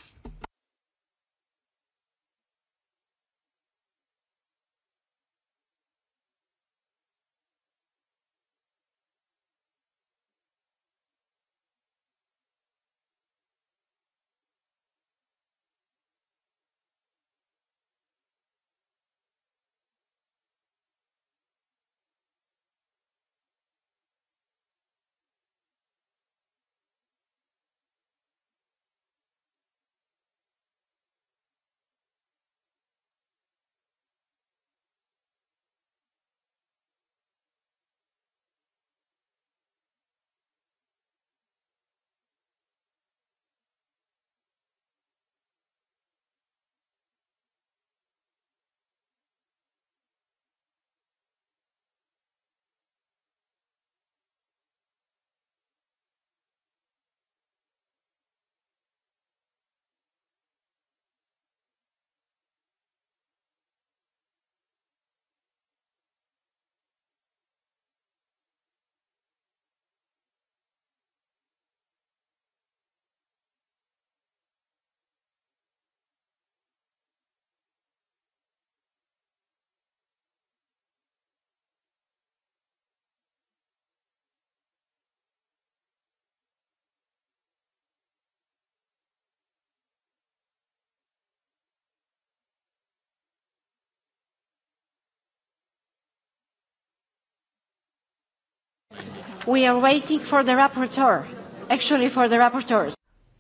We are waiting for the rapporteur. Actually for the rapporteurs.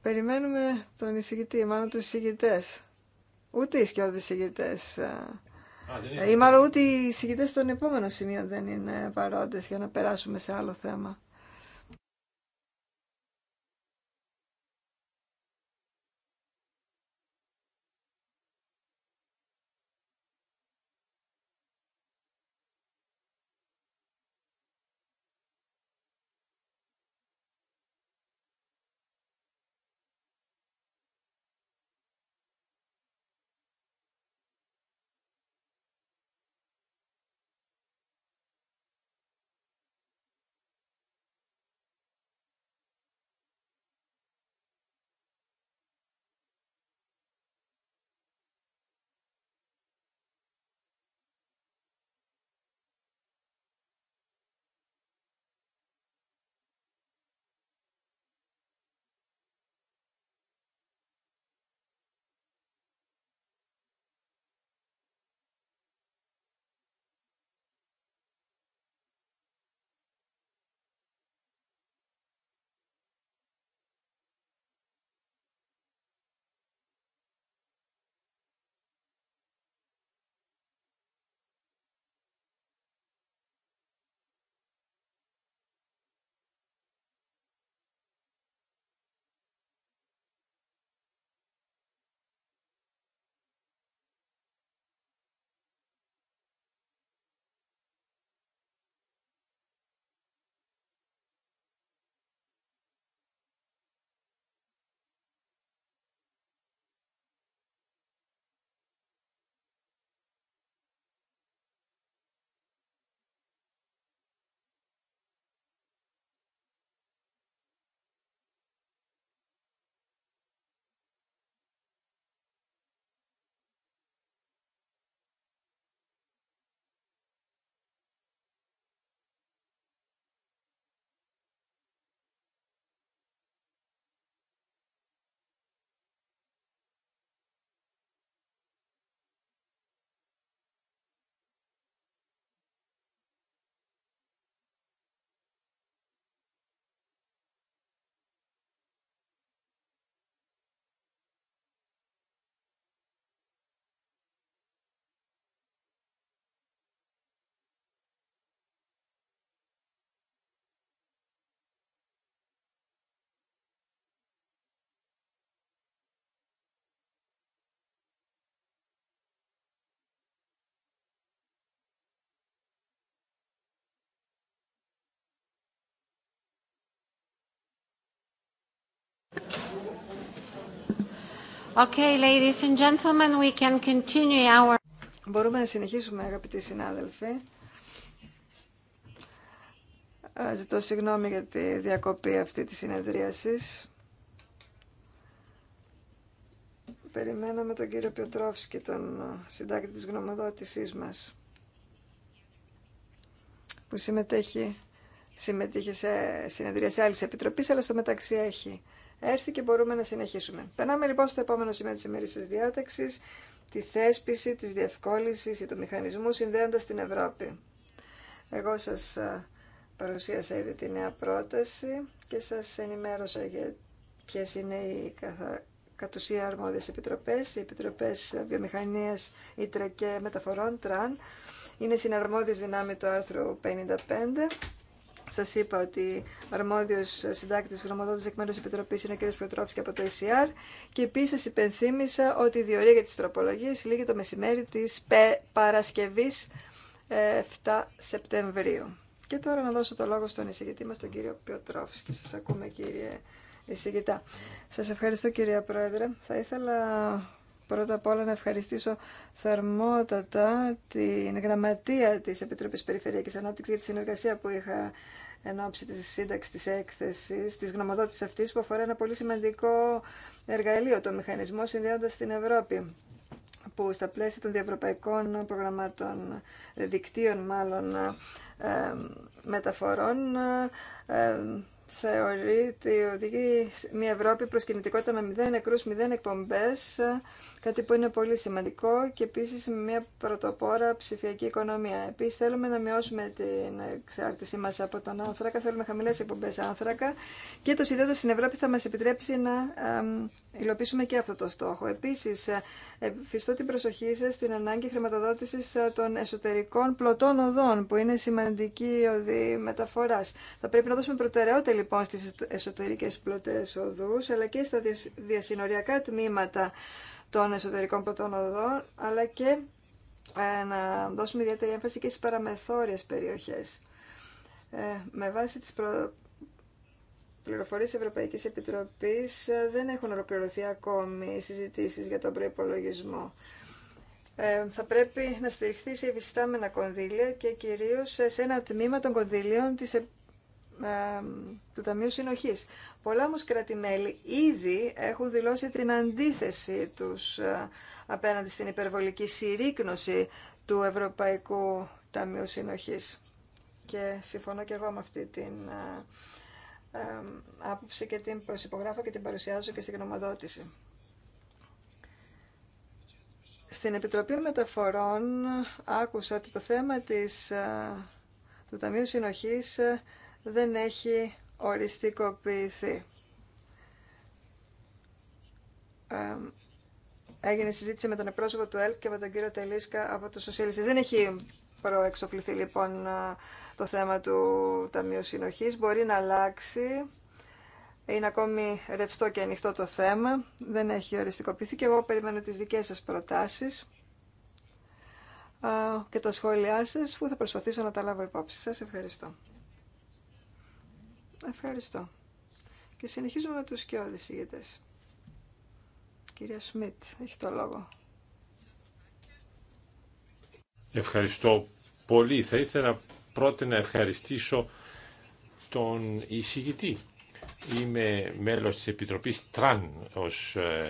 Περιμένουμε τον εισηγητή, μάλλον τους εισηγητές. Ούτε οι σκιώδεις εισηγητές. Ε, ή μάλλον ούτε οι εισηγητές στον επόμενο σημείο δεν είναι παρόντες για να περάσουμε σε άλλο θέμα. Okay, ladies and gentlemen, we can continue our... Μπορούμε να συνεχίσουμε, αγαπητοί συνάδελφοι. Ε, ζητώ συγγνώμη για τη διακοπή αυτή της συνεδρίασης. Περιμέναμε τον κύριο Πιοτρόφσκι, τον συντάκτη της γνωμοδότησής μας, που συμμετέχει, συμμετείχε σε συνεδρίαση σε άλλης επιτροπής, αλλά στο μεταξύ έχει έρθει και μπορούμε να συνεχίσουμε. Περνάμε λοιπόν στο επόμενο σημείο της της διάταξης, τη θέσπιση της διευκόλυνσης ή του μηχανισμού συνδέοντας την Ευρώπη. Εγώ σας παρουσίασα ήδη τη νέα πρόταση και σας ενημέρωσα για ποιες είναι οι καθα... κατ' ουσία αρμόδιες επιτροπές, οι επιτροπές βιομηχανίας, ήτρα και μεταφορών, τραν. Είναι συναρμόδιες δυνάμει του άρθρου 55 Σα είπα ότι αρμόδιος συντάκτης γνωμοδότης εκ μέρους της Επιτροπής είναι ο κ. και από το ECR και επίση υπενθύμησα ότι η διορία για τι τροπολογίε λήγει το μεσημέρι της Παρασκευής 7 ε, Σεπτεμβρίου. Και τώρα να δώσω το λόγο στον εισηγητή μας, τον κύριο και Σα ακούμε κύριε εισηγητά. Σα ευχαριστώ κυρία Πρόεδρε. Θα ήθελα πρώτα απ' όλα να ευχαριστήσω θερμότατα την γραμματεία της Επιτροπής Περιφερειακής Ανάπτυξης για τη συνεργασία που είχα εν ώψη της σύνταξης της έκθεσης, της γνωμοδότησης αυτής που αφορά ένα πολύ σημαντικό εργαλείο, το μηχανισμό συνδέοντα την Ευρώπη που στα πλαίσια των διευρωπαϊκών προγραμμάτων, δικτύων μάλλον ε, μεταφορών, ε, θεωρεί ότι οδηγεί μια Ευρώπη προς με μηδέν νεκρούς, μηδέν εκπομπές, κάτι που είναι πολύ σημαντικό και επίσης με μια πρωτοπόρα ψηφιακή οικονομία. Επίσης θέλουμε να μειώσουμε την εξάρτησή μας από τον άνθρακα, θέλουμε χαμηλές εκπομπές άνθρακα και το συνδέοντα στην Ευρώπη θα μας επιτρέψει να υλοποιήσουμε και αυτό το στόχο. Επίσης, ε, φυστώ την προσοχή σας στην ανάγκη χρηματοδότησης ε, των εσωτερικών πλωτών οδών, που είναι σημαντική οδή μεταφοράς. Θα πρέπει να δώσουμε προτεραιότητα λοιπόν στις εσωτερικές πλωτές οδούς, αλλά και στα διασυνοριακά τμήματα των εσωτερικών πλωτών οδών, αλλά και ε, να δώσουμε ιδιαίτερη έμφαση και στις παραμεθόριες περιοχές. Ε, με βάση τις προ... πληροφορίες Ευρωπαϊκής Επιτροπής ε, δεν έχουν ολοκληρωθεί ακόμη οι συζητήσεις για τον προϋπολογισμό. θα πρέπει να στηριχθεί σε ευιστάμενα κονδύλια και κυρίως σε ένα τμήμα των κονδύλιων της του Ταμείου Συνοχής. Πολλά όμως κράτη-μέλη ήδη έχουν δηλώσει την αντίθεση τους ε, απέναντι στην υπερβολική συρρήκνωση του Ευρωπαϊκού Ταμείου Συνοχής. Και συμφωνώ και εγώ με αυτή την ε, άποψη και την προσυπογράφω και την παρουσιάζω και στην γνωμοδότηση. Στην Επιτροπή Μεταφορών άκουσα ότι το θέμα της, ε, του Ταμείου Συνοχής δεν έχει οριστικοποιηθεί. Έγινε συζήτηση με τον επρόσωπο του ΕΛΚ και με τον κύριο Τελίσκα από το Σοσιαλιστή. Δεν έχει προεξοφληθεί λοιπόν το θέμα του Ταμείου Συνοχής. Μπορεί να αλλάξει. Είναι ακόμη ρευστό και ανοιχτό το θέμα. Δεν έχει οριστικοποιηθεί και εγώ περιμένω τις δικές σας προτάσεις και τα σχόλιά σας που θα προσπαθήσω να τα λάβω υπόψη σας. Ευχαριστώ. Ευχαριστώ. Και συνεχίζουμε με τους σκιώδεις ηγετές. Κυρία Σμιτ, έχει το λόγο. Ευχαριστώ πολύ. Θα ήθελα πρώτα να ευχαριστήσω τον εισηγητή. Είμαι μέλος της Επιτροπής Τραν ως ε,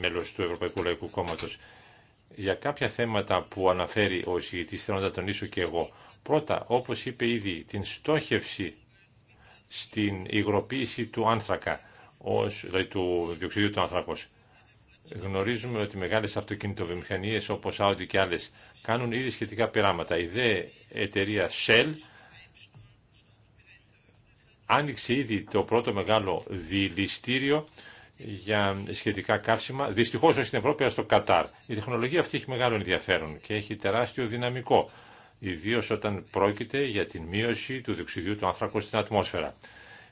μέλος του Ευρωπαϊκού Λαϊκού Κόμματος. Για κάποια θέματα που αναφέρει ο εισηγητής θέλω να τα τονίσω και εγώ. Πρώτα, όπως είπε ήδη, την στόχευση στην υγροποίηση του άνθρακα, ως, δηλαδή του διοξιδίου του άνθρακος. Γνωρίζουμε ότι μεγάλες αυτοκινητοβιομηχανίες όπως Audi και άλλες κάνουν ήδη σχετικά πειράματα. Η δε εταιρεία Shell άνοιξε ήδη το πρώτο μεγάλο διληστήριο για σχετικά καύσιμα, δυστυχώς όχι στην Ευρώπη, αλλά στο Κατάρ. Η τεχνολογία αυτή έχει μεγάλο ενδιαφέρον και έχει τεράστιο δυναμικό ιδίω όταν πρόκειται για την μείωση του διοξιδίου του άνθρακου στην ατμόσφαιρα.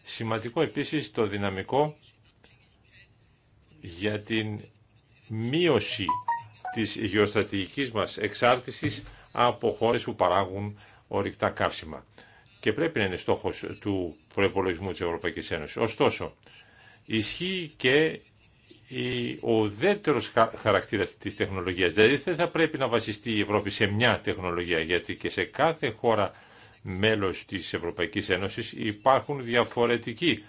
Σημαντικό επίσης το δυναμικό για την μείωση της γεωστρατηγικής μας εξάρτησης από χώρες που παράγουν ορυκτά καύσιμα. Και πρέπει να είναι στόχος του προπολογισμού της Ευρωπαϊκής Ένωσης. Ωστόσο, ισχύει και ο δεύτερος χαρακτήρα τη τεχνολογία. Δηλαδή δεν θα πρέπει να βασιστεί η Ευρώπη σε μια τεχνολογία, γιατί και σε κάθε χώρα μέλο τη Ευρωπαϊκής Ένωσης υπάρχουν διαφορετικοί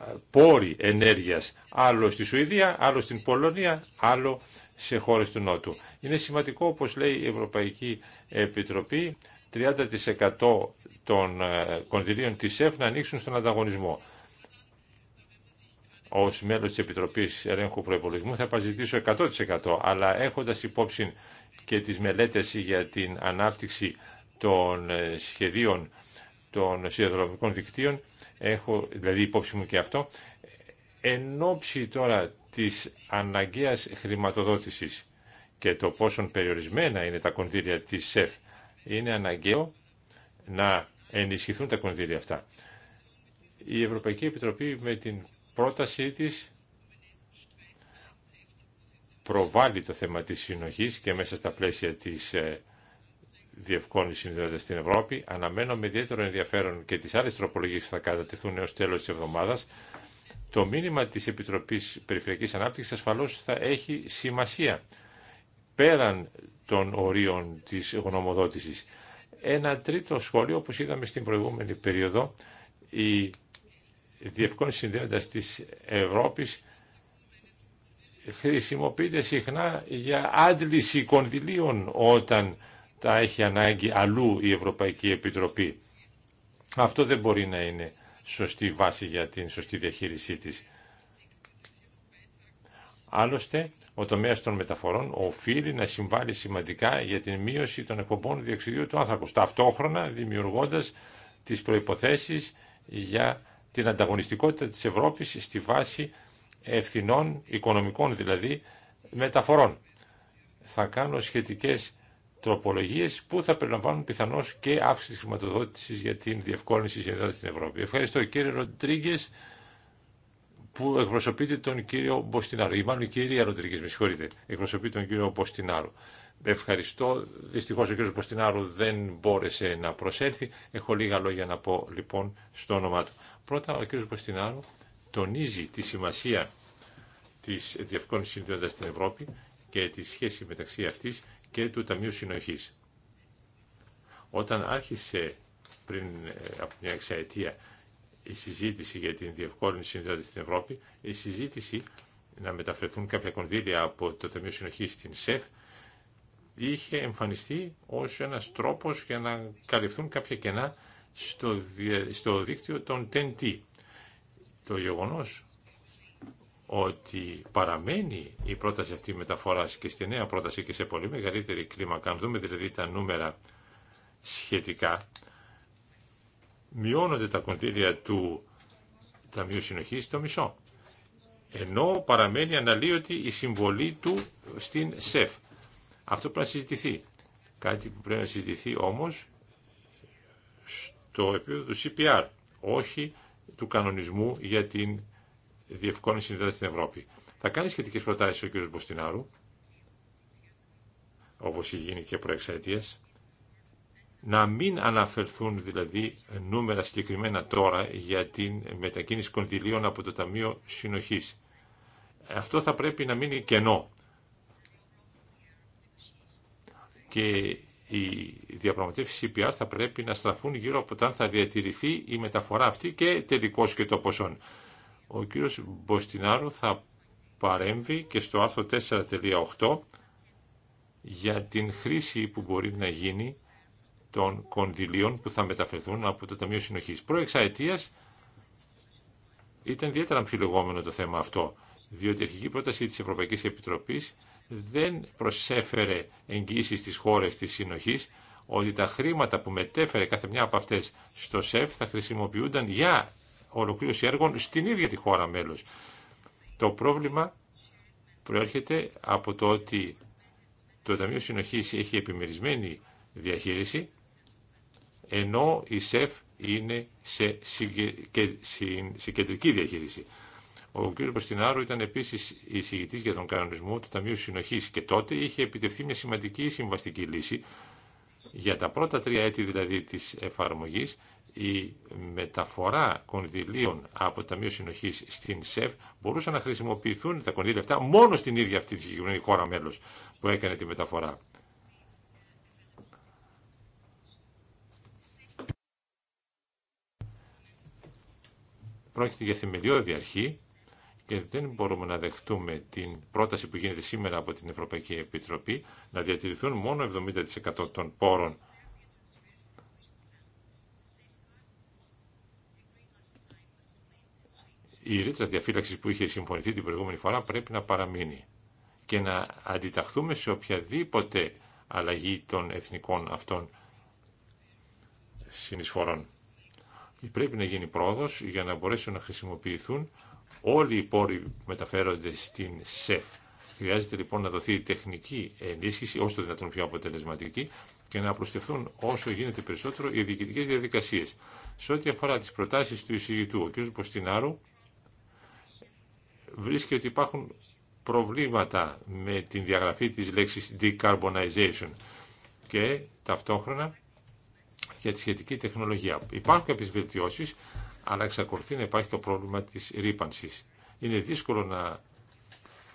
ε, πόροι ενέργειας. Άλλο στη Σουηδία, άλλο στην Πολωνία, άλλο σε χώρες του Νότου. Είναι σημαντικό, όπω λέει η Ευρωπαϊκή Επιτροπή, 30% των ε, κονδυλίων της ΕΦ να ανοίξουν στον ανταγωνισμό. Ω μέλος τη Επιτροπής Ελέγχου Προπολογισμού θα παζητήσω 100% αλλά έχοντας υπόψη και τις μελέτες για την ανάπτυξη των ε, σχεδίων των σιδηροδρομικών δικτύων, έχω δηλαδή υπόψη μου και αυτό, εν ώψη τώρα της αναγκαία χρηματοδότησης και το πόσο περιορισμένα είναι τα κονδύλια της ΣΕΦ, είναι αναγκαίο να ενισχυθούν τα κονδύλια αυτά. Η Ευρωπαϊκή Επιτροπή με την πρότασή της προβάλλει το θέμα της συνοχής και μέσα στα πλαίσια της ε, διευκόνησης συνδέοντας δηλαδή στην Ευρώπη. Αναμένω με ιδιαίτερο ενδιαφέρον και τις άλλες τροπολογίες που θα κατατεθούν έως τέλος της εβδομάδας. Το μήνυμα της Επιτροπής Περιφερειακής Ανάπτυξης ασφαλώς θα έχει σημασία πέραν των ορίων της γνωμοδότησης. Ένα τρίτο σχόλιο, όπως είδαμε στην προηγούμενη περίοδο, η Διευκόν συνδέοντα της Ευρώπης χρησιμοποιείται συχνά για άντληση κονδυλίων όταν τα έχει ανάγκη αλλού η Ευρωπαϊκή Επιτροπή. Αυτό δεν μπορεί να είναι σωστή βάση για την σωστή διαχείρισή της. Άλλωστε, ο τομέας των μεταφορών οφείλει να συμβάλλει σημαντικά για την μείωση των εκπομπών διοξιδίου του άνθρακου, ταυτόχρονα δημιουργώντας τις προϋποθέσεις για την ανταγωνιστικότητα της Ευρώπης στη βάση ευθυνών, οικονομικών δηλαδή, μεταφορών. Θα κάνω σχετικές τροπολογίες που θα περιλαμβάνουν πιθανώς και αύξηση της χρηματοδότησης για την διευκόλυνση γενικά στην Ευρώπη. Ευχαριστώ κύριε Ροντρίγκε που εκπροσωπείται τον κύριο Μποστινάρου, ή μάλλον η κυρία Ροντρίγκε, με συγχωρείτε, εκπροσωπεί τον κύριο Μποστινάρου. Ευχαριστώ. Δυστυχώ ο κύριο Μποστινάρου δεν μπόρεσε να προσέλθει. Έχω λίγα λόγια να πω λοιπόν στο όνομά του. Πρώτα ο κ. Μποστινάρου τονίζει τη σημασία της διευκόνησης συνδέοντα στην Ευρώπη και τη σχέση μεταξύ αυτής και του Ταμείου Συνοχής. Όταν άρχισε πριν ε, από μια εξαετία η συζήτηση για την διευκόλυνση συνδέοντα στην Ευρώπη, η συζήτηση να μεταφερθούν κάποια κονδύλια από το Ταμείο Συνοχής στην ΣΕΦ είχε εμφανιστεί ως ένας τρόπος για να καλυφθούν κάποια κενά στο, δίκτυο των τεντή, Το γεγονός ότι παραμένει η πρόταση αυτή μεταφοράς και στη νέα πρόταση και σε πολύ μεγαλύτερη κλίμακα, αν δούμε δηλαδή τα νούμερα σχετικά, μειώνονται τα κοντήρια του Ταμείου Συνοχής στο μισό. Ενώ παραμένει αναλύωτη η συμβολή του στην ΣΕΦ. Αυτό πρέπει να συζητηθεί. Κάτι που πρέπει να συζητηθεί όμως το επίπεδο του CPR, όχι του κανονισμού για την διευκόλυνση συνδέοντας στην Ευρώπη. Θα κάνει σχετικέ προτάσει ο κ. Μποστινάρου, όπως είχε γίνει και προεξέτηες να μην αναφερθούν δηλαδή νούμερα συγκεκριμένα τώρα για την μετακίνηση κοντιλίων από το Ταμείο Συνοχής. Αυτό θα πρέπει να μείνει κενό. Και οι διαπραγματεύσει CPR θα πρέπει να στραφούν γύρω από το αν θα διατηρηθεί η μεταφορά αυτή και τελικώ και το ποσό. Ο κύριος Μποστινάρου θα παρέμβει και στο άρθρο 4.8 για την χρήση που μπορεί να γίνει των κονδυλίων που θα μεταφερθούν από το Ταμείο Συνοχής. Προεξαετίας ήταν ιδιαίτερα αμφιλεγόμενο το θέμα αυτό, διότι η αρχική πρόταση της Ευρωπαϊκής Επιτροπής δεν προσέφερε εγγύηση στις χώρες της συνοχής ότι τα χρήματα που μετέφερε κάθε μια από αυτές στο ΣΕΦ θα χρησιμοποιούνταν για ολοκλήρωση έργων στην ίδια τη χώρα μέλος. Το πρόβλημα προέρχεται από το ότι το Ταμείο Συνοχής έχει επιμερισμένη διαχείριση, ενώ η ΣΕΦ είναι σε, συγκε... σε κεντρική διαχείριση. Ο κ. Μποστινάρου ήταν επίση εισηγητή για τον κανονισμό του Ταμείου Συνοχή και τότε είχε επιτευχθεί μια σημαντική συμβαστική λύση. Για τα πρώτα τρία έτη δηλαδή τη εφαρμογή, η μεταφορά κονδυλίων από το Ταμείο Συνοχή στην ΣΕΦ μπορούσαν να χρησιμοποιηθούν τα κονδύλια αυτά μόνο στην ίδια αυτή τη συγκεκριμένη χώρα μέλο που έκανε τη μεταφορά. Πρόκειται για θεμελιώδη αρχή και δεν μπορούμε να δεχτούμε την πρόταση που γίνεται σήμερα από την Ευρωπαϊκή Επιτροπή να διατηρηθούν μόνο 70% των πόρων η ρήτρα διαφύλαξη που είχε συμφωνηθεί την προηγούμενη φορά πρέπει να παραμείνει και να αντιταχθούμε σε οποιαδήποτε αλλαγή των εθνικών αυτών συνεισφορών. Πρέπει να γίνει πρόοδος για να μπορέσουν να χρησιμοποιηθούν Όλοι οι πόροι μεταφέρονται στην ΣΕΦ. Χρειάζεται λοιπόν να δοθεί τεχνική ενίσχυση, όσο το δυνατόν πιο αποτελεσματική, και να προσθεθούν όσο γίνεται περισσότερο οι διοικητικέ διαδικασίε. Σε ό,τι αφορά τι προτάσει του εισηγητού, ο κ. Ποστινάρου βρίσκει ότι υπάρχουν προβλήματα με την διαγραφή της λέξης decarbonization και ταυτόχρονα για τη σχετική τεχνολογία. Υπάρχουν κάποιες βελτιώσεις, αλλά εξακολουθεί να υπάρχει το πρόβλημα της ρήπανση. Είναι δύσκολο να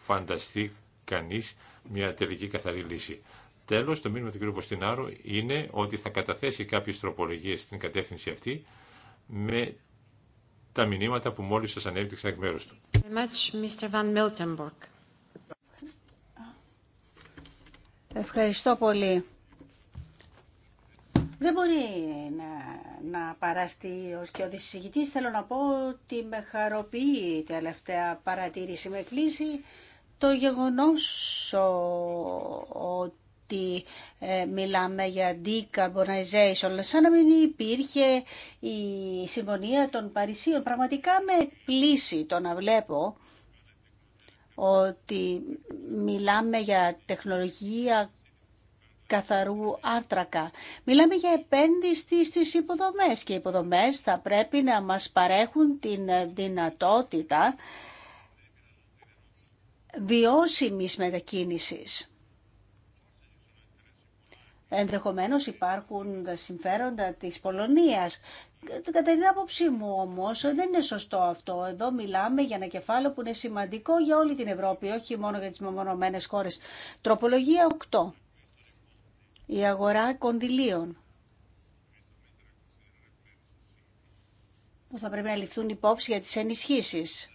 φανταστεί κανείς μια τελική καθαρή λύση. Τέλος, το μήνυμα του κ. Ποστινάρου είναι ότι θα καταθέσει κάποιες τροπολογίες στην κατεύθυνση αυτή με τα μηνύματα που μόλις σας ανέβηξα εκ μέρους του. Ευχαριστώ πολύ. να να παραστεί ως και ο Θέλω να πω ότι με χαροποιεί η τελευταία παρατήρηση με κλίση το γεγονός ότι ε, μιλάμε για decarbonization, σαν να μην υπήρχε η Συμφωνία των Παρισίων. Πραγματικά με πλήση το να βλέπω ότι μιλάμε για τεχνολογία καθαρού αρτρακά. Μιλάμε για επένδυση στις υποδομές και οι υποδομές θα πρέπει να μας παρέχουν την δυνατότητα βιώσιμης μετακίνησης. Ενδεχομένως υπάρχουν τα συμφέροντα της Πολωνίας. Κατά την άποψή μου όμως δεν είναι σωστό αυτό. Εδώ μιλάμε για ένα κεφάλαιο που είναι σημαντικό για όλη την Ευρώπη, όχι μόνο για τις μεμονωμένες χώρες. Τροπολογία 8 η αγορά κονδυλίων που θα πρέπει να ληφθούν υπόψη για τις ενισχύσεις.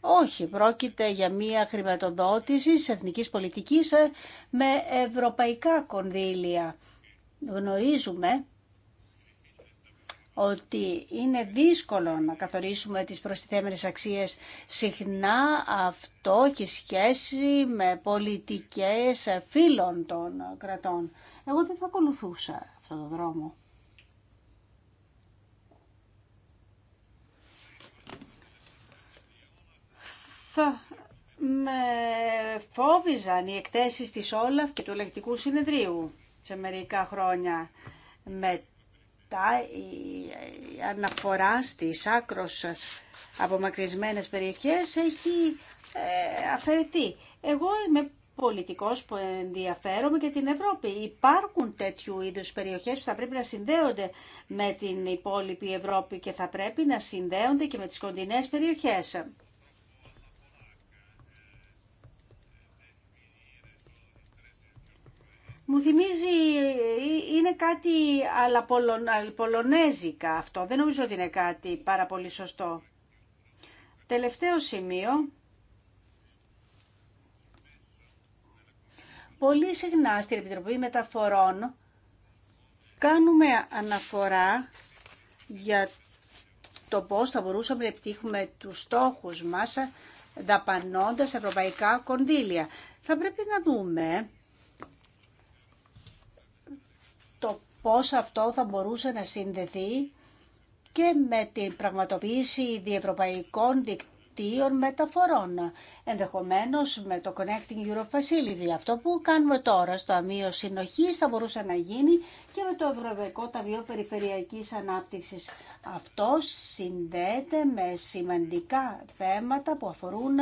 Όχι, πρόκειται για μια χρηματοδότηση της εθνικής πολιτικής ε, με ευρωπαϊκά κονδύλια. Γνωρίζουμε ότι είναι δύσκολο να καθορίσουμε τις προστιθέμενες αξίες. Συχνά αυτό έχει σχέση με πολιτικές φίλων των κρατών. Εγώ δεν θα ακολουθούσα αυτόν τον δρόμο. Θα με φόβιζαν οι εκθέσεις της Όλαφ και του Ελεκτικού Συνεδρίου σε μερικά χρόνια. Με η αναφορά στις άκρος απομακρυσμένες περιοχές έχει ε, αφαιρεθεί. Εγώ είμαι πολιτικός που ενδιαφέρομαι και την Ευρώπη. Υπάρχουν τέτοιου είδους περιοχές που θα πρέπει να συνδέονται με την υπόλοιπη Ευρώπη και θα πρέπει να συνδέονται και με τις κοντινές περιοχές. Μου θυμίζει, ε, ε, είναι κάτι ε, πολωνέζικα αυτό. Δεν νομίζω ότι είναι κάτι πάρα πολύ σωστό. Τελευταίο σημείο. Πολύ συχνά στην Επιτροπή Μεταφορών κάνουμε αναφορά για το πώς θα μπορούσαμε να επιτύχουμε τους στόχους μας δαπανώντας ευρωπαϊκά κονδύλια. Θα πρέπει να δούμε πώς αυτό θα μπορούσε να συνδεθεί και με την πραγματοποίηση διευρωπαϊκών δικτύων μεταφορών, ενδεχομένως με το Connecting Europe Facility. Αυτό που κάνουμε τώρα στο αμείο συνοχή θα μπορούσε να γίνει και με το Ευρωπαϊκό Ταμείο Περιφερειακής Ανάπτυξης. Αυτό συνδέεται με σημαντικά θέματα που αφορούν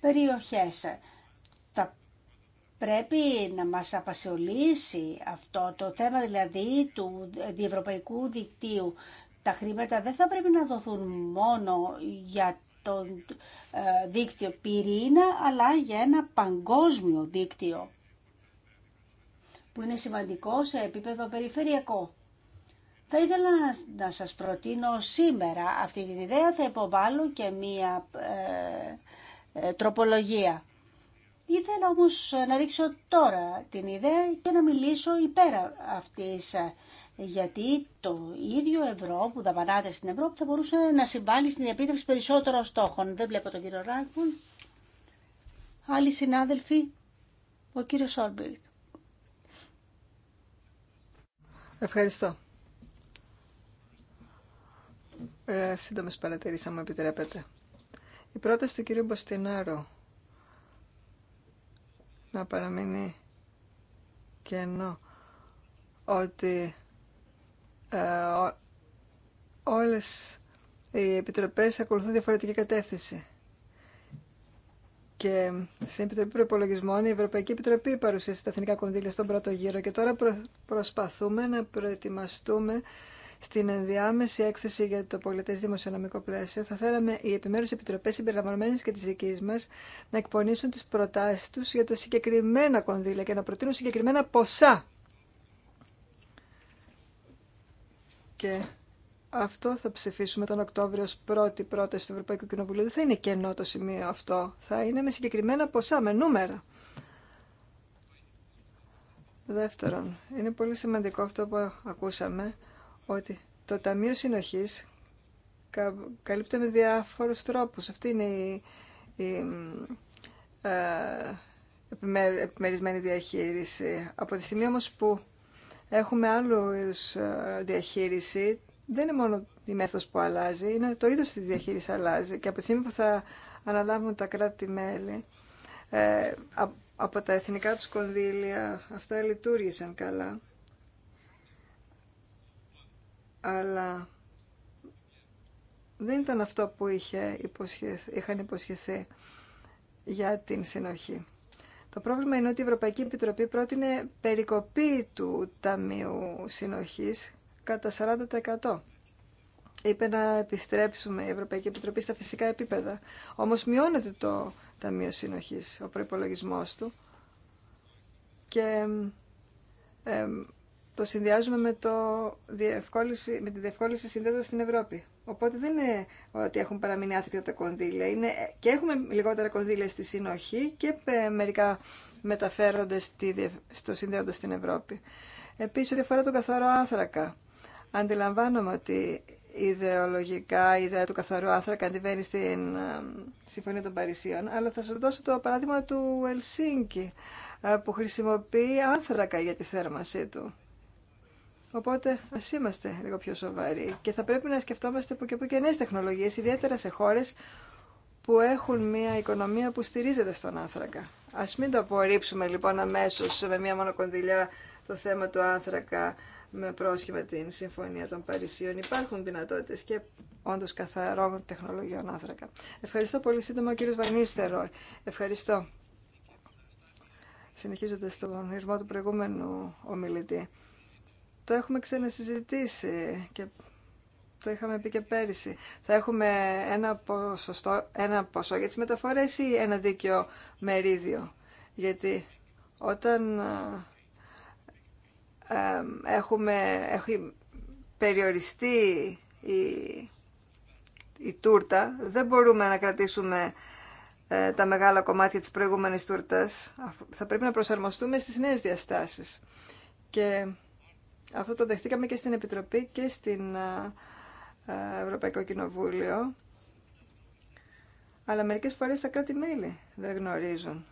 περιοχές πρέπει να μας απασχολήσει αυτό το θέμα δηλαδή του διευρωπαϊκού δικτύου. Τα χρήματα δεν θα πρέπει να δοθούν μόνο για το ε, δίκτυο πυρήνα, αλλά για ένα παγκόσμιο δίκτυο, που είναι σημαντικό σε επίπεδο περιφερειακό. Θα ήθελα να σας προτείνω σήμερα αυτή την ιδέα, θα υποβάλω και μία ε, ε, τροπολογία. Ήθελα όμως να ρίξω τώρα την ιδέα και να μιλήσω υπέρ αυτής γιατί το ίδιο ευρώ που δαπανάται στην Ευρώπη θα μπορούσε να συμβάλλει στην επίτευξη περισσότερων στόχων. Δεν βλέπω τον κύριο Ράγκμουν. Άλλοι συνάδελφοι, ο κύριος Σόρμπιχτ. Ευχαριστώ. Ε, Σύντομε παρατηρήσει, αν μου επιτρέπετε. Η πρόταση του κυρίου Μποστινάρο να παραμείνει κενό ότι ε, όλες οι επιτροπές ακολουθούν διαφορετική κατεύθυνση. Και στην Επιτροπή Προπολογισμών η Ευρωπαϊκή Επιτροπή παρουσίασε τα εθνικά κονδύλια στον πρώτο γύρο και τώρα προσπαθούμε να προετοιμαστούμε στην ενδιάμεση έκθεση για το πολιτέ δημοσιονομικό πλαίσιο, θα θέλαμε οι επιμέρου επιτροπέ συμπεριλαμβανομένε και τη δική μα να εκπονήσουν τι προτάσει του για τα συγκεκριμένα κονδύλια και να προτείνουν συγκεκριμένα ποσά. Και αυτό θα ψηφίσουμε τον Οκτώβριο ως πρώτη πρόταση του Ευρωπαϊκού Κοινοβουλίου. Δεν θα είναι κενό το σημείο αυτό. Θα είναι με συγκεκριμένα ποσά, με νούμερα. Δεύτερον, είναι πολύ σημαντικό αυτό που ακούσαμε ότι το Ταμείο Συνοχής καλύπτει με διάφορους τρόπους. Αυτή είναι η, ε, επιμερισμένη διαχείριση. Από τη στιγμή όμως που έχουμε άλλου είδους ε, διαχείριση, δεν είναι μόνο η μέθοδος που αλλάζει, είναι το είδος της διαχείρισης αλλάζει. Και από τη στιγμή που θα αναλάβουν τα κράτη-μέλη, ε, από τα εθνικά τους κονδύλια, αυτά λειτουργήσαν καλά αλλά δεν ήταν αυτό που είχε είχαν υποσχεθεί για την συνοχή. Το πρόβλημα είναι ότι η Ευρωπαϊκή Επιτροπή πρότεινε περικοπή του Ταμείου Συνοχής κατά 40%. Είπε να επιστρέψουμε η Ευρωπαϊκή Επιτροπή στα φυσικά επίπεδα. Όμως μειώνεται το Ταμείο Συνοχής, ο προϋπολογισμός του. Και το συνδυάζουμε με, το με τη διευκόλυνση συνδέοντα στην Ευρώπη. Οπότε δεν είναι ότι έχουν παραμείνει άθικτα τα κονδύλια. Είναι και έχουμε λιγότερα κονδύλια στη συνοχή και μερικά μεταφέρονται στη, στο συνδέοντα στην Ευρώπη. Επίση ό,τι αφορά τον καθαρό άνθρακα. Αντιλαμβάνομαι ότι ιδεολογικά η ιδέα του καθαρού άνθρακα αντιβαίνει στην ε, Συμφωνία των Παρισίων, αλλά θα σα δώσω το παράδειγμα του Ελσίνκη, ε, που χρησιμοποιεί άνθρακα για τη θέρμασή του. Οπότε α είμαστε λίγο πιο σοβαροί και θα πρέπει να σκεφτόμαστε που και που και νέε τεχνολογίε, ιδιαίτερα σε χώρε που έχουν μια οικονομία που στηρίζεται στον άνθρακα. Α μην το απορρίψουμε λοιπόν αμέσω με μια μονοκονδυλιά το θέμα του άνθρακα με πρόσχημα την Συμφωνία των Παρισίων. Υπάρχουν δυνατότητε και όντω καθαρών τεχνολογιών άνθρακα. Ευχαριστώ πολύ σύντομα, ο κύριο Βανίστερο. Ευχαριστώ. Συνεχίζοντα τον ηρμό του προηγούμενου ομιλητή. Το έχουμε ξανασυζητήσει και το είχαμε πει και πέρυσι. Θα έχουμε ένα, ποσοστό, ένα ποσό για τις μεταφορές ή ένα δίκαιο μερίδιο. Γιατί όταν ε, ε, έχουμε, έχει περιοριστεί η, η τούρτα, δεν μπορούμε να κρατήσουμε ε, τα μεγάλα κομμάτια της προηγούμενης τούρτας. Θα πρέπει να προσαρμοστούμε στις νέες διαστάσεις. Και αυτό το δεχτήκαμε και στην Επιτροπή και στην ε, ε, Ευρωπαϊκό Κοινοβούλιο. Αλλά μερικές φορές τα κράτη-μέλη δεν γνωρίζουν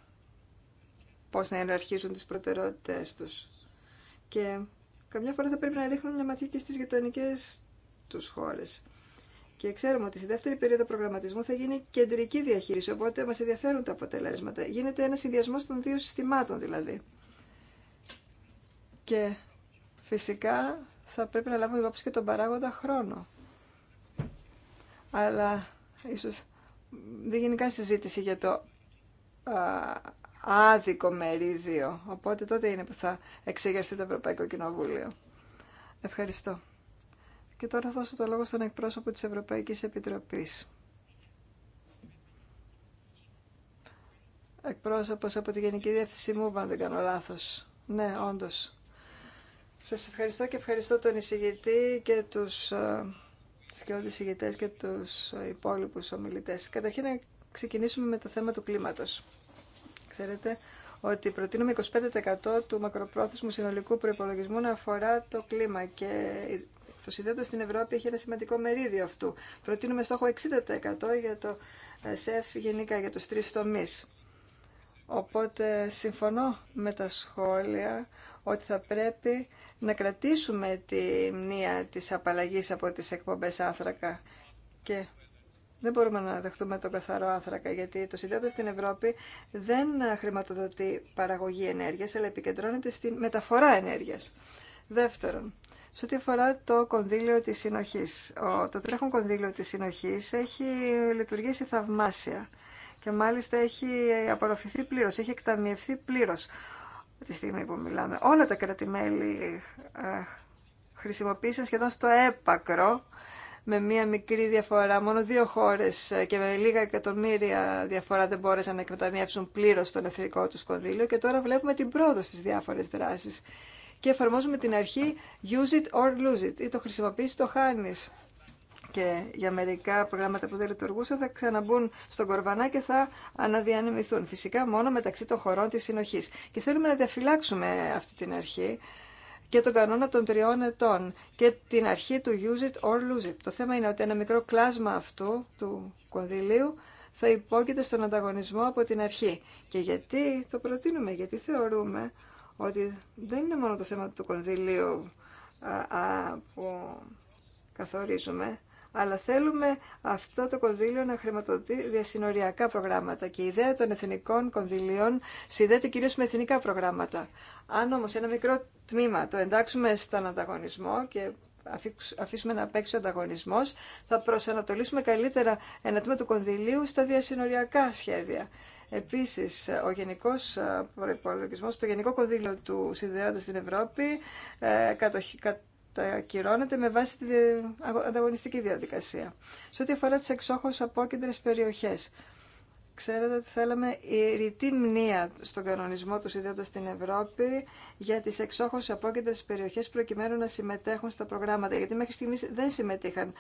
πώς να εναρχίζουν τις προτεραιότητες τους. Και καμιά φορά θα πρέπει να ρίχνουν μια ματιά και στις γειτονικέ τους χώρες. Και ξέρουμε ότι στη δεύτερη περίοδο προγραμματισμού θα γίνει κεντρική διαχείριση, οπότε μας ενδιαφέρουν τα αποτελέσματα. Γίνεται ένα συνδυασμό των δύο συστημάτων δηλαδή. Και Φυσικά θα πρέπει να λάβουμε υπόψη και τον παράγοντα χρόνο. Αλλά ίσως δεν γίνει καν συζήτηση για το άδικο μερίδιο. Οπότε τότε είναι που θα εξεγερθεί το Ευρωπαϊκό Κοινοβούλιο. Ευχαριστώ. Και τώρα θα δώσω το λόγο στον εκπρόσωπο της Ευρωπαϊκής Επιτροπής. Εκπρόσωπος από τη Γενική Διεύθυνση μου, αν δεν κάνω λάθος. Ναι, όντως. Σας ευχαριστώ και ευχαριστώ τον εισηγητή και τους ε, σκιώδη ηγητές και τους υπόλοιπους ομιλητές. Καταρχήν να ξεκινήσουμε με το θέμα του κλίματος. Ξέρετε ότι προτείνουμε 25% του μακροπρόθεσμου συνολικού προϋπολογισμού να αφορά το κλίμα και το συνδέοντα στην Ευρώπη έχει ένα σημαντικό μερίδιο αυτού. Προτείνουμε στόχο 60% για το ε, ΣΕΦ γενικά για τους τρεις τομείς. Οπότε συμφωνώ με τα σχόλια ότι θα πρέπει να κρατήσουμε τη μνήα της απαλλαγής από τις εκπομπές άθρακα και δεν μπορούμε να δεχτούμε τον καθαρό άθρακα γιατί το συνδέοντας στην Ευρώπη δεν χρηματοδοτεί παραγωγή ενέργειας, αλλά επικεντρώνεται στην μεταφορά ενέργειας. Δεύτερον, σε ό,τι αφορά το κονδύλιο της συνοχής. Το τρέχον κονδύλιο της συνοχής έχει λειτουργήσει θαυμάσια και μάλιστα έχει απορροφηθεί πλήρως, έχει εκταμιευθεί πλήρως τη στιγμή που μιλάμε. Όλα τα κρατημέλη ε, χρησιμοποίησαν σχεδόν στο έπακρο με μία μικρή διαφορά. Μόνο δύο χώρες ε, και με λίγα εκατομμύρια διαφορά δεν μπόρεσαν να εκμεταμιεύσουν πλήρως τον εθνικό του κονδύλιο και τώρα βλέπουμε την πρόοδο στις διάφορες δράσεις. Και εφαρμόζουμε την αρχή use it or lose it ή το χρησιμοποιείς το χάνεις και για μερικά προγράμματα που δεν λειτουργούσαν θα ξαναμπούν στον κορβανά και θα αναδιανεμηθούν. Φυσικά μόνο μεταξύ των χωρών της συνοχής. Και θέλουμε να διαφυλάξουμε αυτή την αρχή και τον κανόνα των τριών ετών και την αρχή του use it or lose it. Το θέμα είναι ότι ένα μικρό κλάσμα αυτού του κονδυλίου θα υπόκειται στον ανταγωνισμό από την αρχή. Και γιατί το προτείνουμε, γιατί θεωρούμε ότι δεν είναι μόνο το θέμα του κονδυλίου που καθορίζουμε, αλλά θέλουμε αυτό το κονδύλιο να χρηματοδοτεί διασυνοριακά προγράμματα και η ιδέα των εθνικών κονδυλίων συνδέεται κυρίως με εθνικά προγράμματα. Αν όμω ένα μικρό τμήμα το εντάξουμε στον ανταγωνισμό και αφήσουμε να παίξει ο ανταγωνισμό, θα προσανατολίσουμε καλύτερα ένα τμήμα του κονδυλίου στα διασυνοριακά σχέδια. Επίση, ο γενικό ε, προπολογισμό, το γενικό κονδύλιο του Συνδέοντα στην Ευρώπη, ε, τα κυρώνεται με βάση την ανταγωνιστική διαδικασία. Σε ό,τι αφορά τις εξόχως απόκεντρες περιοχές, ξέρετε ότι θέλαμε η ρητή μνήα στον κανονισμό του ιδιαίτερα στην Ευρώπη για τις εξόχως απόκεντρες περιοχές προκειμένου να συμμετέχουν στα προγράμματα, γιατί μέχρι στιγμής δεν συμμετείχαν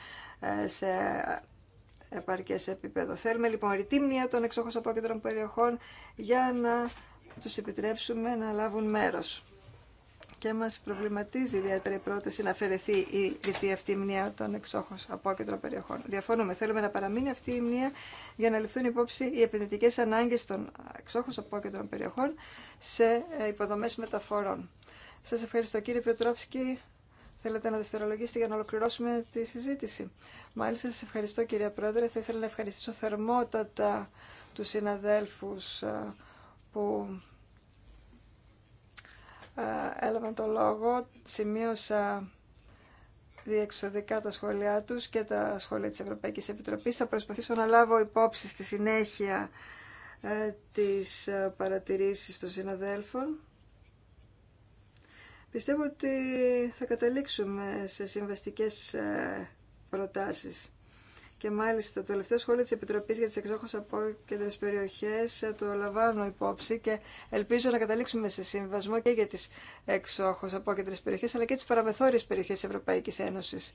ε, σε επαρκές επίπεδο. Θέλουμε λοιπόν ρητή μνήα των εξόχως απόκεντρων περιοχών για να τους επιτρέψουμε να λάβουν μέρος και μα προβληματίζει ιδιαίτερα η πρόταση να αφαιρεθεί η ρηφή αυτή η μνήμα των εξόχων απόκεντρων περιοχών. Διαφωνούμε. Θέλουμε να παραμείνει αυτή η μνήμα για να ληφθούν υπόψη οι επενδυτικέ ανάγκε των εξόχων απόκεντρων περιοχών σε ε, υποδομέ μεταφορών. Σα ευχαριστώ κύριε Πιοτρόφσκι. Θέλετε να δευτερολογήσετε για να ολοκληρώσουμε τη συζήτηση. Μάλιστα, σα ευχαριστώ κυρία Πρόεδρε. Θα ήθελα να ευχαριστήσω θερμότατα του συναδέλφου ε, που ε, έλαβαν το λόγο, σημείωσα διεξοδικά τα σχόλιά τους και τα σχόλια της Ευρωπαϊκής Επιτροπής. Θα προσπαθήσω να λάβω υπόψη στη συνέχεια ε, τις ε, παρατηρήσεις των συναδέλφων. Πιστεύω ότι θα καταλήξουμε σε συμβαστικές ε, προτάσεις. Και μάλιστα το τελευταίο σχόλιο τη Επιτροπή για τι εξόχω απόκεντρε περιοχέ ε, το λαμβάνω υπόψη και ελπίζω να καταλήξουμε σε συμβασμό και για τι εξόχω απόκεντρε περιοχέ, αλλά και τις παραμεθόριες περιοχές Ευρωπαϊκή Ένωση. Ένωσης.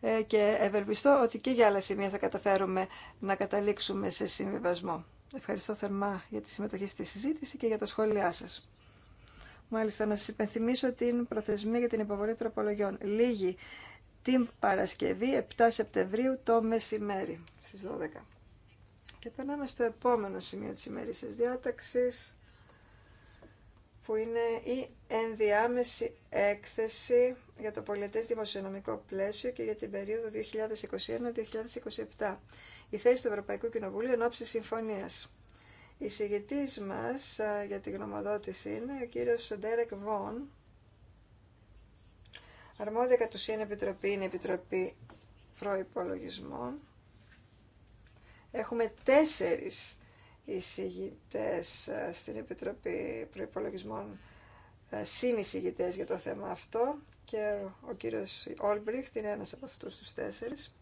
Ε, και ευελπιστώ ότι και για άλλα σημεία θα καταφέρουμε να καταλήξουμε σε συμβιβασμό. Ευχαριστώ θερμά για τη συμμετοχή στη συζήτηση και για τα σχόλιά σα. Μάλιστα, να σα υπενθυμίσω την προθεσμία για την υποβολή τροπολογιών την Παρασκευή 7 Σεπτεμβρίου το μεσημέρι στις 12. Και περνάμε στο επόμενο σημείο της της διάταξης που είναι η ενδιάμεση έκθεση για το πολιτές δημοσιονομικό πλαίσιο και για την περίοδο 2021-2027. Η θέση του Ευρωπαϊκού Κοινοβουλίου εν ώψη συμφωνίας. Η συγητής μας για την γνωμοδότηση είναι ο κύριος Ντέρεκ Βόν, Αρμόδια κατ' ουσίαν επιτροπή είναι η Επιτροπή Προϋπολογισμών. Έχουμε τέσσερις εισηγητές ε, στην Επιτροπή Προϋπολογισμών ε, συνεισηγητές για το θέμα αυτό και ο κύριος Όλμπριχτ είναι ένας από αυτούς τους τέσσερις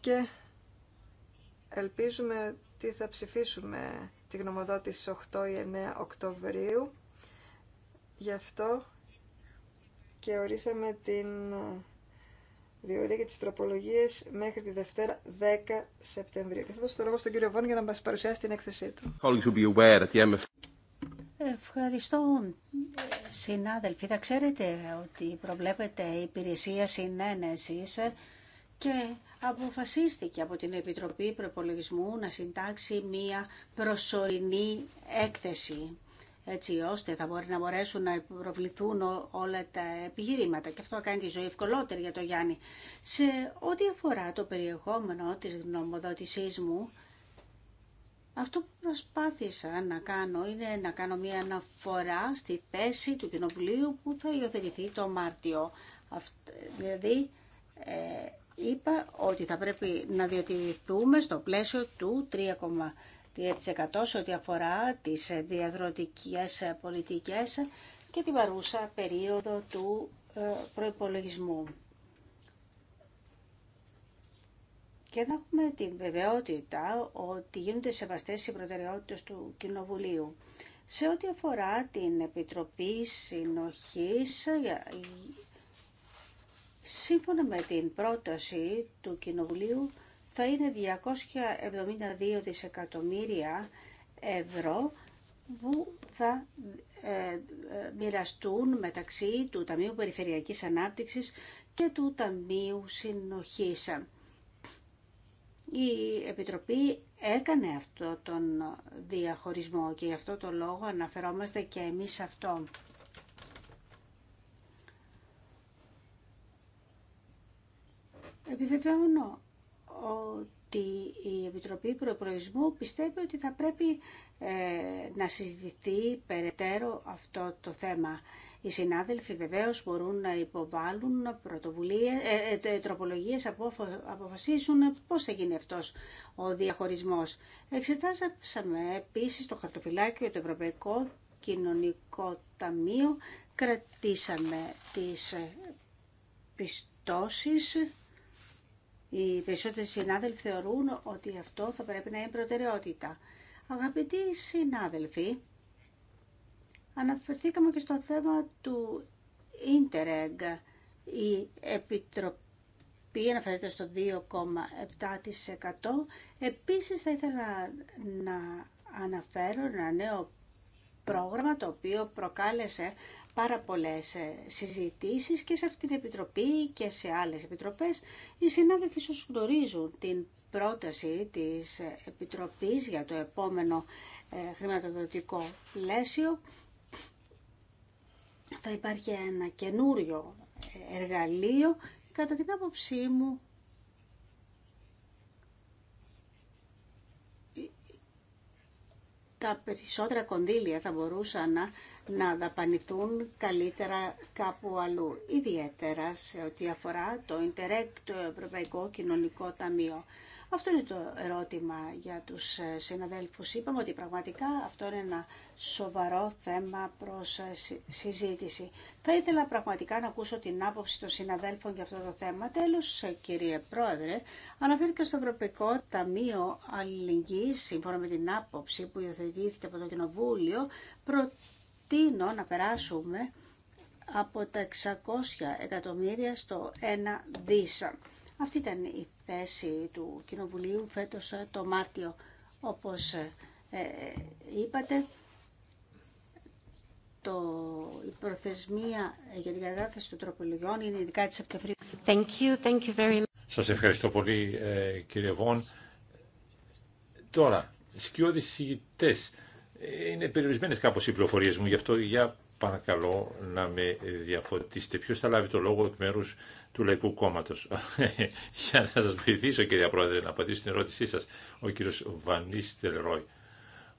και ελπίζουμε ότι θα ψηφίσουμε τη γνωμοδότηση 8 ή 9 Οκτωβρίου γι' αυτό και ορίσαμε την ε, διορία και τις τροπολογίες μέχρι τη Δευτέρα 10 Σεπτεμβρίου. Και θα δώσω το λόγο στον κύριο Βόν για να μας παρουσιάσει την έκθεσή του. Ευχαριστώ. Συνάδελφοι, θα ξέρετε ότι προβλέπεται η υπηρεσία συνένεσης και αποφασίστηκε από την Επιτροπή Προπολογισμού να συντάξει μία προσωρινή έκθεση έτσι ώστε θα μπορεί να μπορέσουν να προβληθούν όλα τα επιχειρήματα και αυτό κάνει τη ζωή ευκολότερη για το Γιάννη. Σε ό,τι αφορά το περιεχόμενο της γνωμοδότησής μου, αυτό που προσπάθησα να κάνω είναι να κάνω μια αναφορά στη θέση του Κοινοβουλίου που θα υιοθετηθεί το Μάρτιο. Δηλαδή, ε, είπα ότι θα πρέπει να διατηρηθούμε στο πλαίσιο του 3,5 σε ό,τι αφορά τις διαδροτικές πολιτικές και την παρούσα περίοδο του ε, προϋπολογισμού. Και να έχουμε την βεβαιότητα ότι γίνονται σεβαστές οι προτεραιότητες του Κοινοβουλίου. Σε ό,τι αφορά την Επιτροπή Συνοχής, σύμφωνα με την πρόταση του Κοινοβουλίου, θα είναι 272 δισεκατομμύρια ευρώ που θα ε, μοιραστούν μεταξύ του Ταμείου Περιφερειακής Ανάπτυξης και του Ταμείου Συνοχής. Η Επιτροπή έκανε αυτό τον διαχωρισμό και γι' αυτό το λόγο αναφερόμαστε και εμείς αυτό. Επιβεβαιώνω ότι η Επιτροπή Προεπροϊσμού πιστεύει ότι θα πρέπει ε, να συζητηθεί περαιτέρω αυτό το θέμα. Οι συνάδελφοι βεβαίως μπορούν να υποβάλουν πρωτοβουλίες, ε, ε τροπολογίες, αποφασίσουν πώς θα γίνει αυτός ο διαχωρισμός. Εξετάσαμε επίσης το χαρτοφυλάκιο, το Ευρωπαϊκό Κοινωνικό Ταμείο, κρατήσαμε τις ε, πιστώσεις οι περισσότεροι συνάδελφοι θεωρούν ότι αυτό θα πρέπει να είναι προτεραιότητα. Αγαπητοί συνάδελφοι, αναφερθήκαμε και στο θέμα του Ίντερεγκ. Η Επιτροπή αναφέρεται στο 2,7%. Επίσης θα ήθελα να αναφέρω ένα νέο πρόγραμμα το οποίο προκάλεσε πάρα πολλές ε, συζητήσεις και σε αυτήν την Επιτροπή και σε άλλες Επιτροπές. Οι συνάδελφοι σας γνωρίζουν την πρόταση της Επιτροπής για το επόμενο ε, χρηματοδοτικό πλαίσιο. Θα υπάρχει ένα καινούριο ε, εργαλείο. Κατά την άποψή μου, τα περισσότερα κονδύλια θα μπορούσαν να να δαπανηθούν καλύτερα κάπου αλλού, ιδιαίτερα σε ό,τι αφορά το Ιντερεκ, το Ευρωπαϊκό Κοινωνικό Ταμείο. Αυτό είναι το ερώτημα για τους ε, συναδέλφους. Είπαμε ότι πραγματικά αυτό είναι ένα σοβαρό θέμα προς ε, συζήτηση. Θα ήθελα πραγματικά να ακούσω την άποψη των συναδέλφων για αυτό το θέμα. Τέλος, ε, κύριε Πρόεδρε, αναφέρθηκα στο Ευρωπαϊκό Ταμείο Αλληλεγγύης, σύμφωνα με την άποψη που υιοθετήθηκε από το Κοινοβούλιο, προτείνω να περάσουμε από τα 600 εκατομμύρια στο 1 δίσα. Αυτή ήταν η θέση του Κοινοβουλίου φέτος ε, το Μάρτιο. Όπως ε, ε, είπατε, το, η προθεσμία για την κατάθεση των τροπολογιών είναι ειδικά τη Σεπτεμβρίου. Thank you, thank you very much. Σας ευχαριστώ πολύ κύριε Βόν. Τώρα, σκιώδεις συγητές. Ε, είναι περιορισμένε κάπως οι πληροφορίε μου, γι' αυτό για παρακαλώ να με διαφωτίσετε. Ποιος θα λάβει το λόγο εκ μέρου του Λαϊκού κόμματο. [laughs] για να σα βοηθήσω κυρία Πρόεδρε να απαντήσω στην ερώτησή σας. Ο κύριος Βανίστελ Ρόι.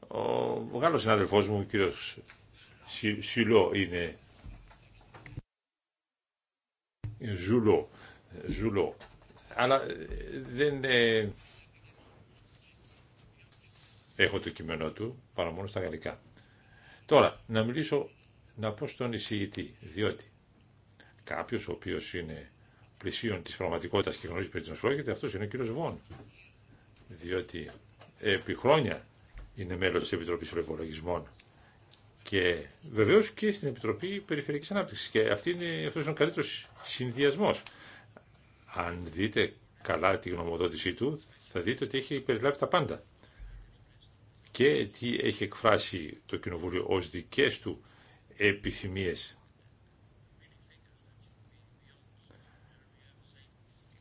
Ο μεγάλο συνάδελφό μου, ο κύριος Σιλό είναι... Ζουλό. Ζουλό. Αλλά ε, δεν ε, έχω το κείμενό του, παρά μόνο στα γαλλικά. Τώρα, να μιλήσω, να πω στον εισηγητή, διότι κάποιος ο οποίος είναι πλησίον της πραγματικότητας και γνωρίζει περί τίνος πρόκειται, αυτός είναι ο κύριος Βόν. Διότι επί χρόνια είναι μέλος της Επιτροπής Προπολογισμών και βεβαίως και στην Επιτροπή Περιφερειακής Ανάπτυξης και αυτή είναι, αυτός είναι ο καλύτερος συνδυασμός. Αν δείτε καλά τη γνωμοδότησή του, θα δείτε ότι έχει περιλάβει τα πάντα και τι έχει εκφράσει το Κοινοβούλιο ως δικές του επιθυμίες.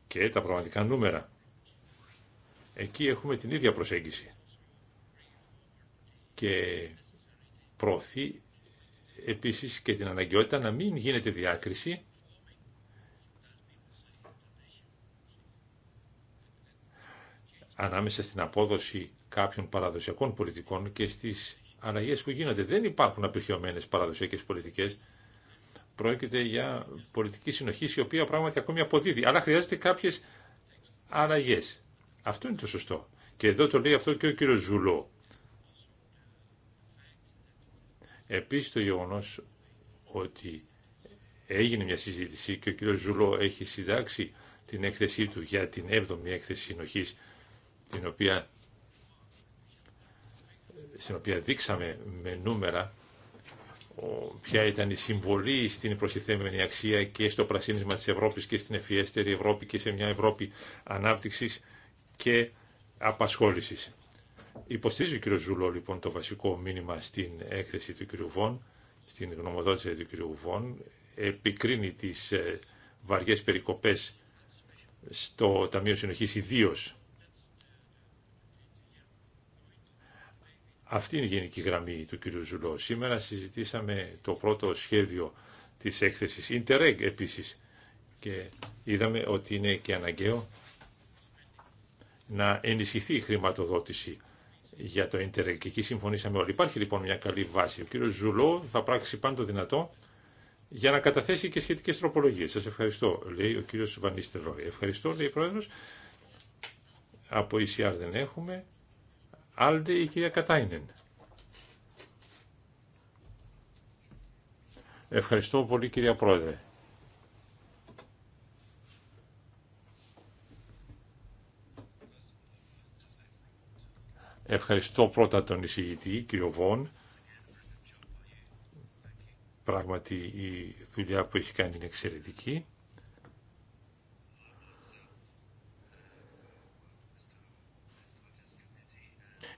Και τα πραγματικά νούμερα. Εκεί έχουμε την ίδια προσέγγιση. Και προωθεί επίσης και την αναγκαιότητα να μην γίνεται διάκριση ανάμεσα στην απόδοση κάποιων παραδοσιακών πολιτικών και στι αλλαγέ που γίνονται. Δεν υπάρχουν απειχιωμένε παραδοσιακέ πολιτικέ Πρόκειται για πολιτική συνοχή η οποία πράγματι ακόμη αποδίδει. Αλλά χρειάζεται κάποιε αλλαγέ. Αυτό είναι το σωστό. Και εδώ το λέει αυτό και ο κύριο Ζουλό. Επίση το γεγονό ότι έγινε μια συζήτηση και ο κύριο Ζουλό έχει συντάξει την έκθεσή του για την 7η έκθεση συνοχή την οποία στην οποία δείξαμε με νούμερα ποια ήταν η συμβολή στην προστιθέμενη αξία και στο πρασίνισμα της Ευρώπης και στην ευφιέστερη Ευρώπη και σε μια Ευρώπη ανάπτυξης και απασχόλησης. Υποστηρίζει ο κ. Ζουλό λοιπόν το βασικό μήνυμα στην έκθεση του κ. Βον, στην γνωμοδότηση του κ. Βον, επικρίνει τις ε, βαριές περικοπές στο Ταμείο Συνοχής Ιδίω. Αυτή είναι η γενική γραμμή του κ. Ζουλό. Σήμερα συζητήσαμε το πρώτο σχέδιο της έκθεσης Interreg επίσης και είδαμε ότι είναι και αναγκαίο να ενισχυθεί η χρηματοδότηση για το Interreg και εκεί συμφωνήσαμε όλοι. Υπάρχει λοιπόν μια καλή βάση. Ο κ. Ζουλό θα πράξει πάντο δυνατό για να καταθέσει και σχετικές τροπολογίες. Σας ευχαριστώ, λέει ο κ. Βανίστερο. Ευχαριστώ, λέει ο Πρόεδρος. Από ECR δεν έχουμε. Άλντε η κυρία Κατάινεν. Ευχαριστώ πολύ κυρία Πρόεδρε. Ευχαριστώ πρώτα τον εισηγητή, κύριο Βόν. Πράγματι η δουλειά που έχει κάνει είναι εξαιρετική.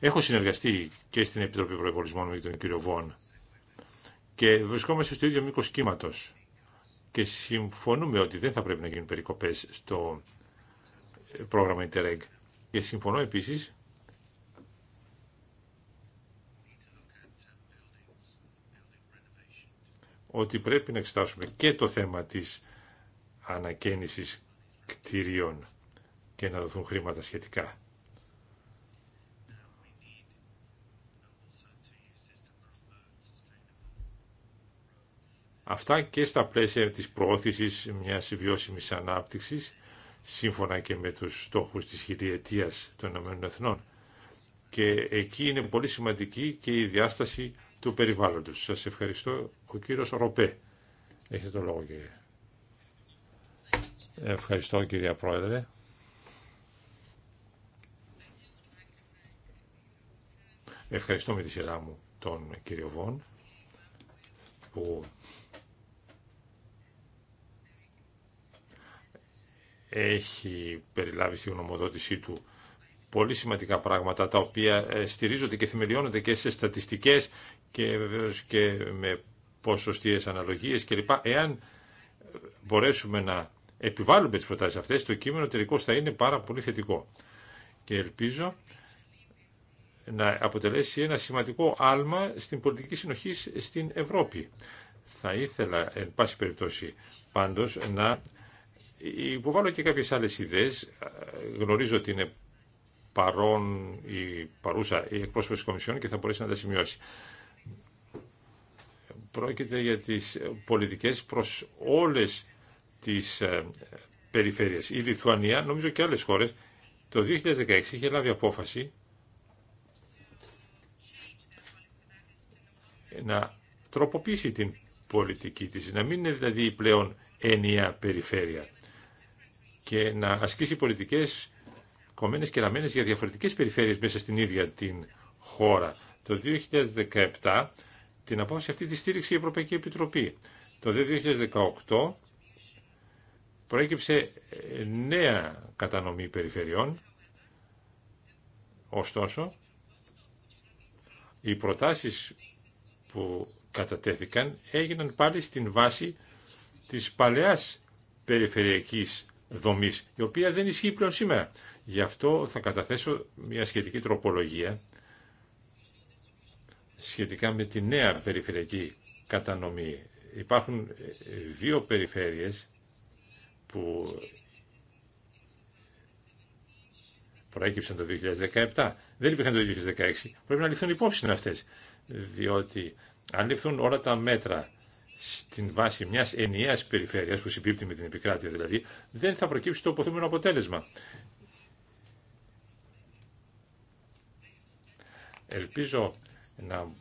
Έχω συνεργαστεί και στην Επιτροπή Προεπολισμών με τον κύριο Βόν και βρισκόμαστε στο ίδιο μήκο κύματο. Και συμφωνούμε ότι δεν θα πρέπει να γίνουν περικοπέ στο πρόγραμμα Interreg. Και συμφωνώ επίση ότι πρέπει να εξετάσουμε και το θέμα της ανακαίνησης κτηρίων και να δοθούν χρήματα σχετικά. Αυτά και στα πλαίσια της προώθησης μιας βιώσιμης ανάπτυξης, σύμφωνα και με τους στόχους της χιλιετίας των ΗΕ. Και εκεί είναι πολύ σημαντική και η διάσταση του περιβάλλοντος. Σας ευχαριστώ. Ο κύριος Ροπέ. Έχετε το λόγο κύριε. Ευχαριστώ κυρία Πρόεδρε. Ευχαριστώ με τη σειρά μου τον κύριο Βόν που έχει περιλάβει στη γνωμοδότησή του πολύ σημαντικά πράγματα τα οποία ε, στηρίζονται και θεμελιώνονται και σε στατιστικές και βεβαίως και με ποσοστίες αναλογίες κλπ. Εάν μπορέσουμε να επιβάλλουμε τις προτάσεις αυτές, το κείμενο τελικό θα είναι πάρα πολύ θετικό. Και ελπίζω να αποτελέσει ένα σημαντικό άλμα στην πολιτική συνοχή στην Ευρώπη. Θα ήθελα, εν πάση περιπτώσει, πάντως, να Υποβάλλω και κάποιες άλλες ιδέες. Γνωρίζω ότι είναι παρόν η παρούσα η εκπρόσωπος της Κομισιόν και θα μπορέσει να τα σημειώσει. Πρόκειται για τις πολιτικές προς όλες τις ε, περιφέρειες. Η Λιθουανία, νομίζω και άλλες χώρες, το 2016 είχε λάβει απόφαση να τροποποιήσει την πολιτική της, να μην είναι δηλαδή πλέον ενιαία περιφέρεια και να ασκήσει πολιτικές κομμένες και ραμμένες για διαφορετικές περιφέρειες μέσα στην ίδια την χώρα. Το 2017 την απόφαση αυτή τη στήριξε η Ευρωπαϊκή Επιτροπή. Το 2018 προέκυψε νέα κατανομή περιφερειών, ωστόσο οι προτάσεις που κατατέθηκαν έγιναν πάλι στην βάση της παλαιάς περιφερειακής η οποία δεν ισχύει πλέον σήμερα. Γι' αυτό θα καταθέσω μια σχετική τροπολογία σχετικά με τη νέα περιφερειακή κατανομή. Υπάρχουν ε, δύο περιφέρειες που προέκυψαν το 2017. Δεν υπήρχαν το 2016. Πρέπει να ληφθούν υπόψη αυτές, διότι αν ληφθούν όλα τα μέτρα στην βάση μια ενιαία περιφέρεια που συμπίπτει με την επικράτεια δηλαδή, δεν θα προκύψει το υποθεμένο αποτέλεσμα. Ελπίζω να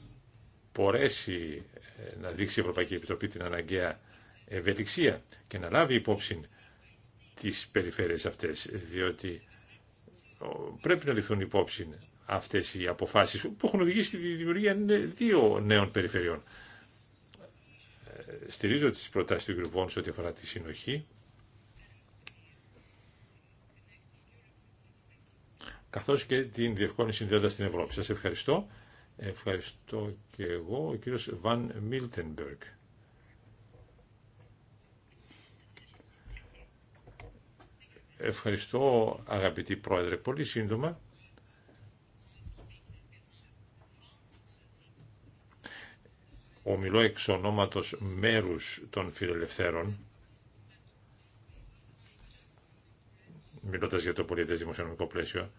μπορέσει ε, να δείξει η Ευρωπαϊκή Επιτροπή την αναγκαία ευελιξία και να λάβει υπόψη τις περιφέρειες αυτές, διότι πρέπει να ληφθούν υπόψη αυτές οι αποφάσεις που έχουν οδηγήσει στη δημιουργία ε, δύο νέων περιφερειών στηρίζω τις προτάσεις του Γρυβών σε ό,τι αφορά τη συνοχή. καθώς και την διευκόλυνση συνδέοντα στην Ευρώπη. Σας ευχαριστώ. Ευχαριστώ και εγώ, ο κύριος Βαν Μίλτενμπεργκ. Ευχαριστώ αγαπητή Πρόεδρε. Πολύ σύντομα ομιλώ εξ ονόματος μέρους των φιλελευθέρων, μιλώντας για το πολιτικό δημοσιονομικό πλαίσιο,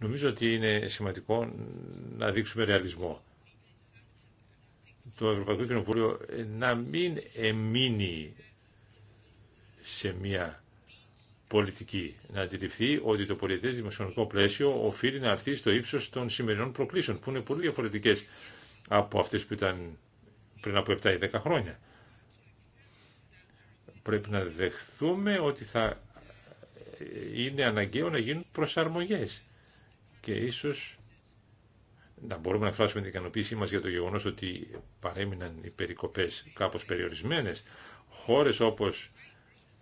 Νομίζω ότι είναι σημαντικό να δείξουμε ρεαλισμό. Το Ευρωπαϊκό Κοινοβούλιο να μην εμείνει σε μια πολιτική να αντιληφθεί ότι το πολιτικό δημοσιονομικό πλαίσιο οφείλει να αρθεί στο ύψο των σημερινών προκλήσεων που είναι πολύ διαφορετικέ από αυτέ που ήταν πριν από 7 ή 10 χρόνια. Πρέπει να δεχθούμε ότι θα ε, είναι αναγκαίο να γίνουν προσαρμογέ. και ίσω, να μπορούμε να εκφράσουμε την ικανοποίησή μα για το γεγονό ότι παρέμειναν οι περικοπέ κάπω περιορισμένε, χώρε όπως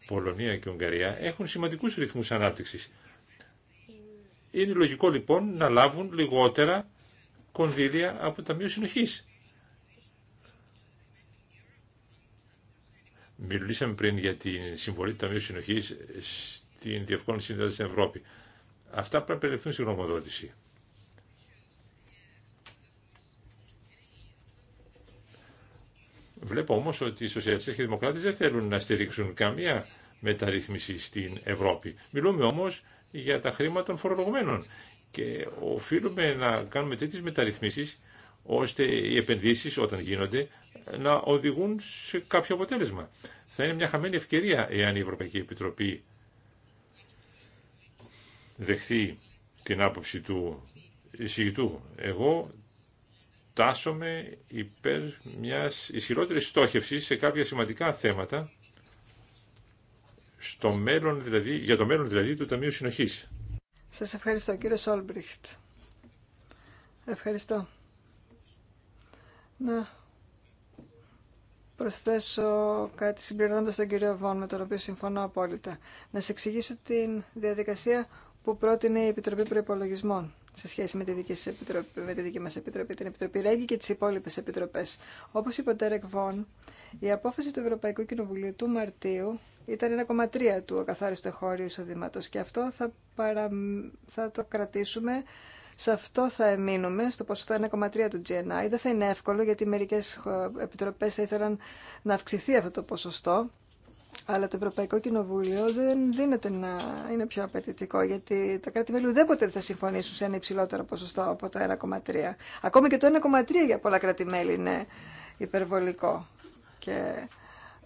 Πολωνία και Ουγγαρία έχουν σημαντικούς ρυθμούς ανάπτυξης. Είναι λογικό λοιπόν να λάβουν λιγότερα κονδύλια από τα Ταμείο Συνοχής. Μιλήσαμε πριν για τη συμβολή του Ταμείου Συνοχής στην διευκόλυνση της Ευρώπη. Αυτά πρέπει να περιεχθούν στη γνωμοδότηση. Βλέπω όμως ότι οι σοσιαλιστές και οι δημοκράτες δεν θέλουν να στηρίξουν καμία μεταρρύθμιση στην Ευρώπη. Μιλούμε όμως για τα χρήματα των φορολογουμένων και οφείλουμε να κάνουμε τέτοιες μεταρρυθμίσεις ώστε οι επενδύσει όταν γίνονται να οδηγούν σε κάποιο αποτέλεσμα. Θα είναι μια χαμένη ευκαιρία εάν η Ευρωπαϊκή Επιτροπή δεχθεί την άποψη του εισηγητού. Εγώ τάσομαι υπέρ μιας ισχυρότερης στόχευσης σε κάποια σημαντικά θέματα στο μέλλον δηλαδή, για το μέλλον δηλαδή του Ταμείου Συνοχής. Σας ευχαριστώ κύριε Σόλμπριχτ. Ευχαριστώ. Να προσθέσω κάτι συμπληρώνοντα τον κύριο Βόν, με τον οποίο συμφωνώ απόλυτα. Να σε εξηγήσω την διαδικασία που πρότεινε η Επιτροπή Προπολογισμών σε σχέση με τη δική, σας επιτροπή, με τη δική μας επιτροπή, την Επιτροπή Ρέγγι και τις υπόλοιπες επιτροπές. Όπως είπε ο Τέρεκ Βον, η απόφαση του Ευρωπαϊκού Κοινοβουλίου του Μαρτίου ήταν 1,3 του ακαθάριστο χώριου εισοδήματο και αυτό θα, παρα... θα το κρατήσουμε. Σε αυτό θα εμείνουμε, στο ποσοστό 1,3 του GNI. Δεν θα είναι εύκολο γιατί μερικές επιτροπές θα ήθελαν να αυξηθεί αυτό το ποσοστό αλλά το Ευρωπαϊκό Κοινοβούλιο δεν δίνεται να είναι πιο απαιτητικό, γιατί τα κράτη-μέλη ουδέποτε δεν θα συμφωνήσουν σε ένα υψηλότερο ποσοστό από το 1,3. Ακόμη και το 1,3 για πολλά κράτη-μέλη είναι υπερβολικό και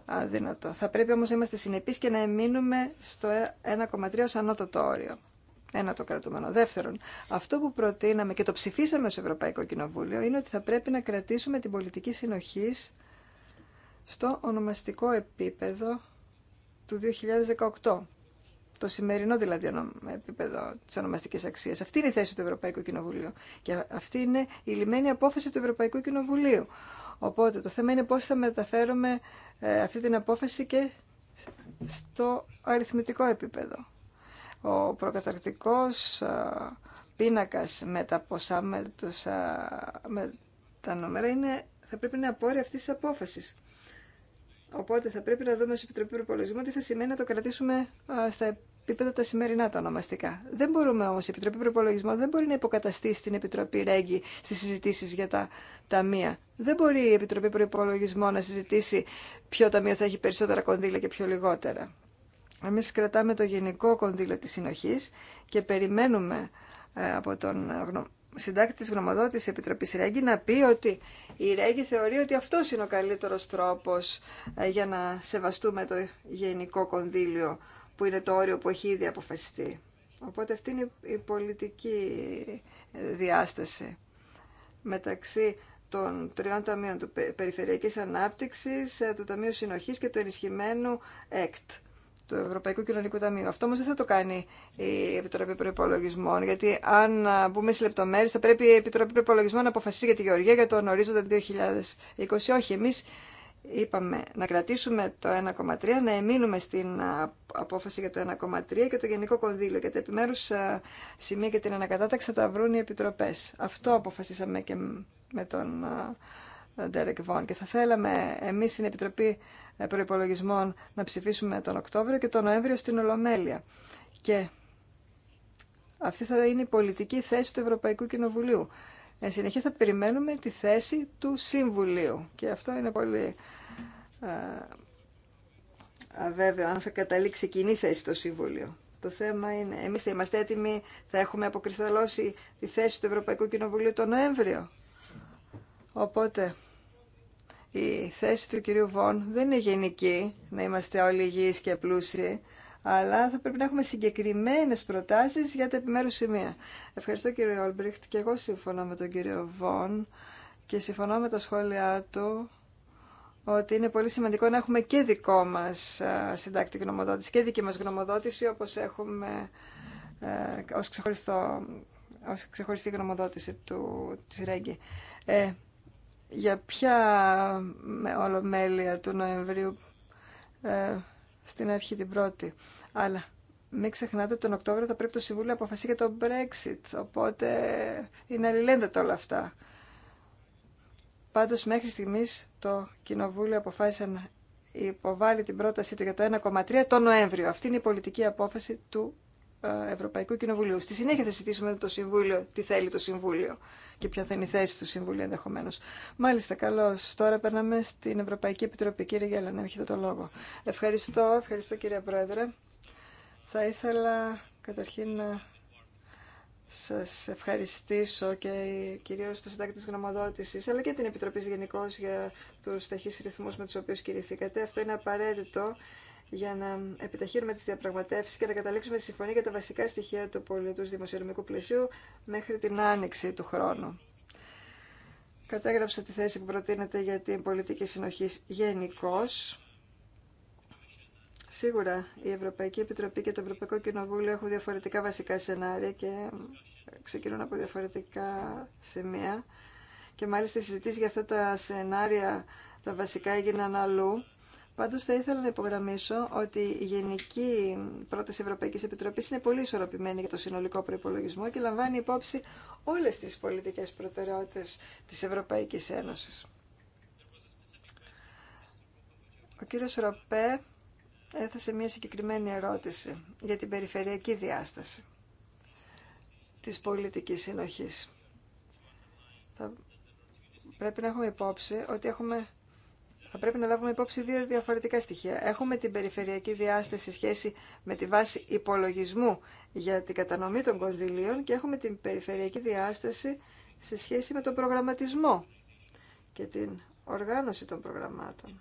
αδύνατο. Θα πρέπει όμως να είμαστε συνεπείς και να εμείνουμε στο 1,3 ως ανώτατο όριο. Ένα το κρατούμενο. Δεύτερον, αυτό που προτείναμε και το ψηφίσαμε ως Ευρωπαϊκό Κοινοβούλιο είναι ότι θα πρέπει να κρατήσουμε την πολιτική συνοχής στο ονομαστικό επίπεδο του 2018. Το σημερινό δηλαδή επίπεδο τη ονομαστική αξία. Αυτή είναι η θέση του Ευρωπαϊκού Κοινοβουλίου. Και αυτή είναι η λιμένη απόφαση του Ευρωπαϊκού Κοινοβουλίου. Οπότε το θέμα είναι πώς θα μεταφέρουμε ε, αυτή την απόφαση και στο αριθμητικό επίπεδο. Ο προκαταρκτικός ε, πίνακας με τα ποσά, με, τους, ε, τα νούμερα, είναι, θα πρέπει να απόρρια αυτή τη απόφαση. Οπότε θα πρέπει να δούμε σε Επιτροπή Προπολογισμού τι θα σημαίνει να το κρατήσουμε στα επίπεδα τα σημερινά τα ονομαστικά. Δεν μπορούμε όμω, η Επιτροπή Προπολογισμού δεν μπορεί να υποκαταστήσει την Επιτροπή Ρέγγι στι συζητήσει για τα ταμεία. Δεν μπορεί η Επιτροπή Προπολογισμού να συζητήσει ποιο ταμείο θα έχει περισσότερα κονδύλια και πιο λιγότερα. Εμεί κρατάμε το γενικό κονδύλιο τη συνοχή και περιμένουμε ε, από τον συντάκτη της γνωμοδότησης Επιτροπής Ρέγγι να πει ότι η Ρέγγι θεωρεί ότι αυτό είναι ο καλύτερος τρόπος ε, για να σεβαστούμε το γενικό κονδύλιο που είναι το όριο που έχει ήδη αποφασιστεί. Οπότε αυτή είναι η πολιτική ε, διάσταση μεταξύ των τριών ταμείων του Περιφερειακής Ανάπτυξης, ε, του Ταμείου Συνοχής και του ενισχυμένου ΕΚΤ του Ευρωπαϊκού Κοινωνικού Ταμείου. Αυτό όμω δεν θα το κάνει η Επιτροπή Προπολογισμών, γιατί αν μπούμε σε λεπτομέρειε, θα πρέπει η Επιτροπή Προπολογισμών να αποφασίσει για τη Γεωργία για τον ορίζοντα 2020. Όχι, εμεί είπαμε να κρατήσουμε το 1,3, να εμείνουμε στην απόφαση για το 1,3 και το Γενικό Κονδύλιο γιατί τα επιμέρους σημεία και την ανακατάταξη θα τα βρουν οι επιτροπέ. Αυτό αποφασίσαμε και με τον Ντέρεκ και θα θέλαμε εμείς στην Επιτροπή ε, προϋπολογισμών να ψηφίσουμε τον Οκτώβριο και τον Νοέμβριο στην Ολομέλεια. Και αυτή θα είναι η πολιτική θέση του Ευρωπαϊκού Κοινοβουλίου. Εν συνεχεία θα περιμένουμε τη θέση του Συμβουλίου. Και αυτό είναι πολύ ε, αβέβαιο, αν θα καταλήξει κοινή θέση το Συμβούλιο. Το θέμα είναι, εμείς θα είμαστε έτοιμοι, θα έχουμε αποκρισταλώσει τη θέση του Ευρωπαϊκού Κοινοβουλίου τον Νοέμβριο. Οπότε, η θέση του κυρίου Βον δεν είναι γενική, να είμαστε όλοι υγιείς και πλούσιοι, αλλά θα πρέπει να έχουμε συγκεκριμένες προτάσεις για τα επιμέρους σημεία. Ευχαριστώ κύριε Όλμπριχτ και εγώ συμφωνώ με τον κύριο Βον και συμφωνώ με τα σχόλιά του ότι είναι πολύ σημαντικό να έχουμε και δικό μας ε, συντάκτη γνωμοδότηση και δική μας γνωμοδότηση όπως έχουμε ε, ως, ξεχωριστή γνωμοδότηση του, της Ρέγγι. Ε, για ποια ολομέλεια του Νοεμβρίου ε, στην αρχή την πρώτη. Αλλά μην ξεχνάτε ότι τον Οκτώβριο θα πρέπει το Συμβούλιο να αποφασίσει για το Brexit. Οπότε είναι αλληλένδετα όλα αυτά. Πάντως μέχρι στιγμής το Κοινοβούλιο αποφάσισε να υποβάλει την πρότασή του για το 1,3 το Νοέμβριο. Αυτή είναι η πολιτική απόφαση του ε, Ευρωπαϊκού Κοινοβουλίου. Στη συνέχεια θα συζητήσουμε με το Συμβούλιο τι θέλει το Συμβούλιο και ποια θα είναι η θέση του Συμβουλίου ενδεχομένω. Μάλιστα, καλώ. Τώρα περνάμε στην Ευρωπαϊκή Επιτροπή. Κύριε Γέλα, να έχετε το λόγο. Ευχαριστώ, ευχαριστώ κύριε Πρόεδρε. Θα ήθελα καταρχήν να σας ευχαριστήσω και κυρίω το συντάκτη τη γνωμοδότηση αλλά και την Επιτροπή γενικώ για του ταχύ ρυθμού με του οποίου κηρυθήκατε. Αυτό είναι απαραίτητο για να επιταχύνουμε τις διαπραγματεύσεις και να καταλήξουμε στη συμφωνία για τα βασικά στοιχεία του πολιτού δημοσιονομικού πλαισίου μέχρι την άνοιξη του χρόνου. Κατέγραψα τη θέση που προτείνεται για την πολιτική συνοχή γενικώ. Σίγουρα η Ευρωπαϊκή Επιτροπή και το Ευρωπαϊκό Κοινοβούλιο έχουν διαφορετικά βασικά σενάρια και ξεκινούν από διαφορετικά σημεία. Και μάλιστα οι συζητήσει για αυτά τα σενάρια τα βασικά έγιναν αλλού Πάντως θα ήθελα να υπογραμμίσω ότι η Γενική Πρόταση ευρωπαϊκή Επιτροπής είναι πολύ ισορροπημένη για το συνολικό προπολογισμό και λαμβάνει υπόψη όλες τις πολιτικές προτεραιότητες της Ευρωπαϊκής Ένωσης. Ο κύριο Ροπέ έθεσε μια συγκεκριμένη ερώτηση για την περιφερειακή διάσταση της πολιτικής συνοχής. Θα πρέπει να έχουμε υπόψη ότι έχουμε θα πρέπει να λάβουμε υπόψη δύο διαφορετικά στοιχεία. Έχουμε την περιφερειακή διάσταση σε σχέση με τη βάση υπολογισμού για την κατανομή των κονδυλίων και έχουμε την περιφερειακή διάσταση σε σχέση με τον προγραμματισμό και την οργάνωση των προγραμμάτων.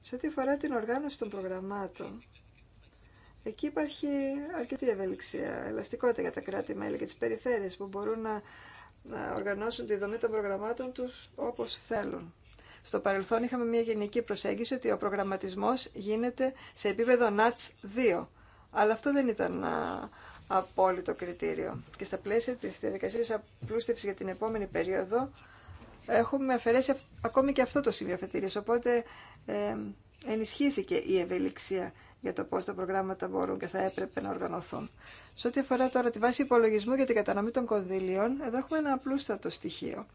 Σε ό,τι αφορά την οργάνωση των προγραμμάτων, εκεί υπάρχει αρκετή ευελιξία, ελαστικότητα για τα κράτη-μέλη και τις περιφέρειες που μπορούν να, οργανώσουν τη δομή των προγραμμάτων τους όπως θέλουν. Στο παρελθόν είχαμε μια γενική προσέγγιση ότι ο προγραμματισμός γίνεται σε επίπεδο ΝΑΤΣ 2. Αλλά αυτό δεν ήταν απόλυτο κριτήριο. Και στα πλαίσια της διαδικασίας απλούστευσης για την επόμενη περίοδο έχουμε αφαιρέσει ακόμη και αυτό το σημείο αφετηρίας. Οπότε ε, ενισχύθηκε η ευελιξία για το πώς τα προγράμματα μπορούν και θα έπρεπε να οργανωθούν. Σε ό,τι αφορά τώρα τη βάση υπολογισμού για την κατανομή των κονδύλιων, εδώ έχουμε ένα απλούστατο στοιχείο.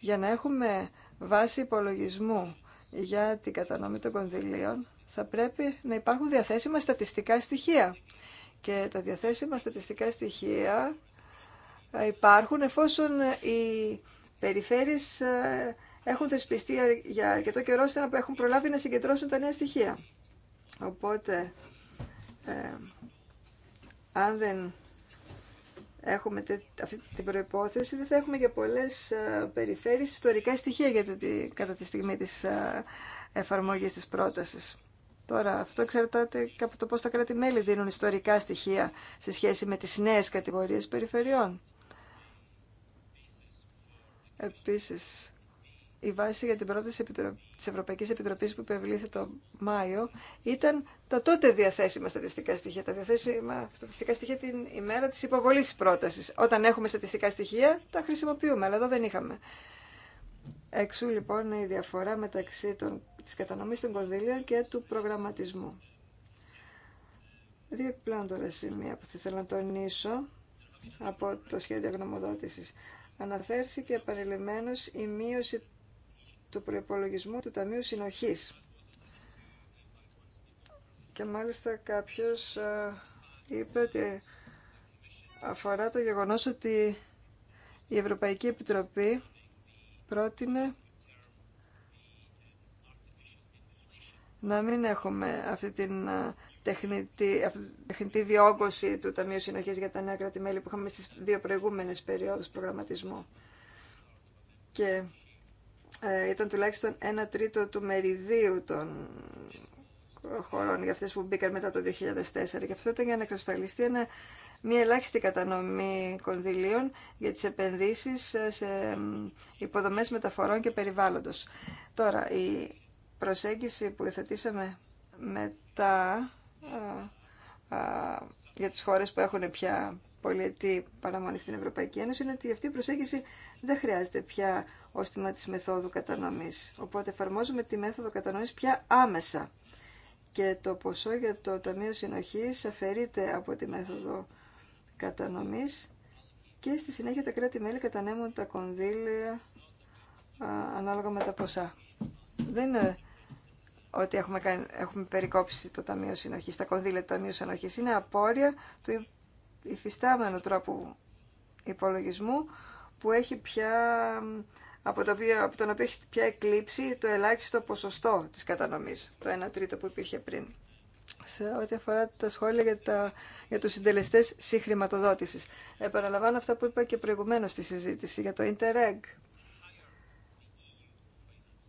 Για να έχουμε βάσει υπολογισμού για την κατανομή των κονδυλίων θα πρέπει να υπάρχουν διαθέσιμα στατιστικά στοιχεία. Και τα διαθέσιμα στατιστικά στοιχεία ε, υπάρχουν εφόσον ε, οι περιφέρειες ε, έχουν θεσπιστεί για αρκετό καιρό ώστε να έχουν προλάβει να συγκεντρώσουν τα νέα στοιχεία. Οπότε, αν δεν έχουμε αυτή την προϋπόθεση, δεν θα έχουμε για πολλές ε, περιφέρειες ιστορικά στοιχεία για κατά τη στιγμή της ε, εφαρμογής της πρότασης. Τώρα, αυτό εξαρτάται από το πώς τα κράτη-μέλη δίνουν ιστορικά στοιχεία σε σχέση με τις νέες κατηγορίες περιφερειών. Επίσης, η βάση για την πρόταση τη Ευρωπαϊκή Επιτροπή που υπευλήθη το Μάιο ήταν τα τότε διαθέσιμα στατιστικά στοιχεία. Τα διαθέσιμα στατιστικά στοιχεία την ημέρα τη υποβολή της πρότασης. Όταν έχουμε στατιστικά στοιχεία τα χρησιμοποιούμε, αλλά εδώ δεν είχαμε. Εξού λοιπόν η διαφορά μεταξύ των, της κατανομής των κονδύλων και του προγραμματισμού. Δύο επιπλέον τώρα σημεία που θα ήθελα να τονίσω από το σχέδιο γνωμοδότησης. Αναφέρθηκε επανειλημμένως η μείωση του προϋπολογισμού του Ταμείου Συνοχής. Και μάλιστα κάποιος ε, είπε ότι αφορά το γεγονός ότι η Ευρωπαϊκή Επιτροπή πρότεινε να μην έχουμε αυτή την ε, τεχνητή, αυτή διόγκωση του Ταμείου Συνοχής για τα νέα κράτη-μέλη που είχαμε στις δύο προηγούμενες περιόδους προγραμματισμού. Και ε, ήταν τουλάχιστον ένα τρίτο του μεριδίου των χωρών για αυτές που μπήκαν μετά το 2004 και αυτό ήταν για να εξασφαλιστεί ένα, μια ελάχιστη κατανομή κονδυλίων για τις επενδύσεις ε, σε υποδομές μεταφορών και περιβάλλοντος. Τώρα, η προσέγγιση που υθετήσαμε μετά ε, για τις χώρες που έχουν πια πολιετή παραμονή στην Ευρωπαϊκή Ένωση είναι ότι αυτή η προσέγγιση δεν χρειάζεται πια ω θέμα τη μεθόδου κατανομή. Οπότε εφαρμόζουμε τη μέθοδο κατανομή πια άμεσα. Και το ποσό για το Ταμείο Συνοχή αφαιρείται από τη μέθοδο κατανομή και στη συνέχεια τα κράτη-μέλη κατανέμουν τα κονδύλια α, ανάλογα με τα ποσά. Δεν είναι ότι έχουμε, έχουμε περικόψει το Ταμείο Συνοχή, τα κονδύλια του Ταμείου Συνοχή. Είναι απόρρια του υφιστάμενο τρόπου υπολογισμού που έχει πια, από, το οποίο, από τον οποίο έχει πια εκλείψει το ελάχιστο ποσοστό της κατανομής, το 1 τρίτο που υπήρχε πριν. Σε ό,τι αφορά τα σχόλια για, τα, για τους συντελεστές συγχρηματοδότησης. Επαναλαμβάνω αυτά που είπα και προηγουμένως στη συζήτηση για το Interreg.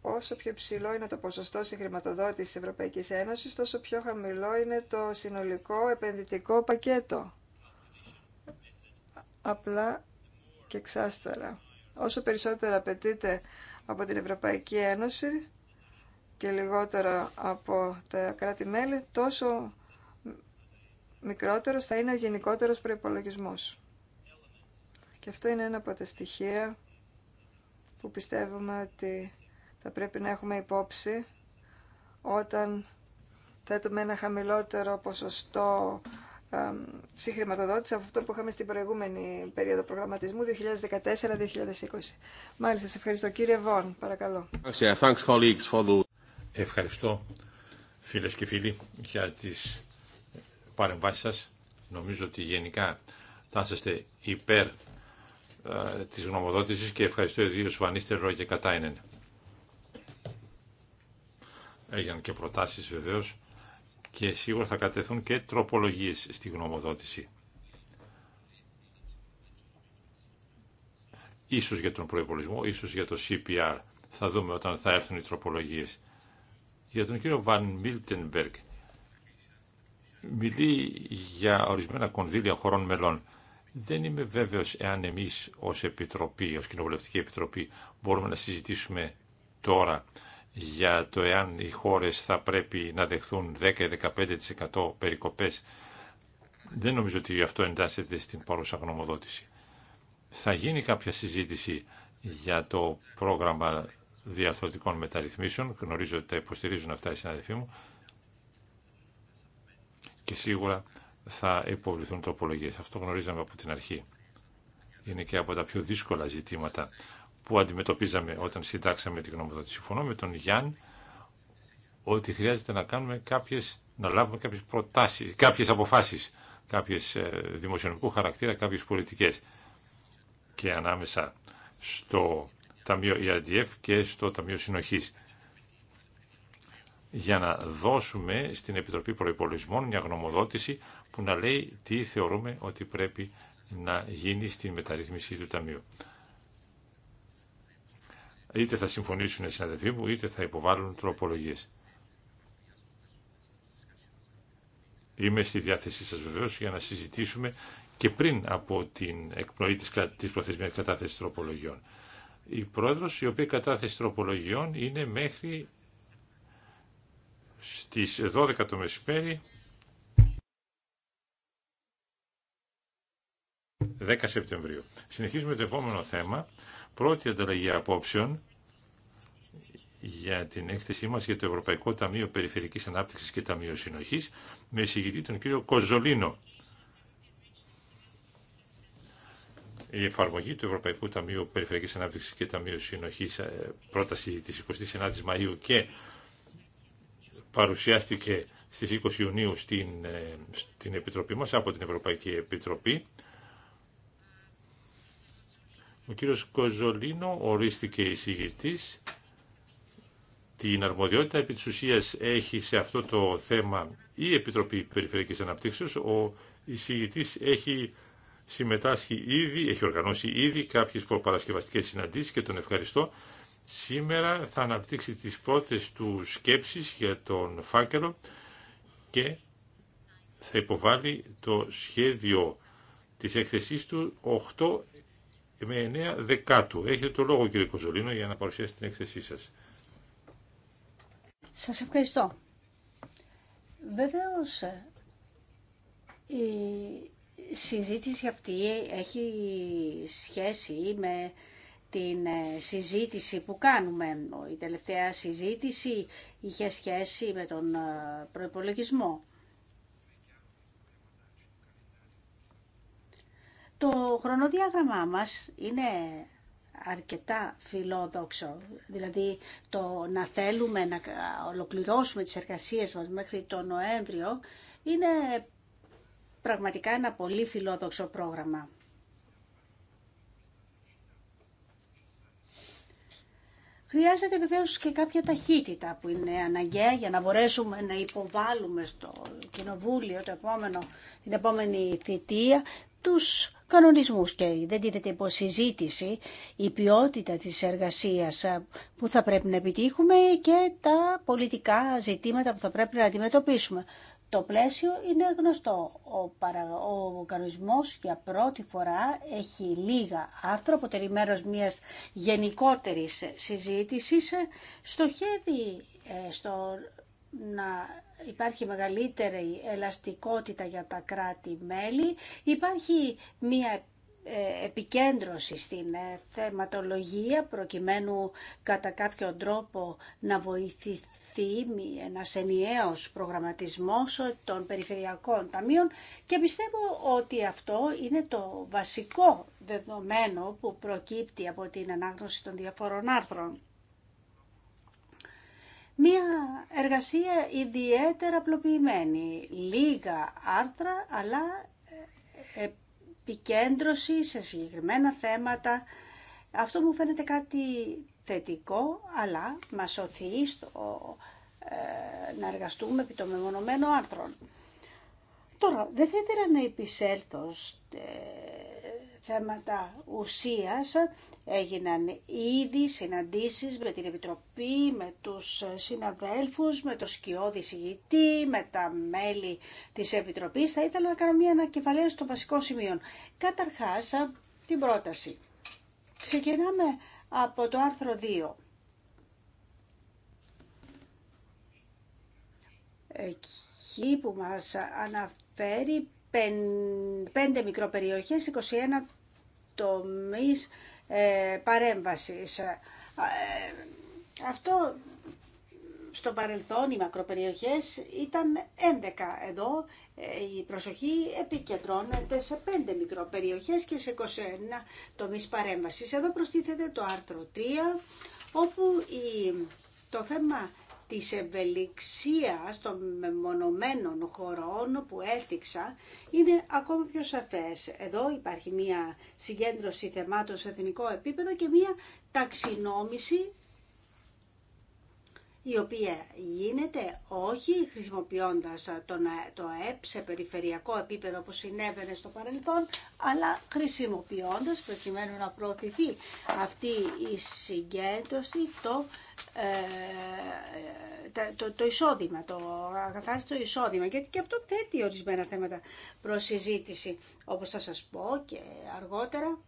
Όσο πιο ψηλό είναι το ποσοστό συγχρηματοδότησης της Ευρωπαϊκής Ένωσης, τόσο πιο χαμηλό είναι το συνολικό επενδυτικό πακέτο απλά και εξάστερα. Όσο περισσότερα απαιτείται από την Ευρωπαϊκή Ένωση και λιγότερα από τα κράτη-μέλη, τόσο μικρότερος θα είναι ο γενικότερος προϋπολογισμός. Και αυτό είναι ένα από τα στοιχεία που πιστεύουμε ότι θα πρέπει να έχουμε υπόψη όταν θέτουμε ένα χαμηλότερο ποσοστό ε, συγχρηματοδότηση από αυτό που είχαμε στην προηγούμενη περίοδο προγραμματισμού 2014-2020. Μάλιστα, σε ευχαριστώ. Κύριε Βόν, παρακαλώ. Ευχαριστώ φίλε και φίλοι για τις παρεμβάσεις σα. Νομίζω ότι γενικά είστε υπέρ τη ε, της γνωμοδότησης και ευχαριστώ ιδίω Βανίστερο και Κατάινεν. Έγιναν και προτάσει βεβαίω και σίγουρα θα κατεθούν και τροπολογίες στη γνωμοδότηση. Ίσως για τον προϋπολογισμό, ίσως για το CPR. Θα δούμε όταν θα έρθουν οι τροπολογίες. Για τον κύριο Βαν Μίλτενμπεργκ. Μιλεί για ορισμένα κονδύλια χωρών μελών. Δεν είμαι βέβαιος εάν εμείς ως Επιτροπή, ως Κοινοβουλευτική Επιτροπή, μπορούμε να συζητήσουμε τώρα για το εάν οι χώρες θα πρέπει να δεχθούν 10-15% περικοπές. Δεν νομίζω ότι αυτό εντάσσεται στην παρούσα γνωμοδότηση. Θα γίνει κάποια συζήτηση για το πρόγραμμα διαρθρωτικών μεταρρυθμίσεων. Γνωρίζω ότι τα υποστηρίζουν αυτά οι συναδελφοί μου. Και σίγουρα θα υποβληθούν τροπολογίες. Αυτό γνωρίζαμε από την αρχή. Είναι και από τα πιο δύσκολα ζητήματα που αντιμετωπίζαμε όταν συντάξαμε την γνωμοδότηση. Συμφωνώ με τον Γιάννη ότι χρειάζεται να κάνουμε κάποιες, να λάβουμε κάποιες προτάσεις, κάποιες αποφάσεις, κάποιες ε, δημοσιονομικού χαρακτήρα, κάποιες πολιτικές και ανάμεσα στο Ταμείο ERDF και στο Ταμείο Συνοχής για να δώσουμε στην Επιτροπή Προϋπολογισμών μια γνωμοδότηση που να λέει τι θεωρούμε ότι πρέπει να γίνει στη μεταρρύθμιση του Ταμείου. Είτε θα συμφωνήσουν οι συναδελφοί μου, είτε θα υποβάλουν τροπολογίες. Είμαι στη διάθεσή σας βεβαίως για να συζητήσουμε και πριν από την εκπνοή της, της προθεσμίας κατάθεσης τροπολογιών. Η πρόεδρος η οποία κατάθεση τροπολογιών είναι μέχρι στις 12 το μεσημέρι 10 Σεπτεμβρίου. Συνεχίζουμε το επόμενο θέμα πρώτη ανταλλαγή απόψεων για την έκθεσή μας για το Ευρωπαϊκό Ταμείο Περιφερικής Ανάπτυξης και Ταμείο Συνοχής με εισηγητή τον κύριο Κοζολίνο. Η εφαρμογή του Ευρωπαϊκού Ταμείου Περιφερειακής Ανάπτυξης και Ταμείου Συνοχής ε, πρόταση της 29ης Μαΐου και παρουσιάστηκε στις 20 Ιουνίου στην, ε, στην Επιτροπή μας από την Ευρωπαϊκή Επιτροπή ο κύριος Κοζολίνο ορίστηκε εισηγητής. Την αρμοδιότητα επί της ουσίας έχει σε αυτό το θέμα η Επιτροπή Περιφερειακής Αναπτύξεως. Ο εισηγητής έχει συμμετάσχει ήδη, έχει οργανώσει ήδη κάποιες προπαρασκευαστικές συναντήσεις και τον ευχαριστώ. Σήμερα θα αναπτύξει τις πρώτες του σκέψεις για τον φάκελο και θα υποβάλει το σχέδιο της έκθεσής του 8 με 9 δεκάτου. Έχετε το λόγο κύριε Κοζολίνο για να παρουσιάσετε την έκθεσή σας. Σας ευχαριστώ. Βεβαίως ε, η συζήτηση αυτή έχει σχέση με την ε, συζήτηση που κάνουμε. Η τελευταία συζήτηση είχε σχέση με τον ε, προϋπολογισμό. Το χρονοδιάγραμμά μας είναι αρκετά φιλόδοξο. Δηλαδή το να θέλουμε να ολοκληρώσουμε τις εργασίες μας μέχρι τον Νοέμβριο είναι πραγματικά ένα πολύ φιλόδοξο πρόγραμμα. Χρειάζεται βεβαίως και κάποια ταχύτητα που είναι αναγκαία για να μπορέσουμε να υποβάλουμε στο Κοινοβούλιο το την επόμενη θητεία τους κανονισμούς και δεν τίθεται υπό συζήτηση η ποιότητα της εργασίας που θα πρέπει να επιτύχουμε και τα πολιτικά ζητήματα που θα πρέπει να αντιμετωπίσουμε. Το πλαίσιο είναι γνωστό. Ο, παρα... ο κανονισμός για πρώτη φορά έχει λίγα άρθρα, αποτελεί μέρος μιας γενικότερης συζήτησης, στοχεύει ε, στο να υπάρχει μεγαλύτερη ελαστικότητα για τα κράτη-μέλη, υπάρχει μία ε, επικέντρωση στην ε, θεματολογία προκειμένου κατά κάποιον τρόπο να βοηθηθεί ένα ενιαίος προγραμματισμός των περιφερειακών ταμείων και πιστεύω ότι αυτό είναι το βασικό δεδομένο που προκύπτει από την ανάγνωση των διαφορών άρθρων. Μία εργασία ιδιαίτερα απλοποιημένη, λίγα άρθρα, αλλά ε, επικέντρωση σε συγκεκριμένα θέματα. Αυτό μου φαίνεται κάτι θετικό, αλλά μας οθεί ε, να εργαστούμε επί το μεμονωμένο άρθρο. Τώρα, δεν θέλετε να επισέλθω θέματα ουσίας έγιναν ήδη συναντήσεις με την Επιτροπή, με τους συναδέλφους, με το σκιώδη συγητή, με τα μέλη της Επιτροπής. Θα ήθελα να κάνω μια ανακεφαλαίωση των βασικών σημείων. Καταρχάς, την πρόταση. Ξεκινάμε από το άρθρο 2. Εκεί που μας αναφέρει πέντε μικροπεριοχές, 21 τομείς ε, παρέμβασης. Ε, αυτό στο παρελθόν οι μακροπεριοχές ήταν 11. Εδώ ε, η προσοχή επικεντρώνεται σε 5 μικροπεριοχές και σε 21 τομείς παρέμβασης. Εδώ προστίθεται το άρθρο 3, όπου η, το θέμα της ευελιξίας των μεμονωμένων χωρών που έθιξα είναι ακόμα πιο σαφές. Εδώ υπάρχει μία συγκέντρωση θεμάτων σε εθνικό επίπεδο και μία ταξινόμηση η οποία γίνεται όχι χρησιμοποιώντας το ΕΠ σε περιφερειακό επίπεδο που συνέβαινε στο παρελθόν, αλλά χρησιμοποιώντας προκειμένου να προωθηθεί αυτή η συγκέντρωση το ε, ε, το, το εισόδημα, το ακαθάριστο εισόδημα, γιατί και αυτό θέτει ορισμένα θέματα προς συζήτηση, όπως θα σας πω και αργότερα.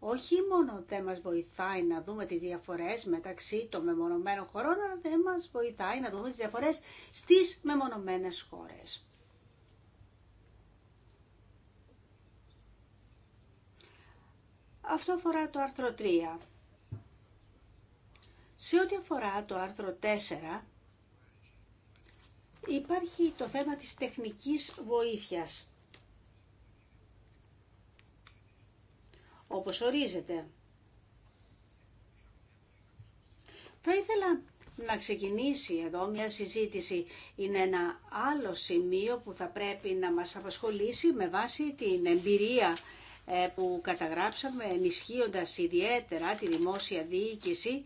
Όχι μόνο δεν μας βοηθάει να δούμε τις διαφορές μεταξύ των μεμονωμένων χωρών, αλλά δεν μας βοηθάει να δούμε τις διαφορές στις μεμονωμένες χώρες. Αυτό αφορά το άρθρο 3 σε ό,τι αφορά το άρθρο 4, υπάρχει το θέμα της τεχνικής βοήθειας. Όπως ορίζεται. Θα ήθελα να ξεκινήσει εδώ μια συζήτηση. Είναι ένα άλλο σημείο που θα πρέπει να μας απασχολήσει με βάση την εμπειρία ε, που καταγράψαμε ενισχύοντας ιδιαίτερα τη δημόσια διοίκηση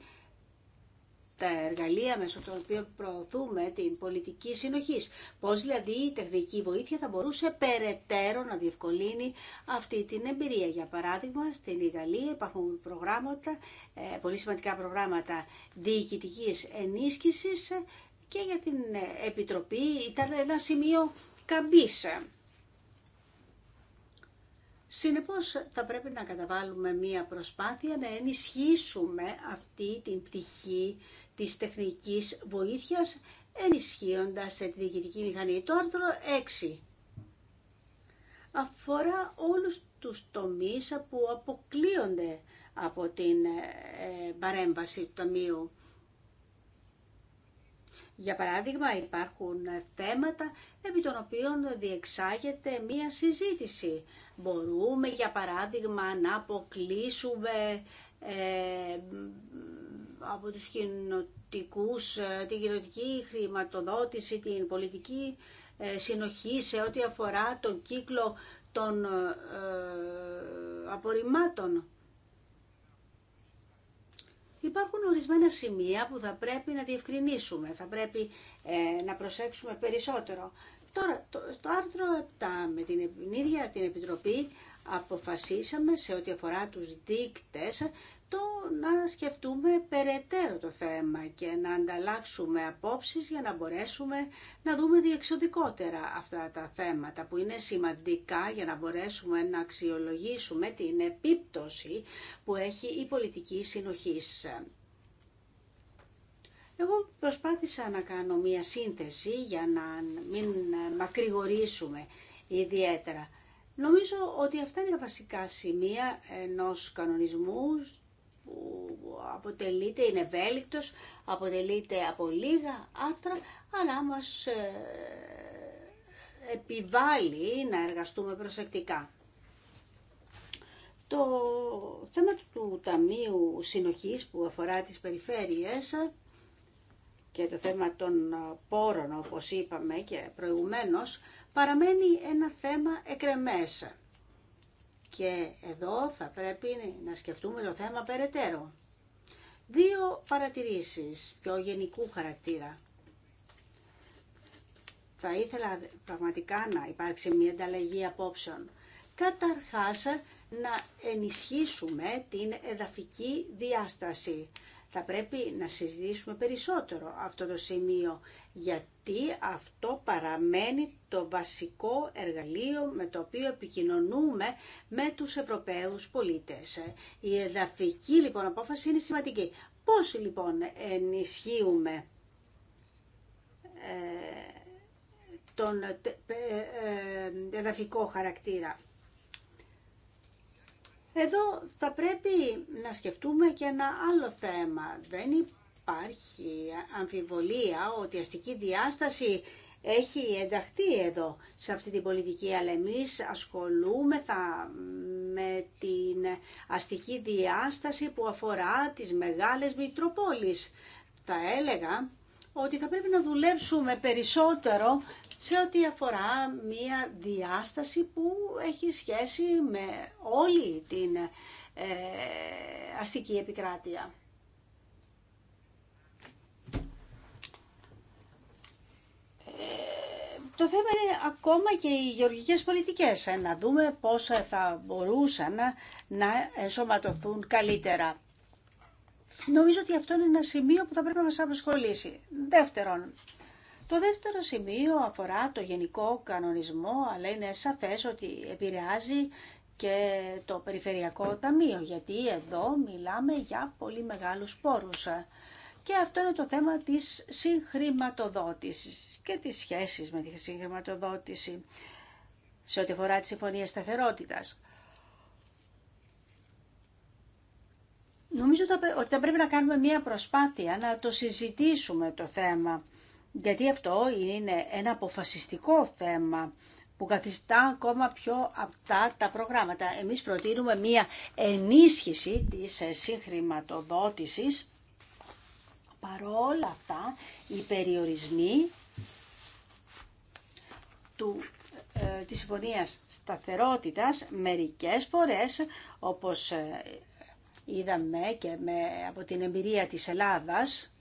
τα εργαλεία μέσω των οποίων προωθούμε την πολιτική συνοχή. Πώ δηλαδή η τεχνική βοήθεια θα μπορούσε περαιτέρω να διευκολύνει αυτή την εμπειρία. Για παράδειγμα, στην Ιταλία υπάρχουν προγράμματα, ε, πολύ σημαντικά προγράμματα διοικητική ενίσχυση και για την Επιτροπή ήταν ένα σημείο καμπής. Συνεπώς θα πρέπει να καταβάλουμε μία προσπάθεια να ενισχύσουμε αυτή την πτυχή της τεχνικής βοήθειας ενισχύοντας τη διοικητική μηχανή. Το άρθρο 6 αφορά όλους τους τομείς που αποκλείονται από την ε, παρέμβαση του Ταμείου. Για παράδειγμα, υπάρχουν θέματα επί των οποίων διεξάγεται μία συζήτηση. Μπορούμε, για παράδειγμα, να αποκλείσουμε ε, από τους κοινοτικούς, ε, την κοινωτική χρηματοδότηση, την πολιτική ε, συνοχή σε ό,τι αφορά τον κύκλο των ε, απορριμμάτων. Υπάρχουν ορισμένα σημεία που θα πρέπει να διευκρινίσουμε, θα πρέπει να προσέξουμε περισσότερο. Τώρα, το άρθρο 7 με την ίδια την Επιτροπή αποφασίσαμε σε ό,τι αφορά τους δείκτες να σκεφτούμε περαιτέρω το θέμα και να ανταλλάξουμε απόψεις για να μπορέσουμε να δούμε διεξοδικότερα αυτά τα θέματα που είναι σημαντικά για να μπορέσουμε να αξιολογήσουμε την επίπτωση που έχει η πολιτική συνοχής. Εγώ προσπάθησα να κάνω μία σύνθεση για να μην μακρηγορήσουμε ιδιαίτερα. Νομίζω ότι αυτά είναι τα βασικά σημεία ενός κανονισμού που αποτελείται, είναι ευέλικτος, αποτελείται από λίγα άθρα, αλλά μας ε, επιβάλλει να εργαστούμε προσεκτικά. Το θέμα του Ταμείου Συνοχής που αφορά τις περιφέρειες και το θέμα των πόρων, όπως είπαμε και προηγουμένως, παραμένει ένα θέμα εκρεμέσα. Και εδώ θα πρέπει να σκεφτούμε το θέμα περαιτέρω. Δύο παρατηρήσεις ο γενικού χαρακτήρα. Θα ήθελα πραγματικά να υπάρξει μια ανταλλαγή απόψεων. Καταρχάς, να ενισχύσουμε την εδαφική διάσταση. Θα πρέπει να συζητήσουμε περισσότερο αυτό το σημείο γιατί αυτό παραμένει το βασικό εργαλείο με το οποίο επικοινωνούμε με τους Ευρωπαίους πολίτες. Η εδαφική λοιπόν απόφαση είναι σημαντική. Πώς λοιπόν ενισχύουμε ε, τον ε, ε, εδαφικό χαρακτήρα. Εδώ θα πρέπει να σκεφτούμε και ένα άλλο θέμα. Δεν υπάρχει αμφιβολία ότι η αστική διάσταση έχει ενταχθεί εδώ σε αυτή την πολιτική, αλλά εμείς ασχολούμεθα με την αστική διάσταση που αφορά τις μεγάλες μητροπόλεις. Θα έλεγα ότι θα πρέπει να δουλέψουμε περισσότερο σε ό,τι αφορά μία διάσταση που έχει σχέση με όλη την ε, αστική επικράτεια. το θέμα είναι ακόμα και οι γεωργικές πολιτικές, ε, να δούμε πώς ε, θα μπορούσαν να, ε, να ενσωματωθούν καλύτερα. Νομίζω ότι αυτό είναι ένα σημείο που θα πρέπει να μας απασχολήσει. Δεύτερον, το δεύτερο σημείο αφορά το γενικό κανονισμό, αλλά είναι σαφές ότι επηρεάζει και το Περιφερειακό Ταμείο, γιατί εδώ μιλάμε για πολύ μεγάλους πόρους. Και αυτό είναι το θέμα της συγχρηματοδότησης και της σχέσης με τη συγχρηματοδότηση σε ό,τι αφορά τη Συμφωνία Σταθερότητας. Νομίζω ότι θα πρέπει να κάνουμε μία προσπάθεια να το συζητήσουμε το θέμα, γιατί αυτό είναι ένα αποφασιστικό θέμα που καθιστά ακόμα πιο απτά τα προγράμματα. Εμείς προτείνουμε μία ενίσχυση της συγχρηματοδότησης παρόλα αυτά οι περιορισμοί του, ε, της συμφωνίας σταθερότητας μερικές φορές όπως ε, είδαμε και με, από την εμπειρία της Ελλάδας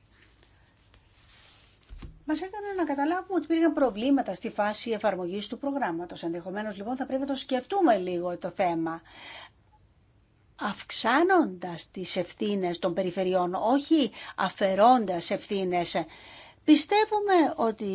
μας έκανε να καταλάβουμε ότι υπήρχαν προβλήματα στη φάση εφαρμογής του προγράμματος. Ενδεχομένως λοιπόν θα πρέπει να το σκεφτούμε λίγο το θέμα αυξάνοντας τις ευθύνες των περιφερειών, όχι αφαιρώντας ευθύνες. Πιστεύουμε ότι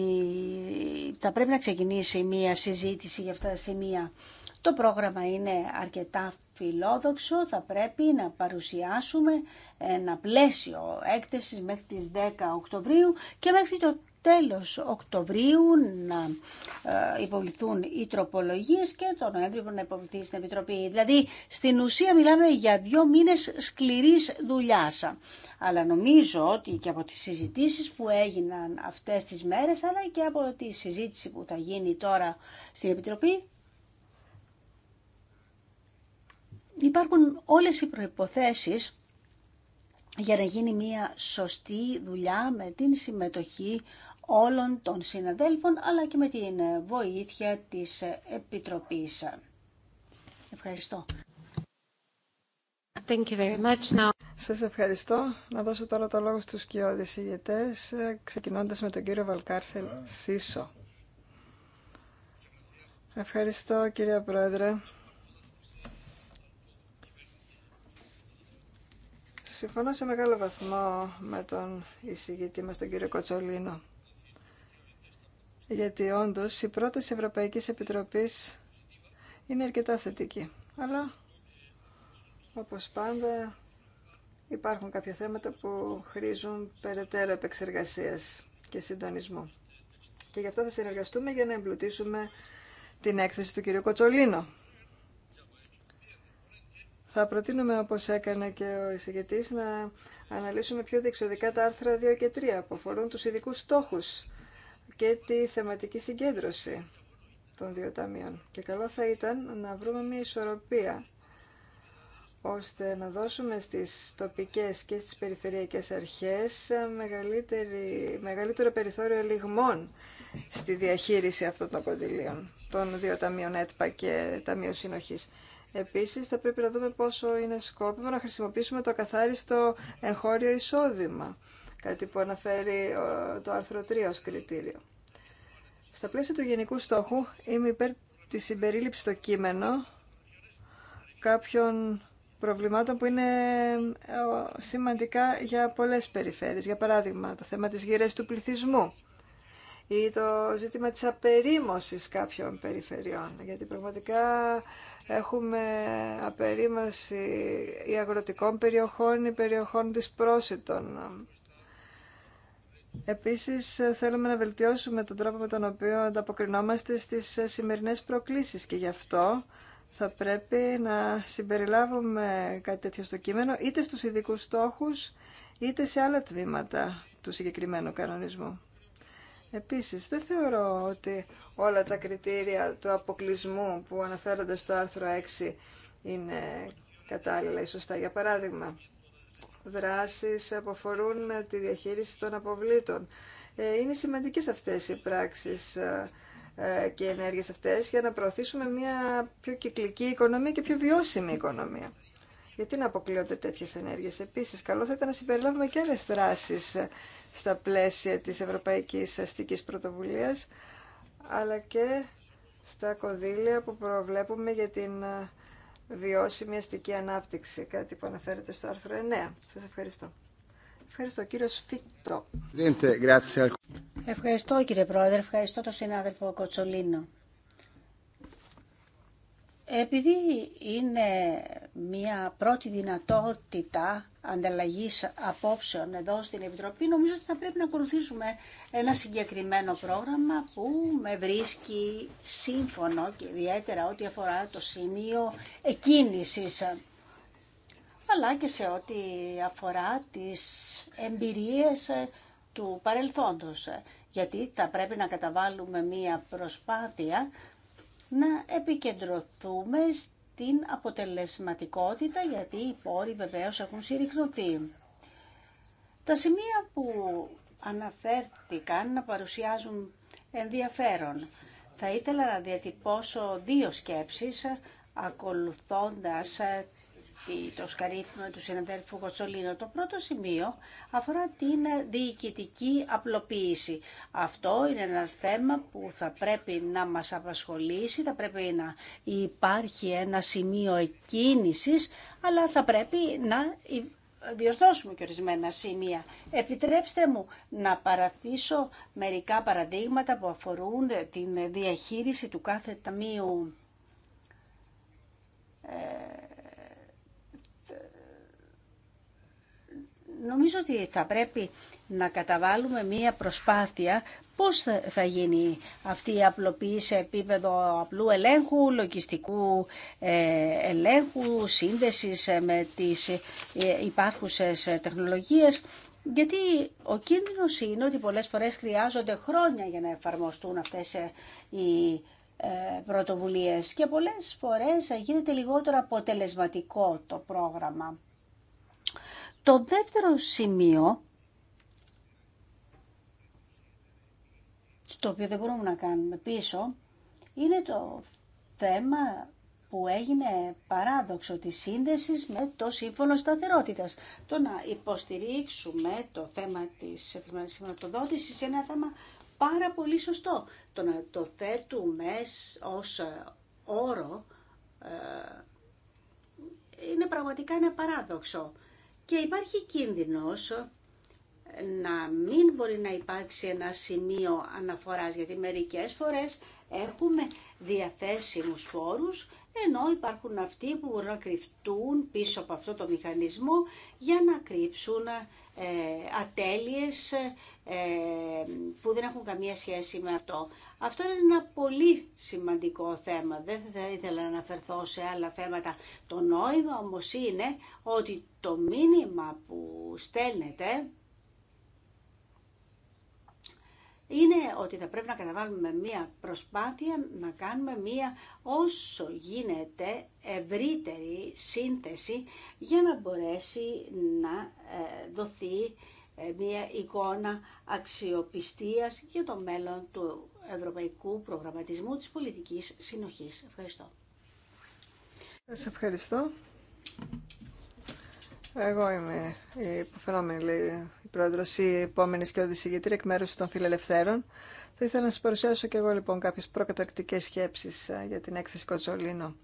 θα πρέπει να ξεκινήσει μία συζήτηση για αυτά τα σημεία. Το πρόγραμμα είναι αρκετά φιλόδοξο, θα πρέπει να παρουσιάσουμε ένα πλαίσιο έκθεσης μέχρι τις 10 Οκτωβρίου και μέχρι το τέλος Οκτωβρίου να ε, υποβληθούν οι τροπολογίες και τον Νοέμβριο να υποβληθεί στην Επιτροπή. Δηλαδή, στην ουσία μιλάμε για δύο μήνες σκληρής δουλειάς. Αλλά νομίζω ότι και από τις συζητήσεις που έγιναν αυτές τις μέρες, αλλά και από τη συζήτηση που θα γίνει τώρα στην Επιτροπή, υπάρχουν όλες οι προϋποθέσεις για να γίνει μια σωστή δουλειά με την συμμετοχή όλων των συναδέλφων, αλλά και με την βοήθεια της Επιτροπής. Ευχαριστώ. Thank you very much. Now... Σας ευχαριστώ. Να δώσω τώρα το λόγο στους κοιόδης ηγετές, ξεκινώντας με τον κύριο Βαλκάρσελ Σίσο. Ευχαριστώ κύριε Πρόεδρε. Συμφωνώ σε μεγάλο βαθμό με τον εισηγητή μας, τον κύριο Κοτσολίνο γιατί όντως η πρόταση Ευρωπαϊκής Επιτροπής είναι αρκετά θετική. Αλλά, όπως πάντα, υπάρχουν κάποια θέματα που χρήζουν περαιτέρω επεξεργασίας και συντονισμού. Και γι' αυτό θα συνεργαστούμε για να εμπλουτίσουμε την έκθεση του κ. Κοτσολίνο. Θα προτείνουμε, όπως έκανε και ο εισηγητής, να αναλύσουμε πιο διεξοδικά τα άρθρα 2 και 3 που αφορούν τους ειδικούς στόχους και τη θεματική συγκέντρωση των δύο ταμείων. Και καλό θα ήταν να βρούμε μια ισορροπία ώστε να δώσουμε στις τοπικές και στις περιφερειακές αρχές μεγαλύτερο περιθώριο λιγμών στη διαχείριση αυτών των κονδυλίων, των δύο ταμείων ΕΤΠΑ και Ταμείου Συνοχής. Επίσης, θα πρέπει να δούμε πόσο είναι σκόπιμο να χρησιμοποιήσουμε το καθάριστο εγχώριο εισόδημα, κάτι που αναφέρει ε, το άρθρο 3 ως κριτήριο. Στα πλαίσια του γενικού στόχου είμαι υπέρ της συμπερίληψης στο κείμενο κάποιων προβλημάτων που είναι ε, σημαντικά για πολλές περιφέρειες. Για παράδειγμα, το θέμα της γύρες του πληθυσμού ή το ζήτημα της απερίμωσης κάποιων περιφερειών, γιατί πραγματικά έχουμε απερίμωση ή αγροτικών περιοχών ή περιοχών της δυσπρόσιτων Επίσης θέλουμε να βελτιώσουμε τον τρόπο με τον οποίο ανταποκρινόμαστε στις σημερινές προκλήσεις και γι' αυτό θα πρέπει να συμπεριλάβουμε κάτι τέτοιο στο κείμενο είτε στους ειδικού στόχους είτε σε άλλα τμήματα του συγκεκριμένου κανονισμού. Επίσης, δεν θεωρώ ότι όλα τα κριτήρια του αποκλεισμού που αναφέρονται στο άρθρο 6 είναι κατάλληλα ή σωστά. Για παράδειγμα, δράσεις που αφορούν τη διαχείριση των αποβλήτων. Ε, είναι σημαντικές αυτές οι πράξεις ε, ε, και οι ενέργειες αυτές για να προωθήσουμε μια πιο κυκλική οικονομία και πιο βιώσιμη οικονομία. Γιατί να αποκλείονται τέτοιε ενέργειε. Επίση, καλό θα ήταν να συμπεριλάβουμε και άλλε δράσει στα πλαίσια τη Ευρωπαϊκή Αστική Πρωτοβουλία, αλλά και στα κονδύλια που προβλέπουμε για την βιώσιμη αστική ανάπτυξη, κάτι που αναφέρεται στο άρθρο 9. Σας ευχαριστώ. Ευχαριστώ κύριο Φίτο. Ευχαριστώ κύριε Πρόεδρε, ευχαριστώ τον συνάδελφο Κοτσολίνο. Επειδή είναι μια πρώτη δυνατότητα Ανταλλαγή απόψεων εδώ στην Επιτροπή, νομίζω ότι θα πρέπει να ακολουθήσουμε ένα συγκεκριμένο πρόγραμμα που με βρίσκει σύμφωνο και ιδιαίτερα ό,τι αφορά το σημείο εκκίνησης αλλά και σε ό,τι αφορά τις εμπειρίες του παρελθόντος. Γιατί θα πρέπει να καταβάλουμε μία προσπάθεια να επικεντρωθούμε την αποτελεσματικότητα γιατί οι πόροι βεβαίως έχουν συρρυχνωθεί. Τα σημεία που αναφέρθηκαν να παρουσιάζουν ενδιαφέρον. Θα ήθελα να διατυπώσω δύο σκέψεις ακολουθώντας το του Το πρώτο σημείο αφορά την διοικητική απλοποίηση. Αυτό είναι ένα θέμα που θα πρέπει να μας απασχολήσει, θα πρέπει να υπάρχει ένα σημείο εκκίνησης, αλλά θα πρέπει να διορθώσουμε και ορισμένα σημεία. Επιτρέψτε μου να παραθήσω μερικά παραδείγματα που αφορούν την διαχείριση του κάθε ταμείου. Ε, νομίζω ότι θα πρέπει να καταβάλουμε μία προσπάθεια πώς θα γίνει αυτή η απλοποίηση σε επίπεδο απλού ελέγχου, λογιστικού ε, ελέγχου, σύνδεσης ε, με τις ε, υπάρχουσες τεχνολογίες. Γιατί ο κίνδυνος είναι ότι πολλές φορές χρειάζονται χρόνια για να εφαρμοστούν αυτές οι πρωτοβουλίες και πολλές φορές γίνεται λιγότερο αποτελεσματικό το πρόγραμμα. Το δεύτερο σημείο στο οποίο δεν μπορούμε να κάνουμε πίσω είναι το θέμα που έγινε παράδοξο της σύνδεσης με το Σύμφωνο Σταθερότητας. Το να υποστηρίξουμε το θέμα της το είναι ένα θέμα πάρα πολύ σωστό. Το να το θέτουμε ως ε, όρο ε, είναι πραγματικά ένα παράδοξο και υπάρχει κίνδυνος να μην μπορεί να υπάρξει ένα σημείο αναφοράς, γιατί μερικές φορές έχουμε διαθέσιμους φόρους, ενώ υπάρχουν αυτοί που μπορούν να κρυφτούν πίσω από αυτό το μηχανισμό για να κρύψουν ε, ατέλειες ε, που δεν έχουν καμία σχέση με αυτό. Αυτό είναι ένα πολύ σημαντικό θέμα. Δεν θα ήθελα να αναφερθώ σε άλλα θέματα. Το νόημα όμως είναι ότι το μήνυμα που στέλνετε είναι ότι θα πρέπει να καταβάλουμε μία προσπάθεια να κάνουμε μία όσο γίνεται ευρύτερη σύνθεση για να μπορέσει να ε, δοθεί ε, μία εικόνα αξιοπιστίας για το μέλλον του Ευρωπαϊκού Προγραμματισμού της Πολιτικής Συνοχής. Ευχαριστώ. Σας ευχαριστώ. Εγώ είμαι η υποφερόμενη Πρόεδρο, ή επόμενη και οδησηγητήρια εκ μέρου των φιλελευθέρων. Θα ήθελα να σα παρουσιάσω και εγώ λοιπόν κάποιε προκαταρκτικέ σκέψει για την έκθεση Κοτσολίνο.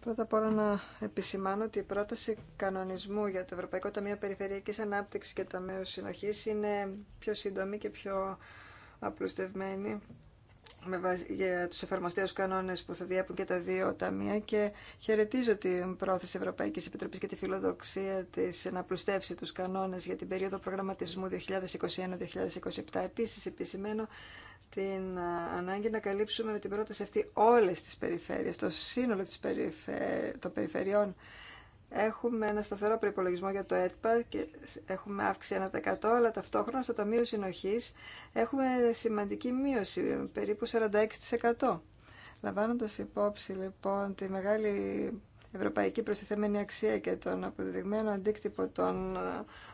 Πρώτα απ' όλα να επισημάνω ότι η πρόταση κανονισμού για το Ευρωπαϊκό Ταμείο Περιφερειακής ανάπτυξη και Ταμείου Συνοχής είναι πιο σύντομη και πιο απλουστευμένη με βάση, για τους εφαρμοστέους κανόνες που θα διέπουν και τα δύο ταμεία και χαιρετίζω την πρόθεση Ευρωπαϊκής Επιτροπής και τη φιλοδοξία της να πλουστεύσει τους κανόνες για την περίοδο προγραμματισμού 2021-2027. Επίσης, επισημαίνω την ανάγκη να καλύψουμε με την πρόταση αυτή όλες τις περιφέρειες, το σύνολο των περιφερειών Έχουμε ένα σταθερό προπολογισμό για το ΕΤΠΑ και έχουμε αύξηση 1%, αλλά ταυτόχρονα στο Ταμείο Συνοχής έχουμε σημαντική μείωση, περίπου 46%. Λαμβάνοντας υπόψη λοιπόν τη μεγάλη ευρωπαϊκή προστιθέμενη αξία και τον αποδεδειγμένο αντίκτυπο των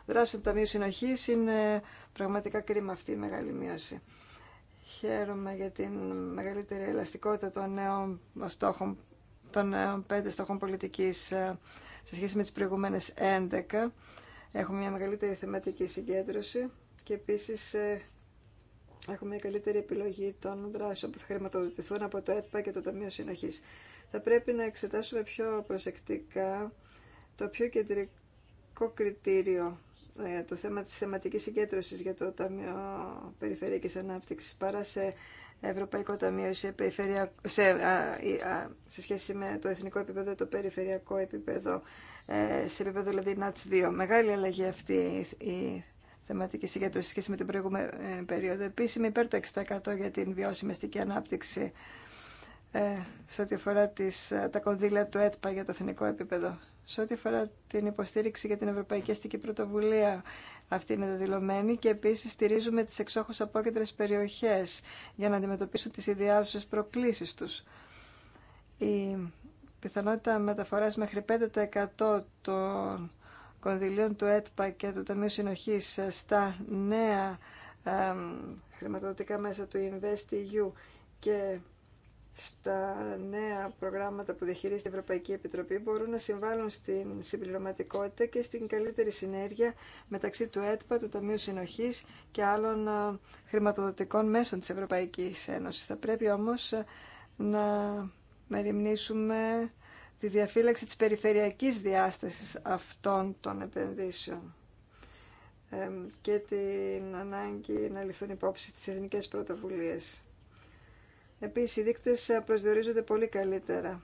δράσεων του Ταμείου Συνοχής είναι πραγματικά κρίμα αυτή η μεγάλη μείωση. Χαίρομαι για την μεγαλύτερη ελαστικότητα των νέων στόχων των νέων πέντε στόχων πολιτικής ε, σε σχέση με τις προηγούμενες 11 έχουμε μια μεγαλύτερη θεματική συγκέντρωση και επίσης ε, έχουμε μια καλύτερη επιλογή των δράσεων που θα χρηματοδοτηθούν από το ΕΤΠΑ και το Ταμείο Συνοχής. Θα πρέπει να εξετάσουμε πιο προσεκτικά το πιο κεντρικό κριτήριο ε, το θέμα της θεματικής συγκέντρωσης για το Ταμείο Περιφερειακής Ανάπτυξης Ευρωπαϊκό Ταμείο σε, σε, σε σχέση με το εθνικό επίπεδο, το περιφερειακό επίπεδο, ε, σε επίπεδο δηλαδή ΝΑΤΣ 2. Μεγάλη αλλαγή αυτή η θεματική συγκέντρωση σε σχέση με την προηγούμενη περίοδο. Επίσημη υπέρ το 6% για την βιώσιμη αστική ανάπτυξη ε, σε ό,τι αφορά ε, τα κονδύλια του ΕΤΠΑ για το εθνικό επίπεδο σε ό,τι αφορά την υποστήριξη για την Ευρωπαϊκή Αστική Πρωτοβουλία. Αυτή είναι δεδηλωμένη και επίσης στηρίζουμε τις εξόχως απόκεντρες περιοχές για να αντιμετωπίσουν τις ιδιάζουσες προκλήσεις τους. Η πιθανότητα μεταφοράς μέχρι 5% των κονδυλίων του ΕΤΠΑ και του Ταμείου Συνοχής στα νέα ε, χρηματοδοτικά μέσα του InvestEU και στα νέα προγράμματα που διαχειρίζεται η Ευρωπαϊκή Επιτροπή μπορούν να συμβάλλουν στην συμπληρωματικότητα και στην καλύτερη συνέργεια μεταξύ του ΕΤΠΑ, του Ταμείου Συνοχής και άλλων ε, χρηματοδοτικών μέσων της Ευρωπαϊκής Ένωσης. Θα πρέπει όμως ε, να μεριμνήσουμε τη διαφύλαξη της περιφερειακής διάστασης αυτών των επενδύσεων ε, και την ανάγκη να ληφθούν υπόψη στις εθνικές πρωτοβουλίες. Επίσης, οι δείκτες ε, προσδιορίζονται πολύ καλύτερα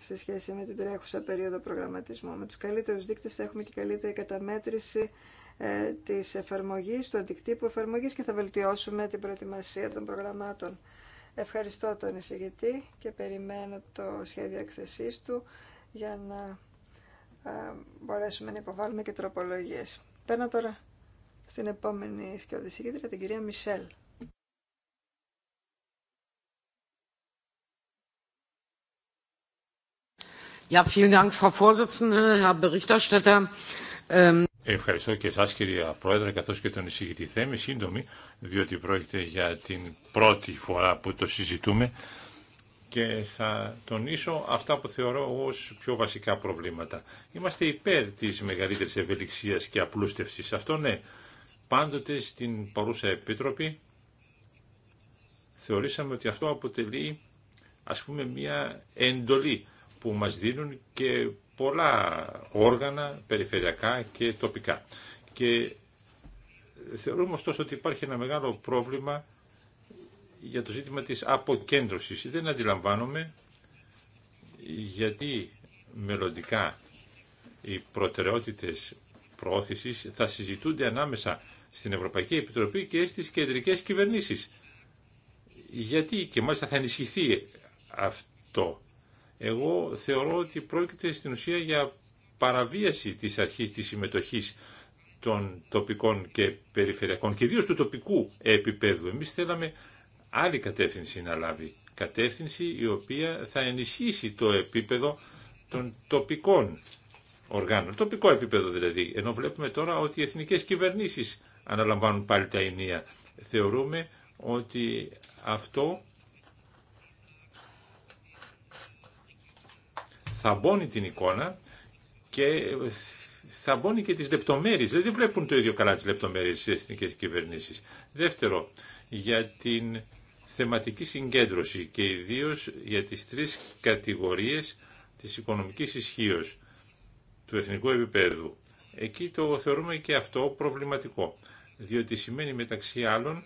σε σχέση με την τρέχουσα περίοδο προγραμματισμού. Με τους καλύτερους δείκτες θα έχουμε και καλύτερη καταμέτρηση ε, της εφαρμογής, του αντικτύπου εφαρμογής και θα βελτιώσουμε την προετοιμασία των προγραμμάτων. Ευχαριστώ τον εισηγητή και περιμένω το σχέδιο εκθεσής του για να ε, μπορέσουμε να υποβάλουμε και τροπολογίες. Παίρνω τώρα στην επόμενη σκιώδη την κυρία Μισελ. Ähm, Ευχαριστώ και εσά κυρία Πρόεδρε καθώς και τον εισηγητή. Θα σύντομη διότι πρόκειται για την πρώτη φορά που το συζητούμε και θα τονίσω αυτά που θεωρώ ως πιο βασικά προβλήματα. Είμαστε υπέρ της μεγαλύτερη ευελιξία και απλούστευσης. Αυτό ναι, πάντοτε στην παρούσα Επίτροπη θεωρήσαμε ότι αυτό αποτελεί ας πούμε μια εντολή που μας δίνουν και πολλά όργανα περιφερειακά και τοπικά. Και θεωρούμε ωστόσο ότι υπάρχει ένα μεγάλο πρόβλημα για το ζήτημα της αποκέντρωσης. Δεν αντιλαμβάνομαι γιατί μελλοντικά οι προτεραιότητες προώθησης θα συζητούνται ανάμεσα στην Ευρωπαϊκή Επιτροπή και στις κεντρικές κυβερνήσεις. Γιατί και μάλιστα θα ενισχυθεί αυτό εγώ θεωρώ ότι πρόκειται στην ουσία για παραβίαση της αρχής της συμμετοχής των τοπικών και περιφερειακών και ιδίω του τοπικού επίπεδου. Εμείς θέλαμε άλλη κατεύθυνση να λάβει. Κατεύθυνση η οποία θα ενισχύσει το επίπεδο των τοπικών οργάνων. Τοπικό επίπεδο δηλαδή. Ενώ βλέπουμε τώρα ότι οι εθνικές κυβερνήσεις αναλαμβάνουν πάλι τα ενία. Θεωρούμε ότι αυτό θαμπώνει την εικόνα και θαμπώνει και τις λεπτομέρειες. Δηλαδή, δεν βλέπουν το ίδιο καλά τις λεπτομέρειες στις εθνικές κυβερνήσεις. Δεύτερο, για την θεματική συγκέντρωση και ιδίως για τις τρεις κατηγορίες της οικονομικής ισχύω του εθνικού επίπεδου. Εκεί το θεωρούμε και αυτό προβληματικό, διότι σημαίνει μεταξύ άλλων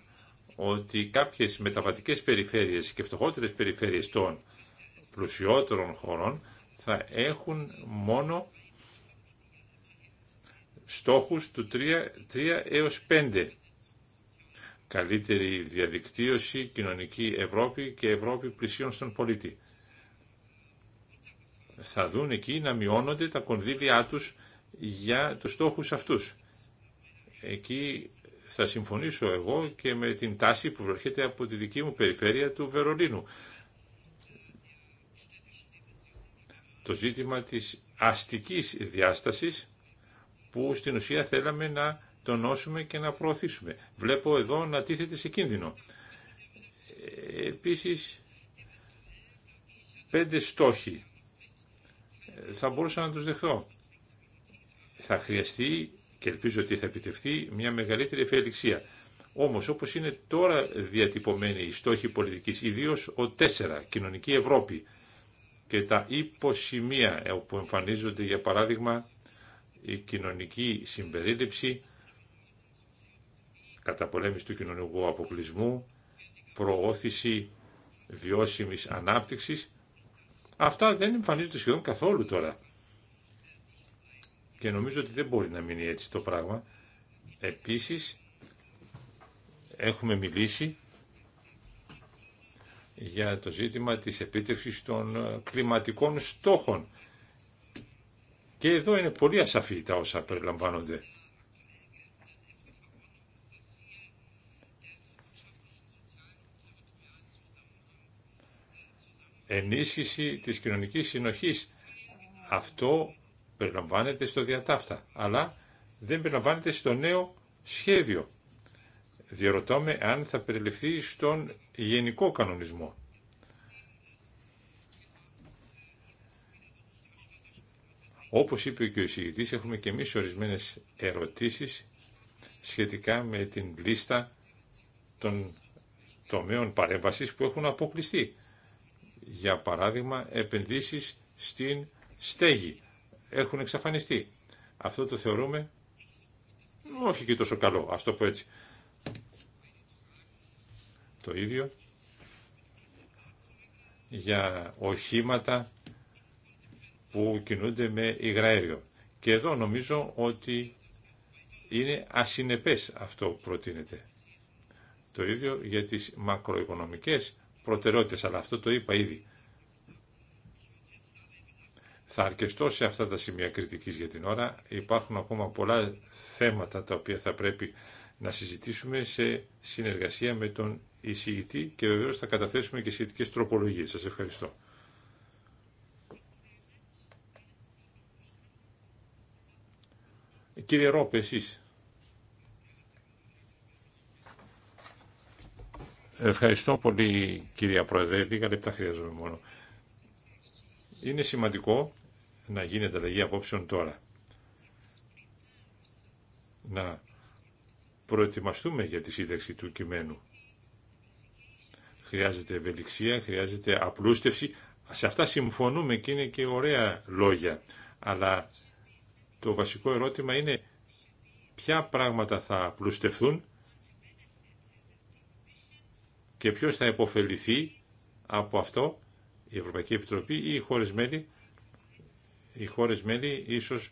ότι κάποιες μεταβατικές περιφέρειες και φτωχότερες περιφέρειες των πλουσιότερων χωρών θα έχουν μόνο στόχους του 3, 3 έως 5. Καλύτερη διαδικτύωση, κοινωνική Ευρώπη και Ευρώπη πλησίων στον πολίτη. Θα δουν εκεί να μειώνονται τα κονδύλια τους για τους στόχους αυτούς. Εκεί θα συμφωνήσω εγώ και με την τάση που βρίσκεται από τη δική μου περιφέρεια του Βερολίνου. το ζήτημα της αστικής διάστασης που στην ουσία θέλαμε να τονώσουμε και να προωθήσουμε. Βλέπω εδώ να τίθεται σε κίνδυνο. Επίσης, πέντε στόχοι. Θα μπορούσα να τους δεχθώ. Θα χρειαστεί και ελπίζω ότι θα επιτευχθεί μια μεγαλύτερη ευελιξία. Όμως, όπως είναι τώρα διατυπωμένοι οι στόχοι πολιτικής, ιδίως ο τέσσερα, κοινωνική Ευρώπη, και τα υποσημεία ε, όπου εμφανίζονται για παράδειγμα η κοινωνική συμπερίληψη, πολέμηση του κοινωνικού αποκλεισμού, προώθηση βιώσιμης ανάπτυξης. Αυτά δεν εμφανίζονται σχεδόν καθόλου τώρα. Και νομίζω ότι δεν μπορεί να μείνει έτσι το πράγμα. Επίσης, έχουμε μιλήσει για το ζήτημα της επίτευξης των ε, κλιματικών στόχων. Και εδώ είναι πολύ ασαφή τα όσα περιλαμβάνονται. Ενίσχυση της κοινωνικής συνοχής. Αυτό περιλαμβάνεται στο διατάφτα, αλλά δεν περιλαμβάνεται στο νέο σχέδιο. Διερωτώ αν θα περιληφθεί στον γενικό κανονισμό. Όπως είπε και ο εισηγητής, έχουμε και εμείς ορισμένες ερωτήσεις σχετικά με την λίστα των τομέων παρέμβασης που έχουν αποκλειστεί. Για παράδειγμα, επενδύσεις στην στέγη έχουν εξαφανιστεί. Αυτό το θεωρούμε όχι και τόσο καλό, ας το πω έτσι το ίδιο για οχήματα που κινούνται με υγραέριο. Και εδώ νομίζω ότι είναι ασυνεπές αυτό που προτείνεται. Το ίδιο για τις μακροοικονομικές προτεραιότητες, αλλά αυτό το είπα ήδη. Θα αρκεστώ σε αυτά τα σημεία κριτικής για την ώρα. Υπάρχουν ακόμα πολλά θέματα τα οποία θα πρέπει να συζητήσουμε σε συνεργασία με τον εισηγητή και βεβαίως θα καταθέσουμε και σχετικές τροπολογίες. Σας ευχαριστώ. Κύριε Ρόπε, εσείς. Ευχαριστώ πολύ κυρία Πρόεδρε, λίγα λεπτά χρειάζομαι μόνο. Είναι σημαντικό να γίνει ανταλλαγή απόψεων τώρα. Να προετοιμαστούμε για τη σύνταξη του κειμένου. Χρειάζεται ευελιξία, χρειάζεται απλούστευση. Σε αυτά συμφωνούμε και είναι και ωραία λόγια. Αλλά το βασικό ερώτημα είναι ποια πράγματα θα απλουστευθούν και ποιος θα υποφεληθεί από αυτό, η Ευρωπαϊκή Επιτροπή ή οι χώρες μέλη. Οι χώρες μέλη ίσως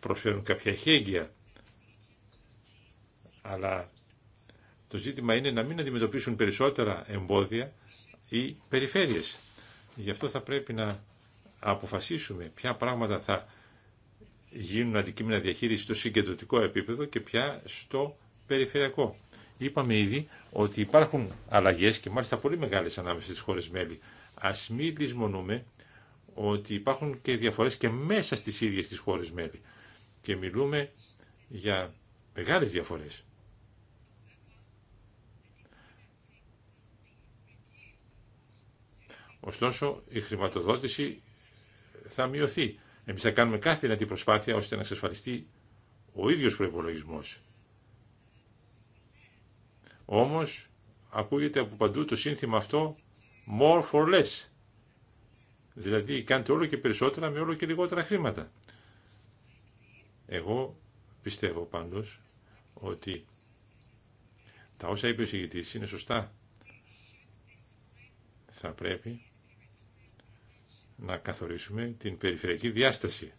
προσφέρουν κάποια χέγγια αλλά το ζήτημα είναι να μην αντιμετωπίσουν περισσότερα εμπόδια οι περιφέρειες. Γι' αυτό θα πρέπει να αποφασίσουμε ποια πράγματα θα γίνουν αντικείμενα διαχείριση στο συγκεντρωτικό επίπεδο και ποια στο περιφερειακό. Είπαμε ήδη ότι υπάρχουν αλλαγές και μάλιστα πολύ μεγάλες ανάμεσα στι χώρε μέλη. Α μην λησμονούμε ότι υπάρχουν και διαφορές και μέσα στι ίδιε τις χώρε μέλη. Και μιλούμε για μεγάλε διαφορές. Ωστόσο, η χρηματοδότηση θα μειωθεί. Εμείς θα κάνουμε κάθε δυνατή προσπάθεια ώστε να εξασφαλιστεί ο ίδιος προϋπολογισμός. Όμως, ακούγεται από παντού το σύνθημα αυτό more for less. Δηλαδή, κάντε όλο και περισσότερα με όλο και λιγότερα χρήματα. Εγώ πιστεύω πάντως ότι τα όσα είπε ο συγητής είναι σωστά. Θα πρέπει να καθορίσουμε την περιφερειακή διάσταση.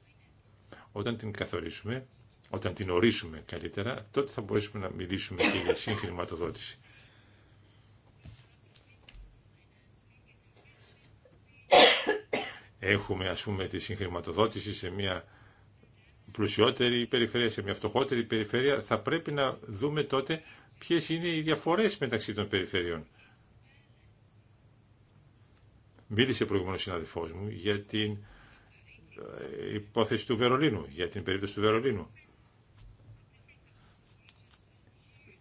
Όταν την καθορίσουμε, όταν την ορίσουμε καλύτερα, τότε θα μπορέσουμε να μιλήσουμε και για συγχρηματοδότηση. Έχουμε ας πούμε τη συγχρηματοδότηση σε μια πλουσιότερη περιφέρεια, σε μια φτωχότερη περιφέρεια. Θα πρέπει να δούμε τότε ποιες είναι οι διαφορές μεταξύ των περιφερειών. Μίλησε προηγούμενο συναδελφό μου για την ε, υπόθεση του Βερολίνου, για την περίπτωση του Βερολίνου.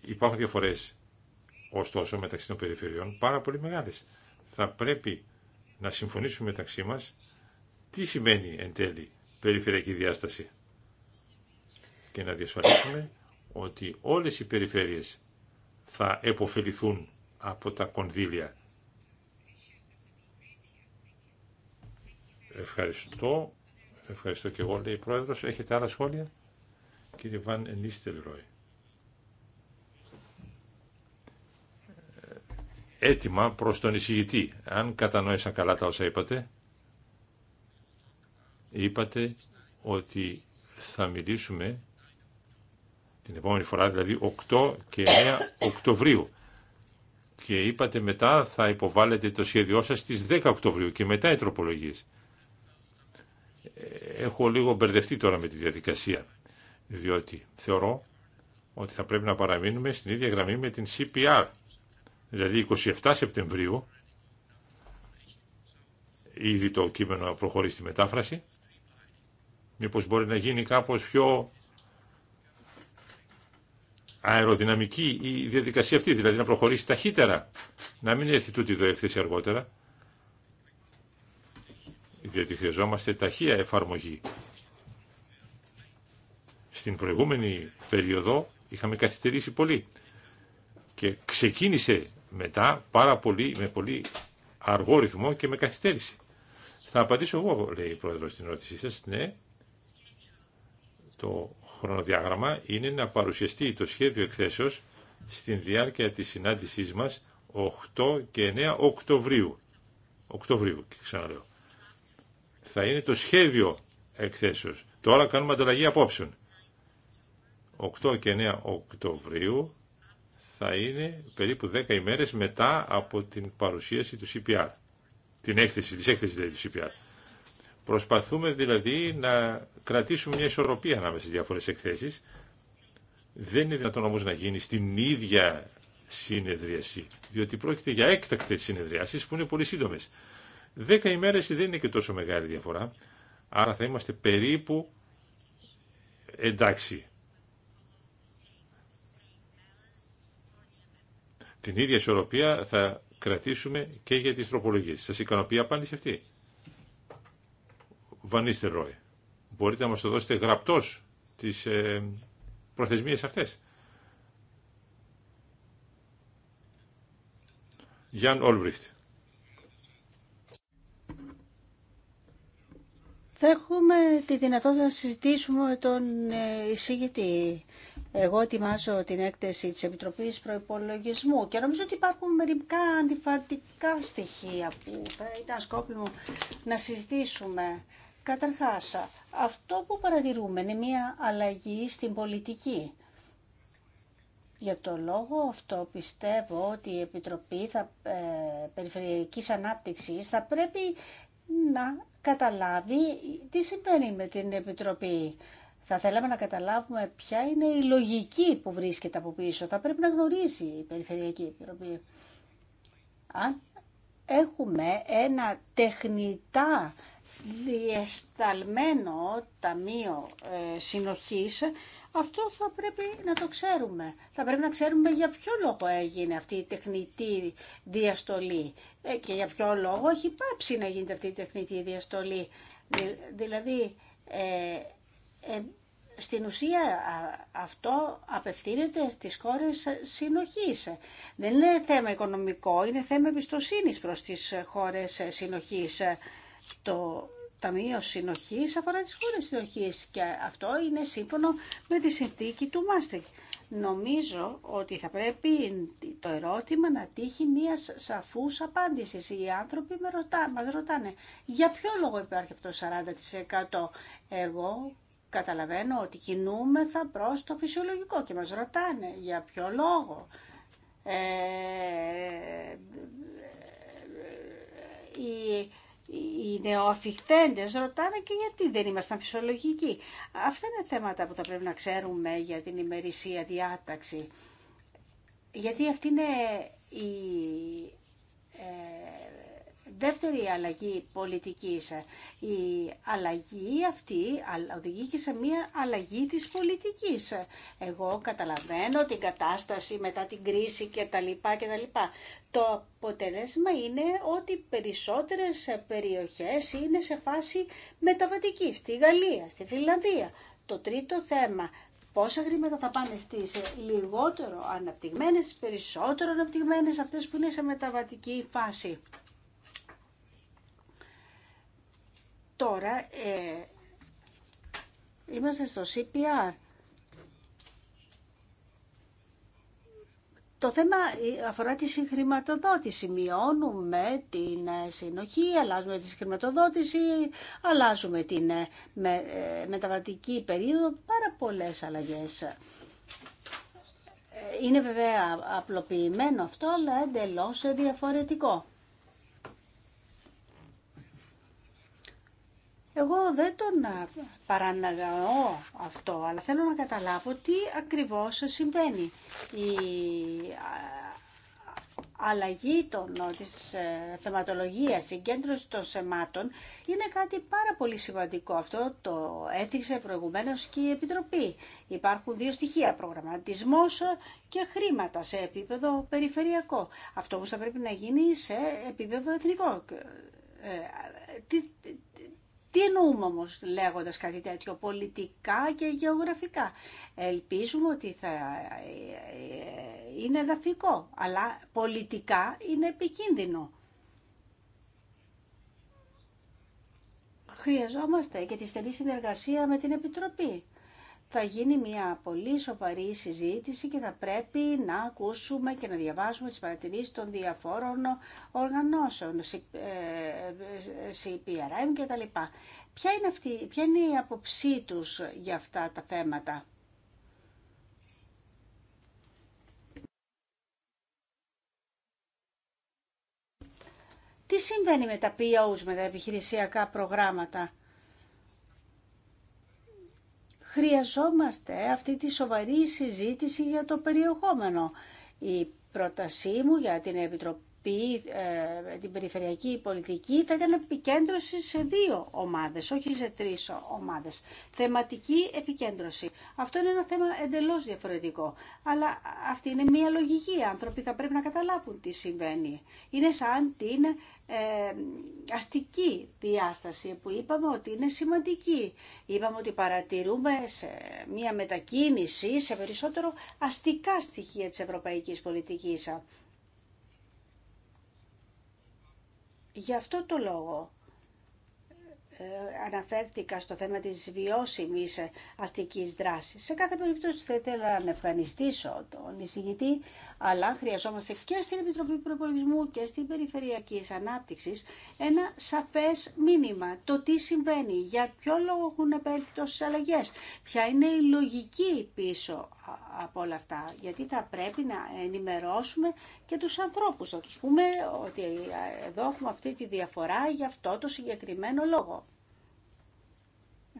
Υπάρχουν διαφορές, ωστόσο, μεταξύ των περιφερειών, πάρα πολύ μεγάλες. Θα πρέπει να συμφωνήσουμε μεταξύ μα τι σημαίνει εν τέλει περιφερειακή διάσταση και να διασφαλίσουμε ότι όλες οι περιφέρειες θα επωφεληθούν από τα κονδύλια Ευχαριστώ. Ευχαριστώ και εγώ, λέει η Πρόεδρος. Έχετε άλλα σχόλια, κύριε Βαν Ρόι. Έτοιμα προς τον εισηγητή. Αν κατανόησα καλά τα όσα είπατε, είπατε ότι θα μιλήσουμε την επόμενη φορά, δηλαδή 8 και 9 Οκτωβρίου. Και είπατε μετά θα υποβάλλετε το σχέδιό σας στις 10 Οκτωβρίου και μετά οι τροπολογίες έχω λίγο μπερδευτεί τώρα με τη διαδικασία, διότι θεωρώ ότι θα πρέπει να παραμείνουμε στην ίδια γραμμή με την CPR. Δηλαδή 27 Σεπτεμβρίου, ήδη το κείμενο προχωρεί στη μετάφραση, μήπως μπορεί να γίνει κάπως πιο αεροδυναμική η διαδικασία αυτή, δηλαδή να προχωρήσει ταχύτερα, να μην έρθει τούτη εδώ έκθεση αργότερα διότι χρειαζόμαστε ταχεία εφαρμογή. Στην προηγούμενη περίοδο είχαμε καθυστερήσει πολύ και ξεκίνησε μετά πάρα πολύ, με πολύ αργό ρυθμό και με καθυστέρηση. Θα απαντήσω εγώ, λέει η Πρόεδρο στην ερώτησή σας, ναι, το χρονοδιάγραμμα είναι να παρουσιαστεί το σχέδιο εκθέσεως στην διάρκεια της συνάντησή μας 8 και 9 Οκτωβρίου. Οκτωβρίου, ξαναλέω θα είναι το σχέδιο εκθέσεως. Τώρα κάνουμε ανταλλαγή απόψεων. 8 και 9 Οκτωβρίου θα είναι περίπου 10 ημέρες μετά από την παρουσίαση του CPR. Την έκθεση, της έκθεσης δηλαδή του CPR. Προσπαθούμε δηλαδή να κρατήσουμε μια ισορροπία ανάμεσα στις διάφορες εκθέσεις. Δεν είναι δυνατόν όμως να γίνει στην ίδια συνεδρίαση, διότι πρόκειται για έκτακτες συνεδριάσεις που είναι πολύ σύντομες. Δέκα ημέρε δεν είναι και τόσο μεγάλη διαφορά, άρα θα είμαστε περίπου εντάξει. Την ίδια ισορροπία θα κρατήσουμε και για τις τροπολογίες. Σας ικανοποιεί η απάντηση αυτή. Βανίστε Ρόι, μπορείτε να μας το δώσετε γραπτός τις ε, προθεσμίες αυτές. Γιάνν Όλμπριχτ. θα έχουμε τη δυνατότητα να συζητήσουμε με τον ε, εισηγητή. Εγώ ετοιμάζω την έκθεση της Επιτροπής Προϋπολογισμού και νομίζω ότι υπάρχουν μερικά αντιφατικά στοιχεία που θα ήταν σκόπιμο να συζητήσουμε. Καταρχάς, αυτό που παρατηρούμε είναι μια αλλαγή στην πολιτική. Για το λόγο αυτό πιστεύω ότι η Επιτροπή θα, ε, Περιφερειακής θα πρέπει να καταλάβει τι συμβαίνει με την Επιτροπή. Θα θέλαμε να καταλάβουμε ποια είναι η λογική που βρίσκεται από πίσω. Θα πρέπει να γνωρίζει η Περιφερειακή Επιτροπή. Αν έχουμε ένα τεχνητά διεσταλμένο ταμείο ε, συνοχής, αυτό θα πρέπει να το ξέρουμε. Θα πρέπει να ξέρουμε για ποιο λόγο έγινε αυτή η τεχνητή διαστολή ε, και για ποιο λόγο έχει πάψει να γίνεται αυτή η τεχνητή διαστολή. Δηλαδή, ε, ε, στην ουσία αυτό απευθύνεται στις χώρες συνοχής. Δεν είναι θέμα οικονομικό, είναι θέμα εμπιστοσύνης προς τις χώρες συνοχής. Το Ταμείο συνοχή αφορά τις χώρες συνοχής και αυτό είναι σύμφωνο με τη συνθήκη του Μάστριχ. Νομίζω ότι θα πρέπει το ερώτημα να τύχει μια σαφούς απάντηση Οι άνθρωποι με μας ρωτάνε για ποιο λόγο υπάρχει αυτό το 40%. Εγώ καταλαβαίνω ότι κινούμεθα προς το φυσιολογικό και μας ρωτάνε για ποιο λόγο. Ε, οι νεοαφιχθέντες ρωτάνε και γιατί δεν ήμασταν φυσιολογικοί. Αυτά είναι θέματα που θα πρέπει να ξέρουμε για την ημερησία διάταξη. Γιατί αυτή είναι η Δεύτερη αλλαγή πολιτικής. Η αλλαγή αυτή οδηγεί και σε μια αλλαγή της πολιτικής. Εγώ καταλαβαίνω την κατάσταση μετά την κρίση και τα λοιπά και τα λοιπά. Το αποτελέσμα είναι ότι περισσότερες περιοχές είναι σε φάση μεταβατική. Στη Γαλλία, στη Φιλανδία. Το τρίτο θέμα, πόσα χρήματα θα πάνε στις λιγότερο αναπτυγμένες, στις περισσότερο αναπτυγμένες, αυτές που είναι σε μεταβατική φάση. Τώρα ε, είμαστε στο CPR. Το θέμα ε, αφορά τη συγχρηματοδότηση. Μειώνουμε την ε, συνοχή, αλλάζουμε τη συγχρηματοδότηση, αλλάζουμε την μεταβατική περίοδο, πάρα πολλές αλλαγές. Είναι βέβαια απλοποιημένο αυτό, αλλά εντελώς διαφορετικό. Εγώ δεν τον παραναγαώ αυτό, αλλά θέλω να καταλάβω τι ακριβώς συμβαίνει. Η αλλαγή των, της ε, θεματολογίας, κέντρωση των σεμάτων είναι κάτι πάρα πολύ σημαντικό. Αυτό το έθιξε προηγουμένως και η Επιτροπή. Υπάρχουν δύο στοιχεία, προγραμματισμός και χρήματα σε επίπεδο περιφερειακό. Αυτό όμως θα πρέπει να γίνει σε επίπεδο εθνικό. Ε, τι εννοούμε όμω λέγοντας κάτι τέτοιο, πολιτικά και γεωγραφικά. Ελπίζουμε ότι θα ε, ε, είναι εδαφικό, αλλά πολιτικά είναι επικίνδυνο. Χρειαζόμαστε και τη στενή συνεργασία με την Επιτροπή θα γίνει μια πολύ σοβαρή συζήτηση και θα πρέπει να ακούσουμε και να διαβάσουμε τις παρατηρήσεις των διαφόρων οργανώσεων, CPRM ε, και τα λοιπά. Ποια είναι, αυτή, ποια είναι η αποψή τους για αυτά τα θέματα. Τι συμβαίνει με τα POs, με τα επιχειρησιακά προγράμματα χρειαζόμαστε αυτή τη σοβαρή συζήτηση για το περιεχόμενο. Η πρότασή μου για την Επιτροπή ε, την περιφερειακή πολιτική θα ήταν επικέντρωση σε δύο ομάδες, όχι σε τρεις ομάδες. Θεματική επικέντρωση. Αυτό είναι ένα θέμα εντελώς διαφορετικό. Αλλά αυτή είναι μια λογική. Οι άνθρωποι θα πρέπει να καταλάβουν τι συμβαίνει. Είναι σαν την ε, αστική διάσταση που είπαμε ότι είναι σημαντική. Είπαμε ότι παρατηρούμε μια μετακίνηση σε περισσότερο αστικά στοιχεία της ευρωπαϊκής πολιτικής. Γι' αυτό το λόγο ε, αναφέρθηκα στο θέμα της βιώσιμης ε, αστικής δράσης. Σε κάθε περίπτωση θα ήθελα να ευχαριστήσω τον εισηγητή, αλλά χρειαζόμαστε και στην Επιτροπή Προπολογισμού και στην Περιφερειακή Ανάπτυξη ένα σαφές μήνυμα, το τι συμβαίνει, για ποιο λόγο έχουν επέλθει τόσες αλλαγές, ποια είναι η λογική πίσω από όλα αυτά, γιατί θα πρέπει να ενημερώσουμε και τους ανθρώπους, να τους πούμε ότι εδώ έχουμε αυτή τη διαφορά για αυτό το συγκεκριμένο λόγο.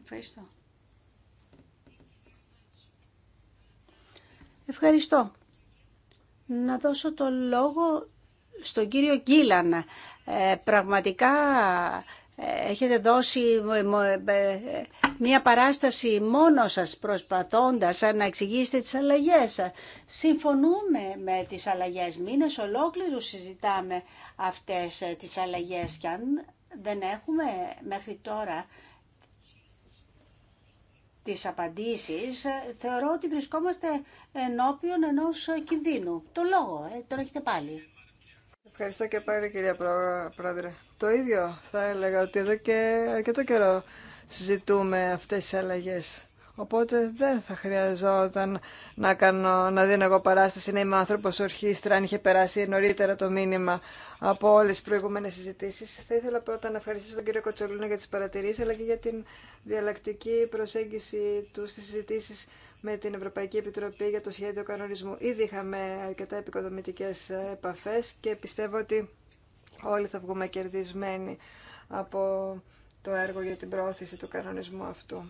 Ευχαριστώ. Ευχαριστώ. Να δώσω το λόγο στον κύριο Κίλαν. Ε, πραγματικά έχετε δώσει ε, ε, ε, μία παράσταση μόνο σας προσπαθώντας να εξηγήσετε τις αλλαγές. Συμφωνούμε με τις αλλαγές. Μήνες ολόκληρου συζητάμε αυτές τις αλλαγές και αν δεν έχουμε μέχρι τώρα τις απαντήσεις, θεωρώ ότι βρισκόμαστε ενώπιον ενός κινδύνου. Το λόγο, ε, τώρα έχετε πάλι. Ευχαριστώ και πάλι κυρία Πρόεδρε. Το ίδιο θα έλεγα ότι εδώ και αρκετό καιρό συζητούμε αυτές τις αλλαγές. Οπότε δεν θα χρειαζόταν να, κάνω, να δίνω εγώ παράσταση, να είμαι άνθρωπο ορχήστρα, αν είχε περάσει νωρίτερα το μήνυμα από όλε τι προηγούμενε συζητήσει. Θα ήθελα πρώτα να ευχαριστήσω τον κύριο Κοτσολούνα για τι παρατηρήσει αλλά και για την διαλλακτική προσέγγιση του στι συζητήσει με την Ευρωπαϊκή Επιτροπή για το σχέδιο κανονισμού. Ήδη είχαμε αρκετά επικοδομητικέ επαφέ και πιστεύω ότι όλοι θα βγούμε κερδισμένοι από το έργο για την πρόθεση του κανονισμού αυτού.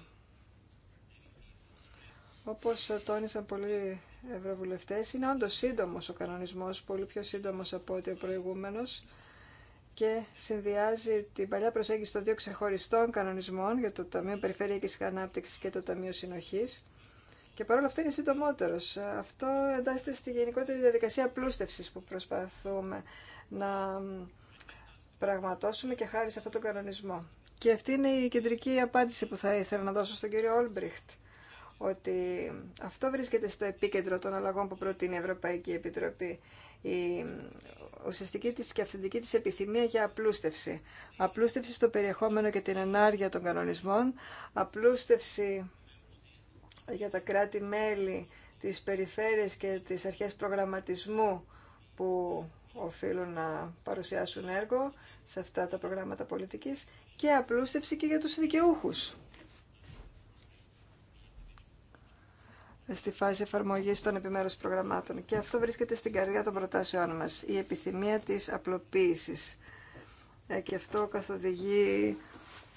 Όπως τόνισαν πολλοί ευρωβουλευτές, είναι όντως σύντομος ο κανονισμός, πολύ πιο σύντομος από ό,τι ο προηγούμενος και συνδυάζει την παλιά προσέγγιση των δύο ξεχωριστών κανονισμών για το Ταμείο Περιφερειακής Ανάπτυξης και το Ταμείο Συνοχής. Και παρόλα αυτά είναι συντομότερο. Αυτό εντάσσεται στη γενικότερη διαδικασία πλούστευσης που προσπαθούμε να πραγματώσουμε και χάρη σε αυτόν τον κανονισμό. Και αυτή είναι η κεντρική απάντηση που θα ήθελα να δώσω στον κύριο Όλμπριχτ, ότι αυτό βρίσκεται στο επίκεντρο των αλλαγών που προτείνει η Ευρωπαϊκή Επιτροπή. Η ουσιαστική της και αυθεντική της επιθυμία για απλούστευση. Απλούστευση στο περιεχόμενο και την ενάργεια των κανονισμών, απλούστευση για τα κράτη-μέλη, τις περιφέρειες και τις αρχές προγραμματισμού που οφείλουν να παρουσιάσουν έργο σε αυτά τα προγράμματα πολιτικής και απλούστευση και για τους δικαιούχους. στη φάση εφαρμογή των επιμέρους προγραμμάτων. Και αυτό βρίσκεται στην καρδιά των προτάσεών μας, η επιθυμία της απλοποίησης. Ε, και αυτό καθοδηγεί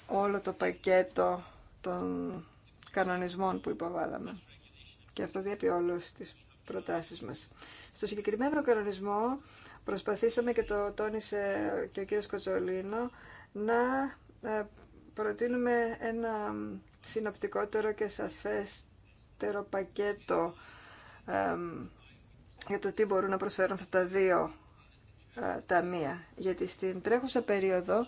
όλο το πακέτο των κανονισμών που υποβάλαμε. Και αυτό διέπει όλες τις προτάσεις μας. Στο συγκεκριμένο κανονισμό Προσπαθήσαμε και το τόνισε και ο κύριος Κοτζολίνο να ε, προτείνουμε ένα συνοπτικότερο και σαφέστερο πακέτο για το τι μπορούν να προσφέρουν αυτά τα δύο ε, ταμεία. Γιατί στην τρέχουσα περίοδο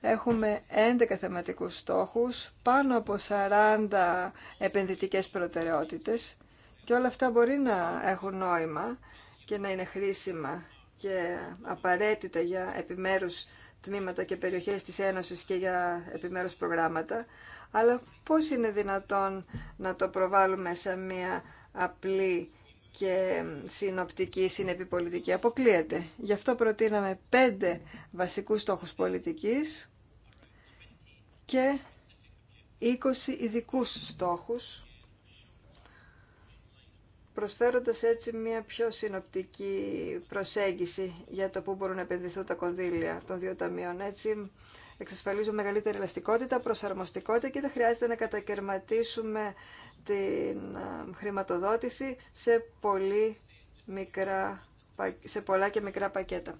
έχουμε 11 θεματικούς στόχους, πάνω από 40 επενδυτικές προτεραιότητες και όλα αυτά μπορεί να έχουν νόημα και να είναι χρήσιμα και απαραίτητα για επιμέρους τμήματα και περιοχές της Ένωσης και για επιμέρους προγράμματα, αλλά πώς είναι δυνατόν να το προβάλλουμε σε μια απλή και συνοπτική συνεπιπολιτική Αποκλείεται. Γι' αυτό προτείναμε πέντε βασικούς στόχους πολιτικής και 20 ειδικούς στόχους προσφέροντας έτσι μια πιο συνοπτική προσέγγιση για το πού μπορούν να επενδυθούν τα κονδύλια των δύο ταμείων. Έτσι εξασφαλίζουμε μεγαλύτερη ελαστικότητα, προσαρμοστικότητα και δεν χρειάζεται να κατακαιρματίσουμε την χρηματοδότηση σε, πολλά και μικρά πακέτα.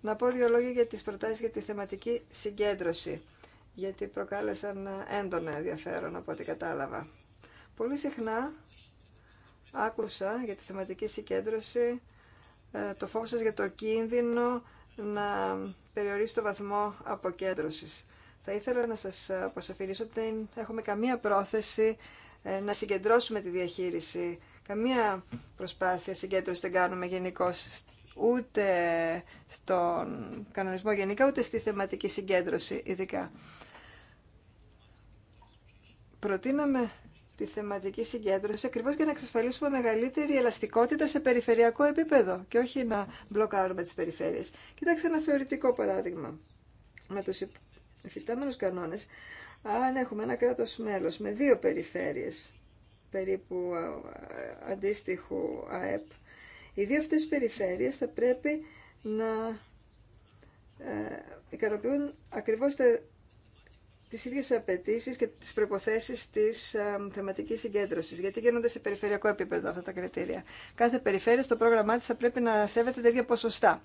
Να πω δύο λόγια για τις προτάσεις για τη θεματική συγκέντρωση, γιατί προκάλεσαν έντονα ενδιαφέρον από ό,τι κατάλαβα. Πολύ συχνά άκουσα για τη θεματική συγκέντρωση ε, το φόβο σας για το κίνδυνο να περιορίσει το βαθμό αποκέντρωσης. Θα ήθελα να σας αποσαφηνίσω ότι δεν έχουμε καμία πρόθεση ε, να συγκεντρώσουμε τη διαχείριση. Καμία προσπάθεια συγκέντρωση δεν κάνουμε γενικώ ούτε στον κανονισμό γενικά, ούτε στη θεματική συγκέντρωση ειδικά. Προτείναμε τη θεματική συγκέντρωση ακριβώς για να εξασφαλίσουμε μεγαλύτερη ελαστικότητα σε περιφερειακό επίπεδο και όχι να μπλοκάρουμε τι περιφέρειες. Κοιτάξτε ένα θεωρητικό παράδειγμα. Με τους υφιστάμενου κανόνες, αν έχουμε ένα κράτο μέλο με δύο περιφέρειες περίπου αντίστοιχου ΑΕΠ, οι δύο αυτές περιφέρειε θα πρέπει να ε, ικανοποιούν ακριβώς τα τις ίδιες απαιτήσει και τις προϋποθέσεις της θεματικής συγκέντρωσης, γιατί γίνονται σε περιφερειακό επίπεδο αυτά τα κριτήρια. Κάθε περιφέρεια στο πρόγραμμά της θα πρέπει να σέβεται τέτοια ποσοστά.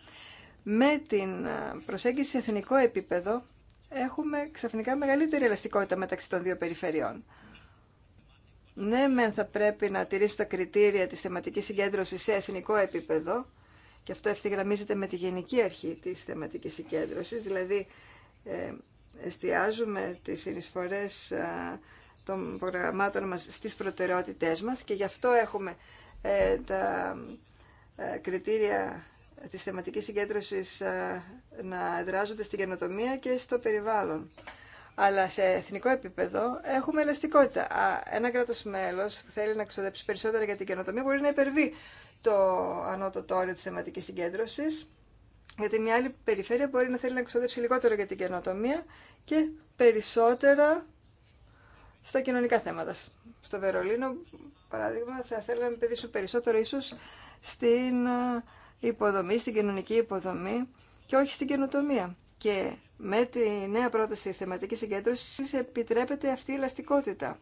Με την ε, προσέγγιση σε εθνικό επίπεδο έχουμε ξαφνικά μεγαλύτερη ελαστικότητα μεταξύ των δύο περιφερειών. Ναι, μεν θα πρέπει να τηρήσουν τα κριτήρια της θεματικής συγκέντρωσης σε εθνικό επίπεδο, και αυτό ευθυγραμμίζεται με τη γενική αρχή της θεματικής συγκέντρωσης, δηλαδή ε, εστιάζουμε τις συνεισφορές των προγραμμάτων μας στις προτεραιότητές μας και γι' αυτό έχουμε ε, τα ε, κριτήρια της θεματικής συγκέντρωσης να εδράζονται στην καινοτομία και στο περιβάλλον. Αλλά σε εθνικό επίπεδο έχουμε ελαστικότητα. Ένα κράτο μέλο που θέλει να ξοδέψει περισσότερα για την καινοτομία μπορεί να υπερβεί το ανώτατο όριο της θεματικής συγκέντρωσης γιατί μια άλλη περιφέρεια μπορεί να θέλει να εξοδεύσει λιγότερο για την καινοτομία και περισσότερα στα κοινωνικά θέματα. Στο Βερολίνο, παράδειγμα, θα θέλαμε να επενδύσουν περισσότερο ίσως στην ε, υποδομή, στην κοινωνική υποδομή και όχι στην καινοτομία. Και με τη νέα πρόταση θεματικής συγκέντρωσης επιτρέπεται αυτή η ελαστικότητα.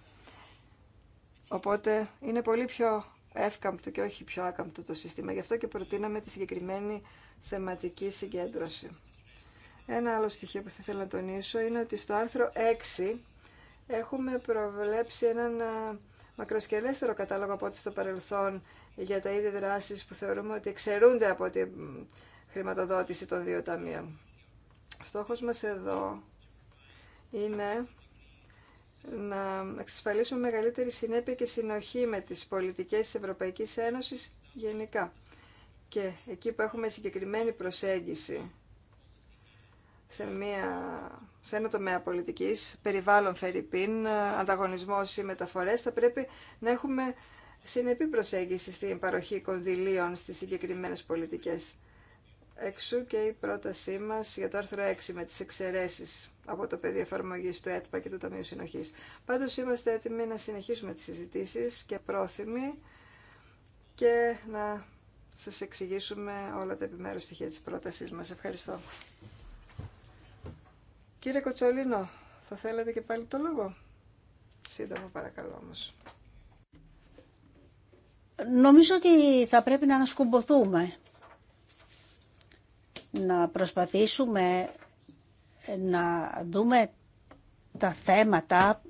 Οπότε είναι πολύ πιο εύκαμπτο και όχι πιο άκαμπτο το σύστημα. Γι' αυτό και προτείναμε τη συγκεκριμένη θεματική συγκέντρωση. Ένα άλλο στοιχείο που θα ήθελα να τονίσω είναι ότι στο άρθρο 6 έχουμε προβλέψει έναν μακροσκελέστερο κατάλογο από ό,τι στο παρελθόν για τα είδη δράσεις που θεωρούμε ότι εξαιρούνται από τη χρηματοδότηση των δύο ταμείων. Στόχος μας εδώ είναι να εξασφαλίσουμε μεγαλύτερη συνέπεια και συνοχή με τις πολιτικές της Ευρωπαϊκής Ένωσης γενικά. Και εκεί που έχουμε συγκεκριμένη προσέγγιση σε, μια, σε ένα τομέα πολιτικής, περιβάλλον φερρυπίν, ανταγωνισμός ή μεταφορές, θα πρέπει να έχουμε συνεπή προσέγγιση στην παροχή κονδυλίων στις συγκεκριμένες πολιτικές. Εξού και η πρότασή μα για το άρθρο 6 με τις εξαιρέσει από το πεδίο εφαρμογή του ΕΤΠΑ και του Ταμείου Συνοχή. Πάντω είμαστε έτοιμοι να συνεχίσουμε τι συζητήσει και πρόθυμοι και να σας εξηγήσουμε όλα τα επιμέρους στοιχεία της πρότασής μας. Ευχαριστώ. Κύριε Κοτσολίνο, θα θέλατε και πάλι το λόγο. Σύντομα παρακαλώ όμως. Νομίζω ότι θα πρέπει να ανασκουμποθούμε. Να προσπαθήσουμε να δούμε τα θέματα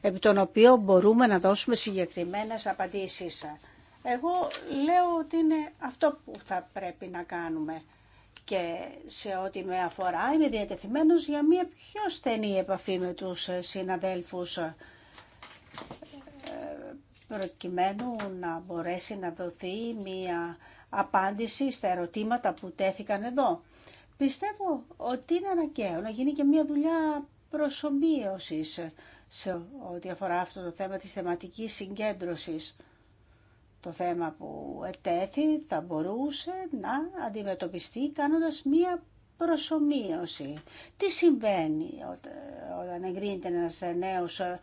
επί των οποίων μπορούμε να δώσουμε συγκεκριμένες απαντήσεις. Εγώ λέω ότι είναι αυτό που θα πρέπει να κάνουμε και σε ό,τι με αφορά είμαι διατεθειμένος για μια πιο στενή επαφή με τους συναδέλφους ε, προκειμένου να μπορέσει να δοθεί μια απάντηση στα ερωτήματα που τέθηκαν εδώ. Πιστεύω ότι είναι αναγκαίο να γίνει και μια δουλειά προσωμείωσης σε ό,τι αφορά αυτό το θέμα της θεματικής συγκέντρωσης το θέμα που ετέθη θα μπορούσε να αντιμετωπιστεί κάνοντας μία προσομοίωση. Τι συμβαίνει όταν εγκρίνεται ένας νέος ε,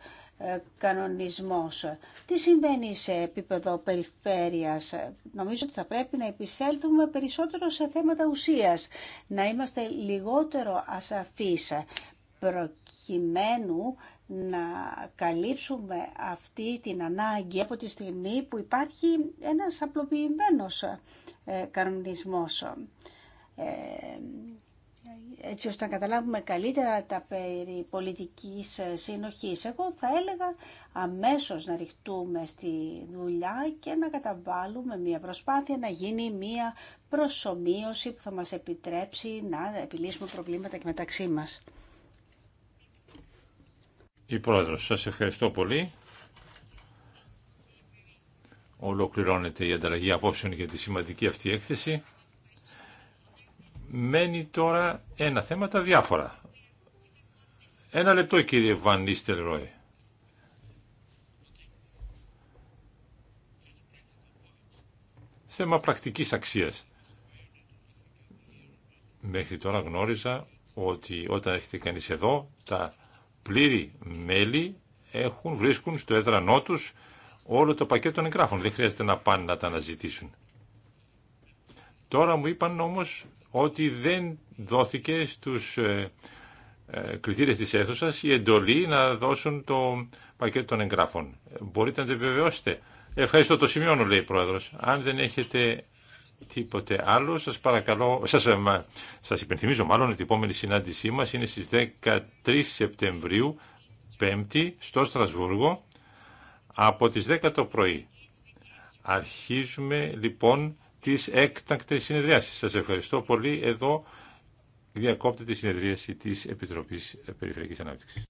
κανονισμός. Τι συμβαίνει σε επίπεδο περιφέρειας. Νομίζω ότι θα πρέπει να επισέλθουμε περισσότερο σε θέματα ουσίας. Να είμαστε λιγότερο ασαφείς προκειμένου να καλύψουμε αυτή την ανάγκη από τη στιγμή που υπάρχει ένας απλοποιημένος ε, κανονισμός. Ε, έτσι ώστε να καταλάβουμε καλύτερα τα περί πολιτικής ε, συνοχής. Εγώ θα έλεγα αμέσως να ρηχτούμε στη δουλειά και να καταβάλουμε μια προσπάθεια να γίνει μια προσωμείωση που θα μας επιτρέψει να επιλύσουμε προβλήματα και μεταξύ μας. Η Πρόεδρος, σας ευχαριστώ πολύ. Ολοκληρώνεται η ανταλλαγή απόψεων για τη σημαντική αυτή έκθεση. Μένει τώρα ένα θέμα, τα διάφορα. Ένα λεπτό κύριε Βαν Θέμα πρακτικής αξίας. Μέχρι τώρα γνώριζα ότι όταν έρχεται κανείς εδώ, τα πλήρη μέλη έχουν, βρίσκουν στο έδρανό του όλο το πακέτο των εγγράφων. Δεν χρειάζεται να πάνε να τα αναζητήσουν. Τώρα μου είπαν όμως ότι δεν δόθηκε στους ε, ε, κριτήρες της αίθουσας η εντολή να δώσουν το πακέτο των εγγράφων. Μπορείτε να το επιβεβαιώσετε. Ευχαριστώ, το σημειώνω, λέει η Πρόεδρος. Αν δεν έχετε τίποτε άλλο. Σας παρακαλώ, σας, ε, σας υπενθυμίζω μάλλον ότι η επόμενη συνάντησή μας είναι στις 13 Σεπτεμβρίου, στο Στρασβούργο, από τις 10 το πρωί. Αρχίζουμε λοιπόν τις έκτακτες συνεδριάσεις. Σας ευχαριστώ πολύ. Εδώ διακόπτεται η συνεδρίαση της Επιτροπής Περιφερειακής Ανάπτυξης.